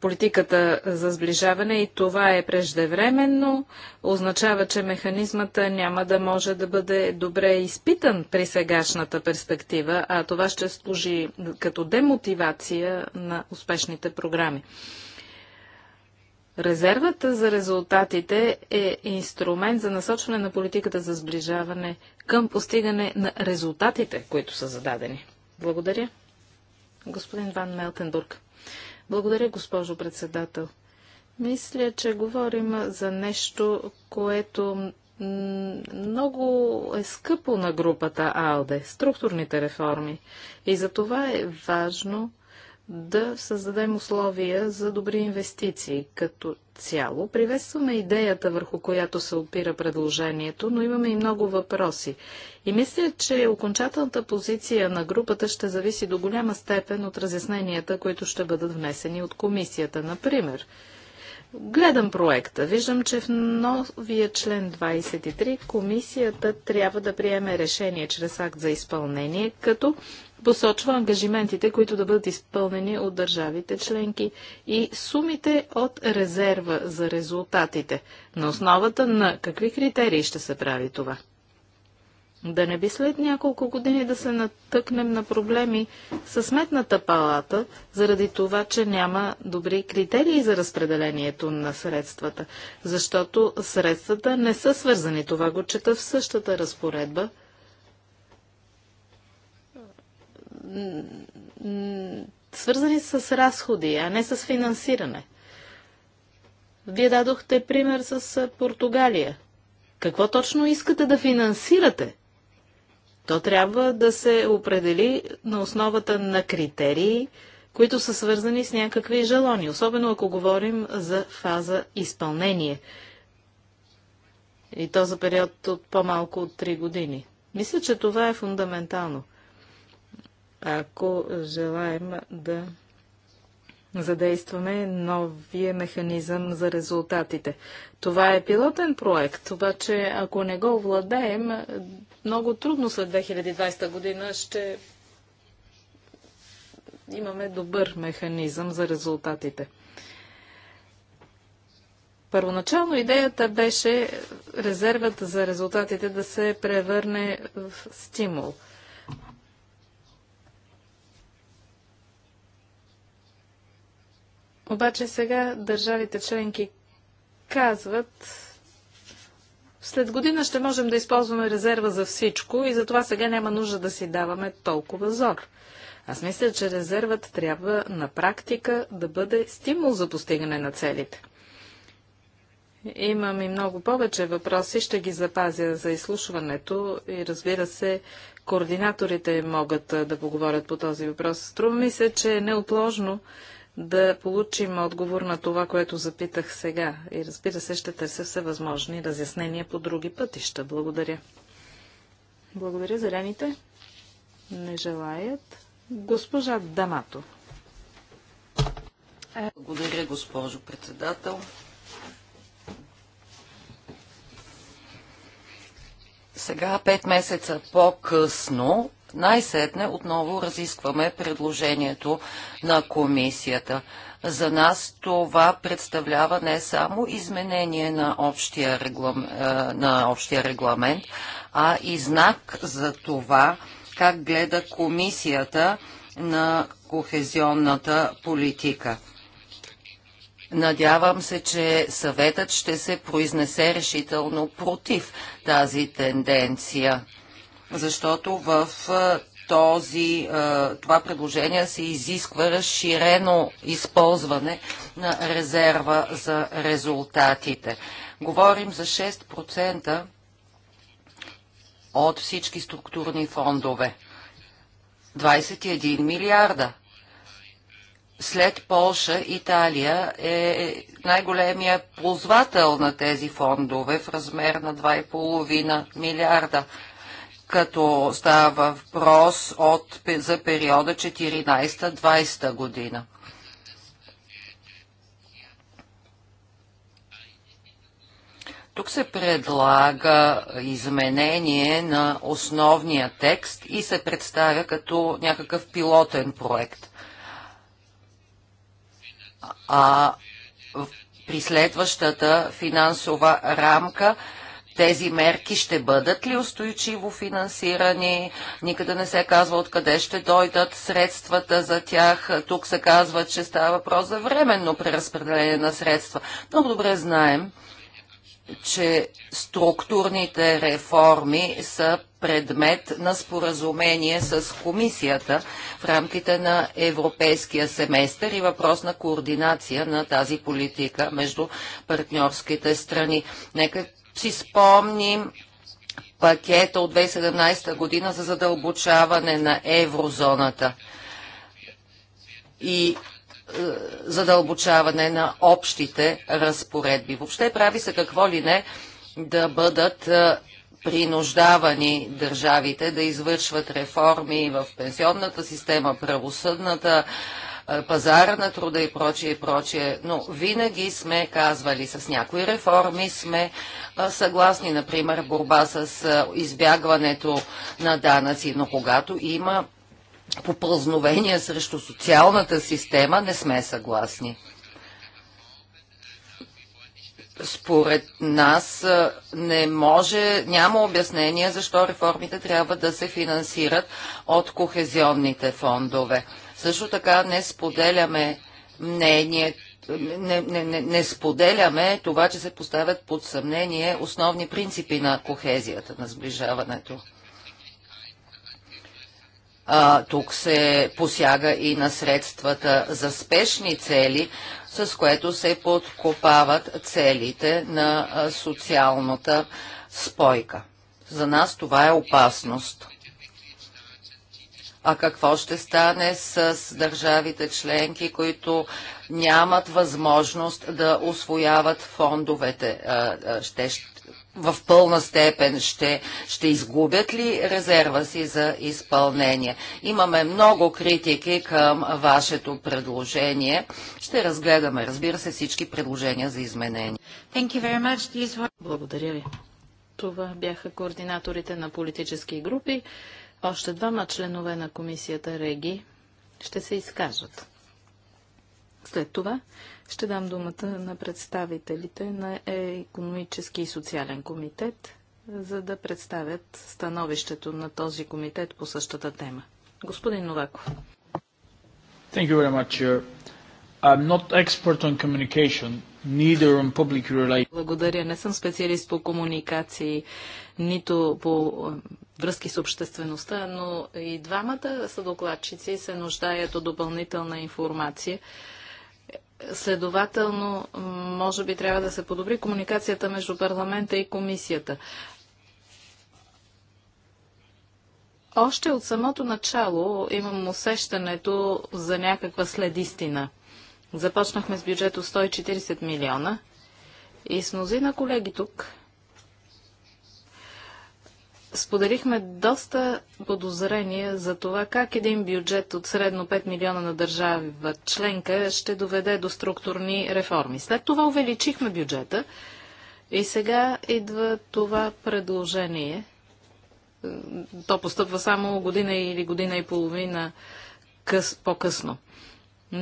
политиката за сближаване и това е преждевременно, означава, че механизмата няма да може да бъде добре изпитан при сегашната перспектива, а това ще служи като демотивация на успешните програми. Резервата за резултатите е инструмент за насочване на политиката за сближаване към постигане на резултатите, които са зададени. Благодаря. Господин Ван Мелтенбург. Благодаря, госпожо председател. Мисля, че говорим за нещо, което много е скъпо на групата АЛДЕ, структурните реформи. И за това е важно да създадем условия за добри инвестиции като цяло. Приветстваме идеята, върху която се опира предложението, но имаме и много въпроси. И мисля, че окончателната позиция на групата ще зависи до голяма степен от разясненията, които ще бъдат внесени от комисията. Например, Гледам проекта. Виждам, че в новия член 23 комисията трябва да приеме решение чрез акт за изпълнение, като посочва ангажиментите, които да бъдат изпълнени от държавите членки и сумите от резерва за резултатите. На основата на какви критерии ще се прави това? Да не би след няколко години да се натъкнем на проблеми с сметната палата, заради това, че няма добри критерии за разпределението на средствата, защото средствата не са свързани. Това го чета в същата разпоредба. Свързани с разходи, а не с финансиране. Вие дадохте пример с Португалия. Какво точно искате да финансирате? То трябва да се определи на основата на критерии, които са свързани с някакви желони, особено ако говорим за фаза изпълнение. И то за период от по-малко от 3 години. Мисля, че това е фундаментално. Ако желаем да задействаме новия механизъм за резултатите. Това е пилотен проект, обаче ако не го овладеем, много трудно след 2020 година ще имаме добър механизъм за резултатите. Първоначално идеята беше резервата за резултатите да се превърне в стимул – Обаче сега държавите членки казват, след година ще можем да използваме резерва за всичко и затова сега няма нужда да си даваме толкова зор. Аз мисля, че резервът трябва на практика да бъде стимул за постигане на целите. Имам и много повече въпроси, ще ги запазя за изслушването и разбира се, координаторите могат да поговорят по този въпрос. Струва ми се, че е неотложно да получим отговор на това, което запитах сега. И разбира се, ще търся всевъзможни разяснения по други пътища. Благодаря. Благодаря. Зелените не желаят. Госпожа Дамато.
Благодаря, госпожо председател. Сега, пет месеца по-късно, най-сетне отново разискваме предложението на комисията. За нас това представлява не само изменение на общия, реглам, е, на общия регламент, а и знак за това как гледа комисията на кохезионната политика. Надявам се, че съветът ще се произнесе решително против тази тенденция защото в този, това предложение се изисква разширено използване на резерва за резултатите. Говорим за 6% от всички структурни фондове. 21 милиарда. След Полша, Италия е най-големия ползвател на тези фондове в размер на 2,5 милиарда като става въпрос от, за периода 14-20 година. Тук се предлага изменение на основния текст и се представя като някакъв пилотен проект. А при следващата финансова рамка тези мерки ще бъдат ли устойчиво финансирани? Никъде не се казва откъде ще дойдат средствата за тях. Тук се казва, че става въпрос за временно преразпределение на средства. Много добре знаем, че структурните реформи са предмет на споразумение с комисията в рамките на европейския семестър и въпрос на координация на тази политика между партньорските страни. Нека си спомним пакета от 2017 година за задълбочаване на еврозоната и е, задълбочаване на общите разпоредби. Въобще прави се какво ли не да бъдат е, принуждавани държавите да извършват реформи в пенсионната система, правосъдната система, пазара на труда и прочие и прочие, но винаги сме казвали, с някои реформи сме съгласни, например, борба с избягването на данъци, но когато има попълзновения срещу социалната система, не сме съгласни според нас не може, няма обяснение защо реформите трябва да се финансират от кохезионните фондове. Също така не споделяме мнение, не, не, не, не споделяме това, че се поставят под съмнение основни принципи на кохезията, на сближаването. А, тук се посяга и на средствата за спешни цели, с което се подкопават целите на социалната спойка. За нас това е опасност. А какво ще стане с държавите членки, които нямат възможност да освояват фондовете? Ще, в пълна степен ще, ще изгубят ли резерва си за изпълнение. Имаме много критики към вашето предложение. Ще разгледаме, разбира се, всички предложения за изменение. Благодаря ви. Това бяха координаторите на политически групи. Още двама
членове на комисията Реги ще се изкажат. След това ще дам думата на представителите на Економически и социален комитет, за да представят становището на този комитет по същата тема. Господин Новаков. Thank you very much, Chair. I'm not expert on communication, благодаря. Не съм специалист по комуникации, нито по е, връзки с обществеността, но и двамата са докладчици се нуждаят от допълнителна информация. Следователно, може би трябва да се подобри комуникацията между парламента и комисията. Още от самото начало имам усещането за някаква следистина – Започнахме с бюджет от 140 милиона и с мнозина колеги тук споделихме доста подозрения за това как един бюджет от средно 5 милиона на държава членка ще доведе до структурни реформи. След това увеличихме бюджета и сега идва това предложение. То постъпва само година или година и половина по-късно.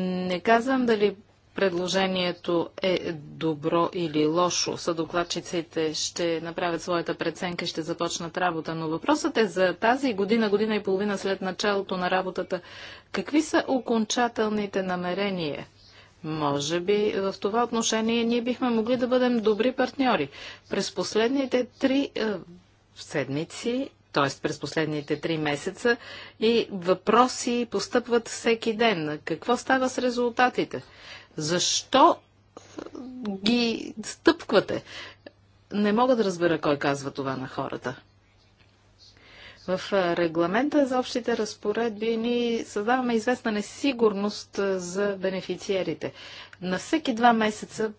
Не казвам дали предложението е добро или лошо. Съдокладчиците ще направят своята преценка и ще започнат работа. Но въпросът е за тази година, година и половина след началото на работата. Какви са окончателните намерения? Може би в това отношение ние бихме могли да бъдем добри партньори. През последните три е, седмици т.е. през последните три месеца, и въпроси постъпват всеки ден. Какво става с резултатите? Защо ги стъпквате? Не мога да разбера кой казва това на хората. В регламента за общите разпоредби ни създаваме известна несигурност за бенефициерите. На всеки два месеца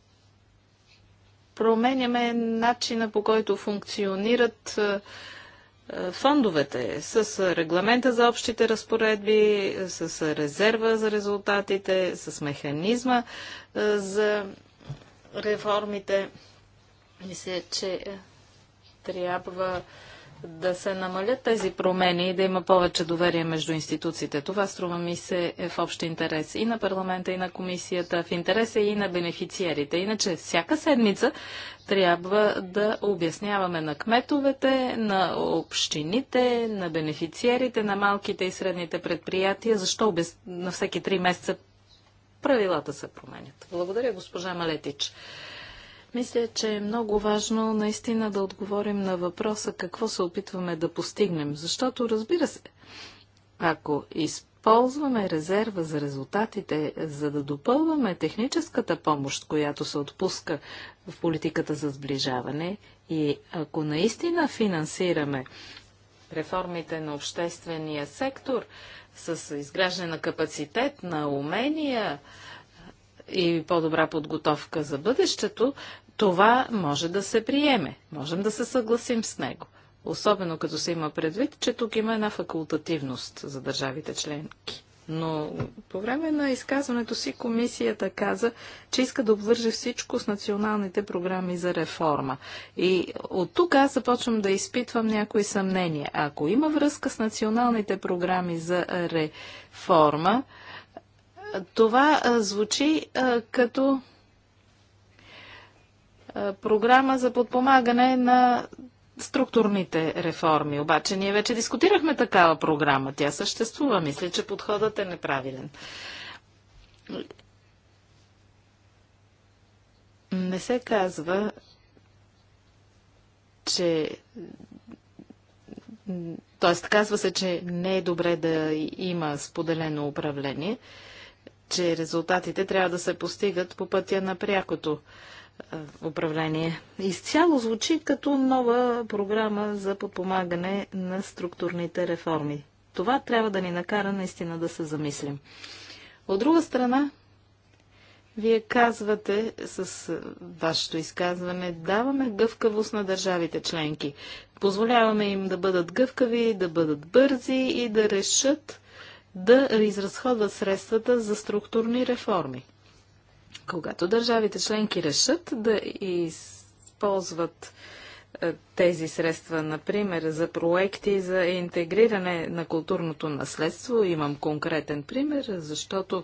променяме начина по който функционират е, фондовете, с регламента за общите разпоредби, с резерва за резултатите, с механизма е, за реформите. Мисля, че е, трябва да се намалят тези промени и да има повече доверие между институциите. Това струва ми се е в общ интерес и на парламента, и на комисията, в интереса е и на бенефициерите. Иначе всяка седмица трябва да обясняваме на кметовете, на общините, на бенефициерите, на малките и средните предприятия, защо обяс... на всеки три месеца правилата се променят. Благодаря, госпожа Малетич. Мисля, че е много важно наистина да отговорим на въпроса какво се опитваме да постигнем, защото разбира се, ако използваме резерва за резултатите, за да допълваме техническата помощ, която се отпуска в политиката за сближаване и ако наистина финансираме реформите на обществения сектор с изграждане на капацитет, на умения, и по-добра подготовка за бъдещето, това може да се приеме. Можем да се съгласим с него. Особено като се има предвид, че тук има една факултативност за държавите членки. Но по време на изказването си комисията каза, че иска да обвърже всичко с националните програми за реформа. И от тук аз започвам да изпитвам някои съмнения. Ако има връзка с националните програми за реформа, това звучи а, като е, програма за подпомагане на структурните реформи. Обаче ние вече дискутирахме такава програма. Тя съществува. Мисля, че подходът е неправилен. Не се казва, че Тоест, казва се, че не е добре да има споделено управление, че резултатите трябва да се постигат по пътя на прякото е, управление. Изцяло звучи като нова програма за подпомагане на структурните реформи. Това трябва да ни накара наистина да се замислим. От друга страна, вие казвате с е, вашето изказване, даваме гъвкавост на държавите членки. Позволяваме им да бъдат гъвкави, да бъдат бързи и да решат да изразходват средствата за структурни реформи. Когато държавите членки решат да използват е, тези средства, например, за проекти за интегриране на културното наследство. Имам конкретен пример, защото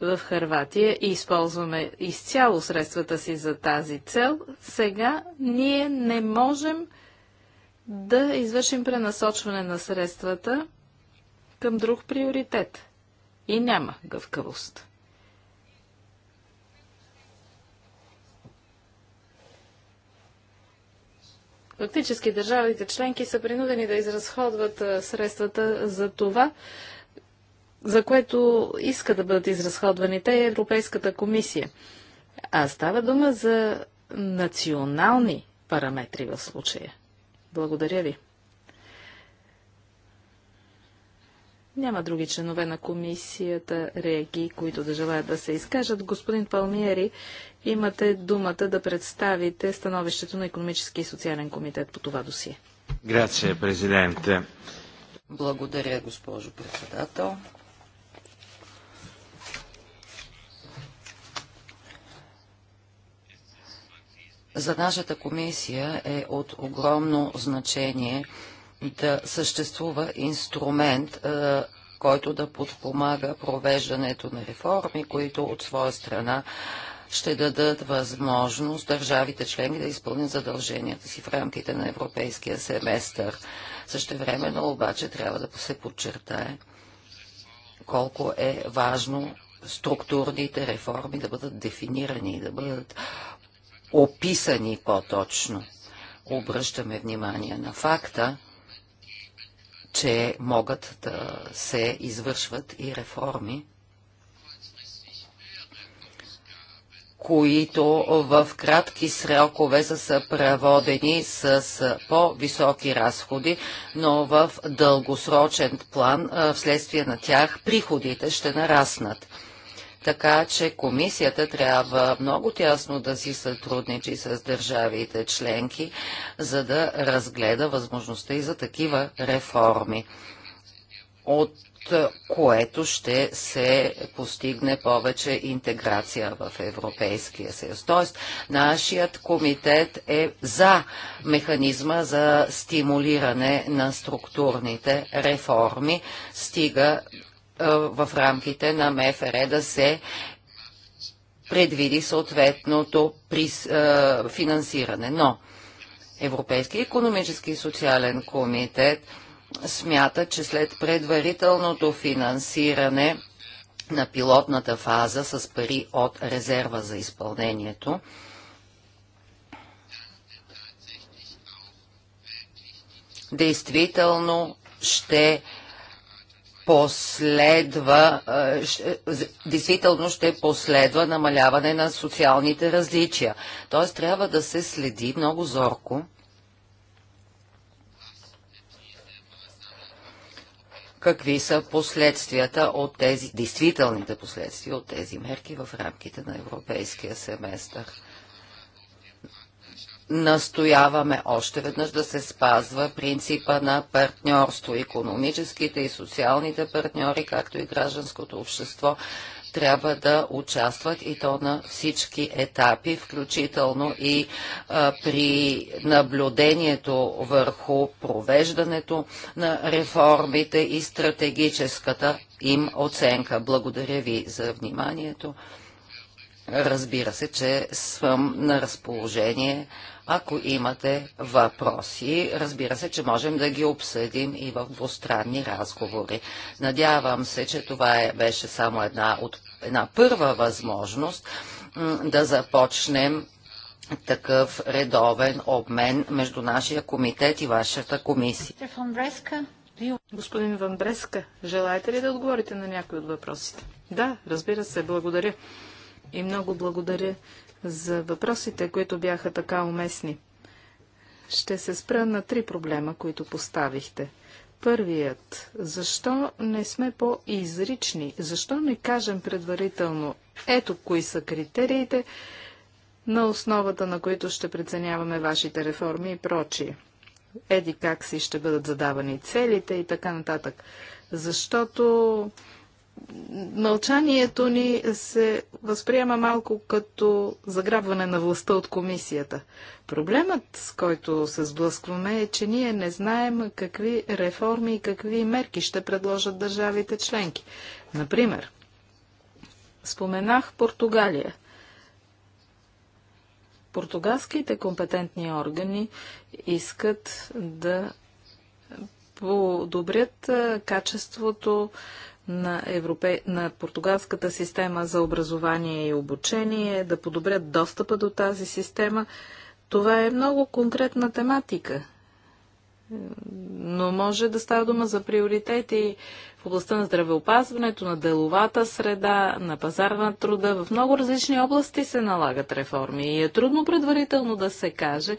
в Харватия използваме изцяло средствата си за тази цел. Сега ние не можем да извършим пренасочване на средствата към друг приоритет. И няма гъвкавост. Фактически държавите членки са принудени да изразходват средствата за това, за което иска да бъдат изразходвани те Европейската комисия. А става дума за национални параметри в случая. Благодаря ви. Няма други членове на комисията реаги, които да желаят да се изкажат. Господин Палмиери Имате думата да представите становището на Економически и социален
комитет по това досие. Грация, президенте. Благодаря, госпожо председател. За нашата комисия е от огромно значение да съществува инструмент, е, който да подпомага провеждането на реформи, които от своя страна ще дадат възможност държавите членки да изпълнят задълженията си в рамките на европейския семестър. но обаче трябва да се подчертае колко е важно структурните реформи да бъдат дефинирани, да бъдат описани по-точно. Обръщаме внимание на факта, че могат да се извършват и реформи, които в кратки срокове са съпроводени с по-високи разходи, но в дългосрочен план вследствие на тях приходите ще нараснат. Така че комисията трябва много тясно да си сътрудничи с държавите членки, за да разгледа възможността и за такива реформи. От което ще се постигне повече интеграция в Европейския съюз. Тоест, нашият комитет е за механизма за стимулиране на структурните реформи, стига е, в рамките на МФР да се предвиди съответното при, е, финансиране. Но Европейския економически и социален комитет смята, че след предварителното финансиране на пилотната фаза с пари от резерва за изпълнението, действително ще последва, действително ще последва намаляване на социалните различия. Т.е. трябва да се следи много зорко какви са последствията от тези, действителните последствия от тези мерки в рамките на европейския семестър. Настояваме още веднъж да се спазва принципа на партньорство. Економическите и социалните партньори, както и гражданското общество, трябва да участват и то на всички етапи, включително и а, при наблюдението върху провеждането на реформите и стратегическата им оценка. Благодаря ви за вниманието. Разбира се, че съм на разположение ако имате въпроси, разбира се, че можем да ги обсъдим и в двустранни разговори. Надявам се, че това е, беше само една, от, една първа възможност да започнем такъв редовен обмен между нашия комитет и вашата комисия.
Господин Ван Бреска, желаете ли да отговорите на някои от въпросите? Да, разбира се, благодаря. И много благодаря за въпросите, които бяха така уместни. Ще се спра на три проблема, които поставихте. Първият. Защо не сме по-изрични? Защо не кажем предварително? Ето кои са критериите, на основата на които ще преценяваме вашите реформи и прочие. Еди как си ще бъдат задавани целите и така нататък. Защото мълчанието ни се възприема малко като заграбване на властта от комисията. Проблемът, с който се сблъскваме, е, че ние не знаем какви реформи и какви мерки ще предложат държавите членки. Например, споменах Португалия. Португалските компетентни органи искат да подобрят качеството на, европе... на португалската система за образование и обучение, да подобрят достъпа до тази система. Това е много конкретна тематика. Но може да става дума за приоритети в областта на здравеопазването, на деловата среда, на пазарна на труда. В много различни области се налагат реформи и е трудно предварително да се каже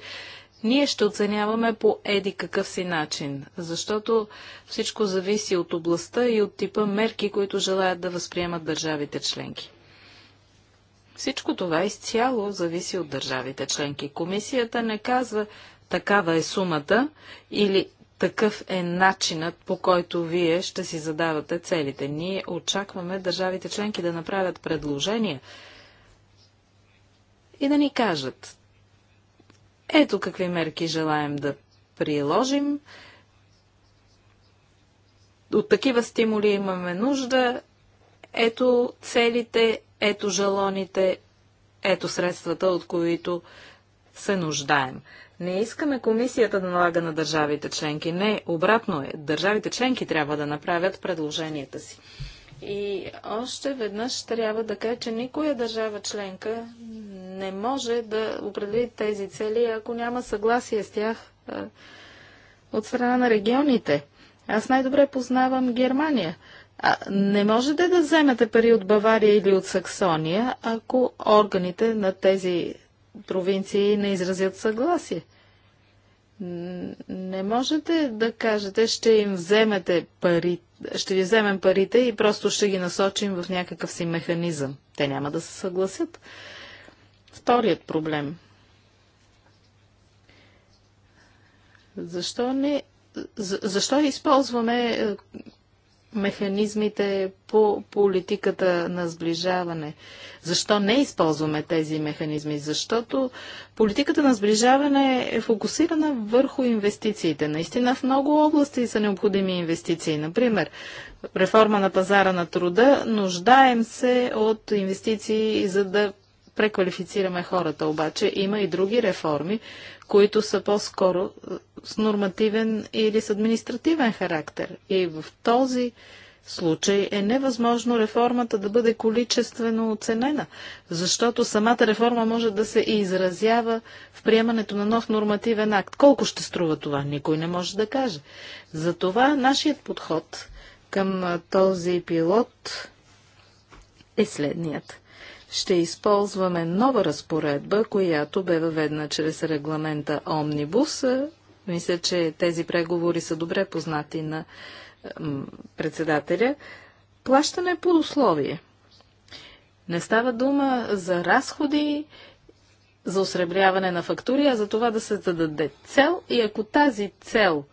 ние ще оценяваме по еди какъв си начин, защото всичко зависи от областта и от типа мерки, които желаят да възприемат държавите членки. Всичко това изцяло зависи от държавите членки. Комисията не казва такава е сумата или такъв е начинът, по който вие ще си задавате целите. Ние очакваме държавите членки да направят предложения и да ни кажат ето какви мерки желаем да приложим. От такива стимули имаме нужда. Ето целите, ето жалоните, ето средствата, от които се нуждаем. Не искаме комисията да налага на държавите членки. Не, обратно е. Държавите членки трябва да направят предложенията си. И още веднъж трябва да кажа, че никоя държава членка не може да определи тези цели, ако няма съгласие с тях от страна на регионите. Аз най-добре познавам Германия. А, не можете да вземете пари от Бавария или от Саксония, ако органите на тези провинции не изразят съгласие. Не можете да кажете, ще им вземете пари, ще ви вземем парите и просто ще ги насочим в някакъв си механизъм. Те няма да се съгласят. Вторият проблем. Защо, не, защо използваме е, механизмите по политиката на сближаване. Защо не използваме тези механизми? Защото политиката на сближаване е фокусирана върху инвестициите. Наистина в много области са необходими инвестиции. Например, реформа на пазара на труда. Нуждаем се от инвестиции, за да преквалифицираме хората. Обаче има и други реформи, които са по-скоро с нормативен или с административен характер. И в този случай е невъзможно реформата да бъде количествено оценена, защото самата реформа може да се изразява в приемането на нов нормативен акт. Колко ще струва това, никой не може да каже. Затова нашият подход към този пилот е следният ще използваме нова разпоредба, която бе въведена чрез регламента Омнибус. Мисля, че тези преговори са добре познати на председателя. Плащане по условие. Не става дума за разходи, за осребряване на фактури, а за това да се зададе цел и ако тази цел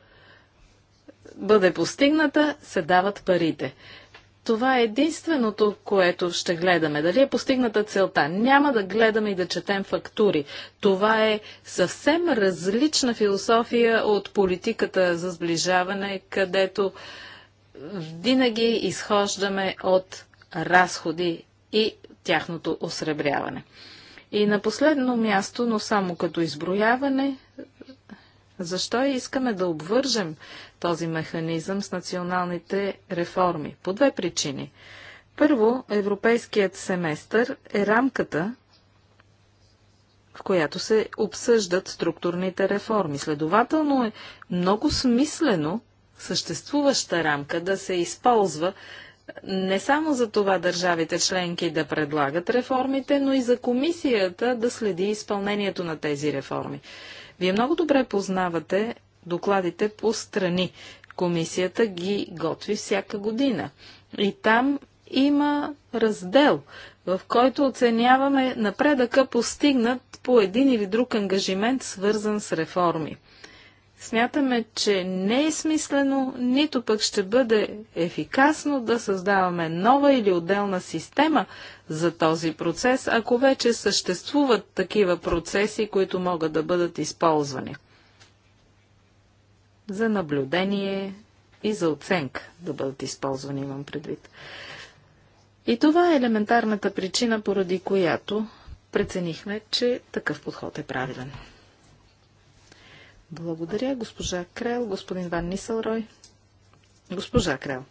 бъде постигната, се дават парите това е единственото, което ще гледаме. Дали е постигната целта? Няма да гледаме и да четем фактури. Това е съвсем различна философия от политиката за сближаване, където винаги изхождаме от разходи и тяхното осребряване. И на последно място, но само като изброяване, защо искаме да обвържем този механизъм с националните реформи. По две причини. Първо, европейският семестър е рамката, в която се обсъждат структурните реформи. Следователно е много смислено съществуваща рамка да се използва е, не само за това държавите членки да предлагат реформите, но и за комисията да следи изпълнението на тези реформи. Вие много добре познавате докладите по страни. Комисията ги готви всяка година. И там има раздел, в който оценяваме напредъка постигнат по един или друг ангажимент, свързан с реформи. Смятаме, че не е смислено, нито пък ще бъде ефикасно да създаваме нова или отделна система за този процес, ако вече съществуват такива процеси, които могат да бъдат използвани за наблюдение и за оценка да бъдат използвани, имам предвид. И това е елементарната причина, поради която преценихме, че такъв подход е правилен. Благодаря, госпожа Крел, господин Ван Нисълрой. Госпожа Крел.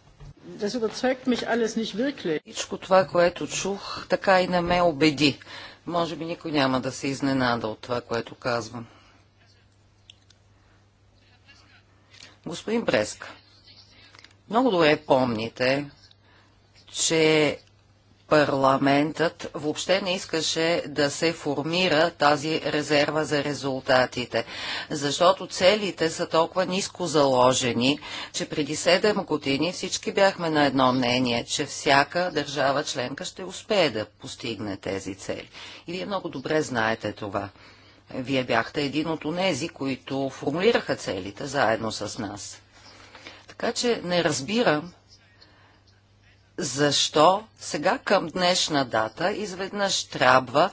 Всичко това, което чух, така и не ме убеди. Може би никой няма да се изненада от това, което казвам. Господин Бреска, много добре помните, че парламентът въобще не искаше да се формира тази резерва за резултатите, защото целите са толкова ниско заложени, че преди 7 години всички бяхме на едно мнение, че всяка държава членка ще успее да постигне тези цели. И вие много добре знаете това. Вие бяхте един от онези, които формулираха целите заедно с нас. Така че не разбирам защо сега към днешна дата изведнъж трябва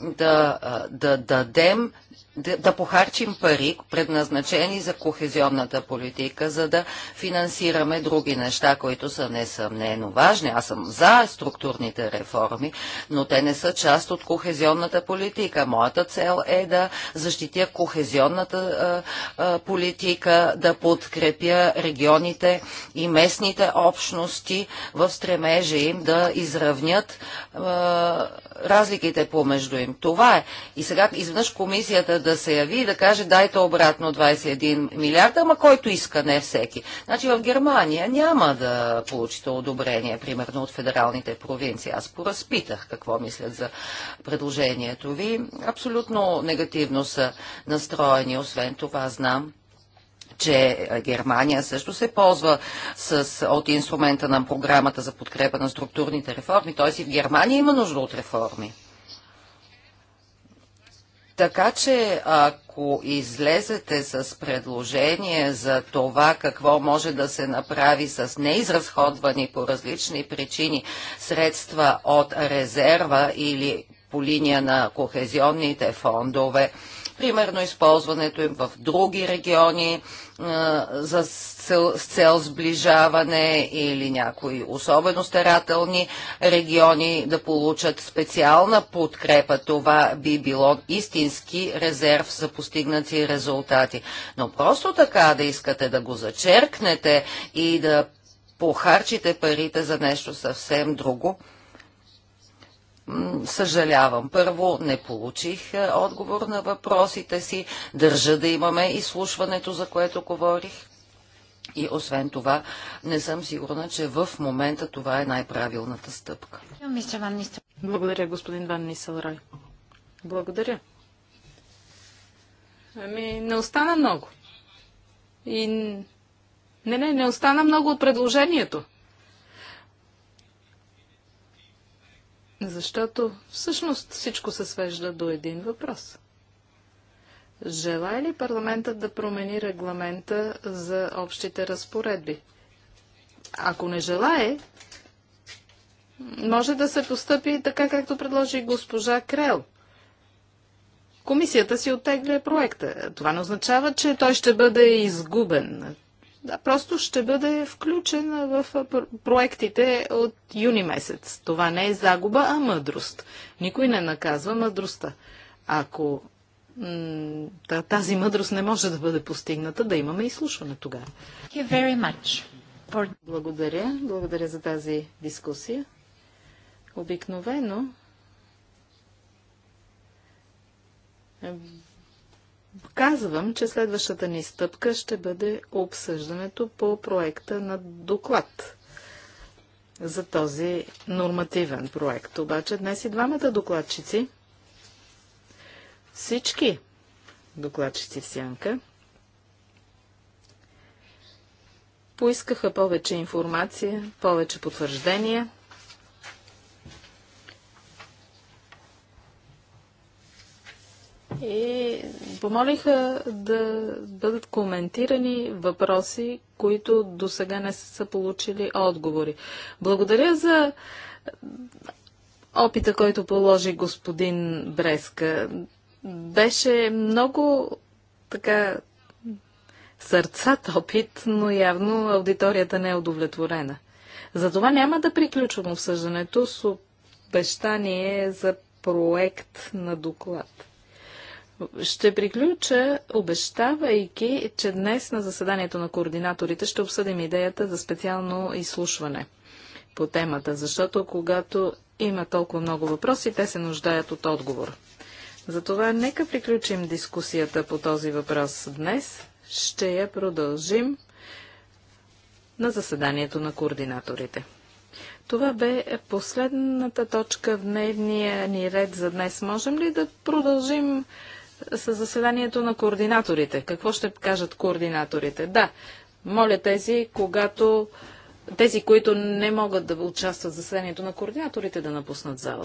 да, да дадем да похарчим пари, предназначени за кохезионната политика, за да финансираме други неща, които са несъмнено важни. Аз съм за структурните реформи, но те не са част от кохезионната политика. Моята цел е да защитя кохезионната а, а, политика, да подкрепя регионите и местните общности в стремежа им да изравнят а, разликите помежду им. Това е. И сега изведнъж комисията да се яви и да каже дайте обратно 21 милиарда, ама който иска, не всеки. Значи в Германия няма да получите одобрение, примерно от федералните провинции. Аз поразпитах какво мислят за предложението ви. Абсолютно негативно са настроени, освен това знам че Германия също се ползва с, от инструмента на програмата за подкрепа на структурните реформи, т.е. и в Германия има нужда от реформи. Така че ако излезете с предложение за това какво може да се направи с неизразходвани по различни причини средства от резерва или по линия на кохезионните фондове, примерно използването им в други региони за цел, с цел сближаване или някои особено старателни региони да получат специална подкрепа. Това би било истински резерв за постигнати резултати. Но просто така да искате да го зачеркнете и да похарчите парите за нещо съвсем друго, Съжалявам. Първо, не получих е, отговор на въпросите си. Държа да имаме изслушването, за което говорих. И освен това, не съм сигурна, че в момента това е най-правилната стъпка.
Благодаря, господин Ван Нисълрой. Благодаря. Ами, не остана много. И... Не, не, не остана много от предложението. Защото всъщност всичко се свежда до един въпрос. Желая ли парламентът да промени регламента за общите разпоредби? Ако не желае, може да се постъпи така, както предложи госпожа Крел. Комисията си оттегля проекта. Това не означава, че той ще бъде изгубен да, просто ще бъде включен в проектите от юни месец. Това не е загуба, а мъдрост. Никой не наказва мъдростта. Ако тази мъдрост не може да бъде постигната, да имаме изслушване тогава. Благодаря. Благодаря за тази дискусия. Обикновено Казвам, че следващата ни стъпка ще бъде обсъждането по проекта на доклад за този нормативен проект. Обаче днес и двамата докладчици, всички докладчици в Сянка, поискаха повече информация, повече потвърждения и помолиха да бъдат коментирани въпроси, които до сега не са получили отговори. Благодаря за опита, който положи господин Бреска. Беше много така сърцат опит, но явно аудиторията не е удовлетворена. Затова няма да приключвам обсъждането с обещание за проект на доклад. Ще приключа, обещавайки, че днес на заседанието на координаторите ще обсъдим идеята за специално изслушване по темата, защото когато има толкова много въпроси, те се нуждаят от отговор. Затова нека приключим дискусията по този въпрос днес. Ще я продължим на заседанието на координаторите. Това бе последната точка в дневния ни ред за днес. Можем ли да продължим с заседанието на координаторите. Какво ще кажат координаторите? Да, моля тези, когато тези, които не могат да участват в заседанието на координаторите, да напуснат зала.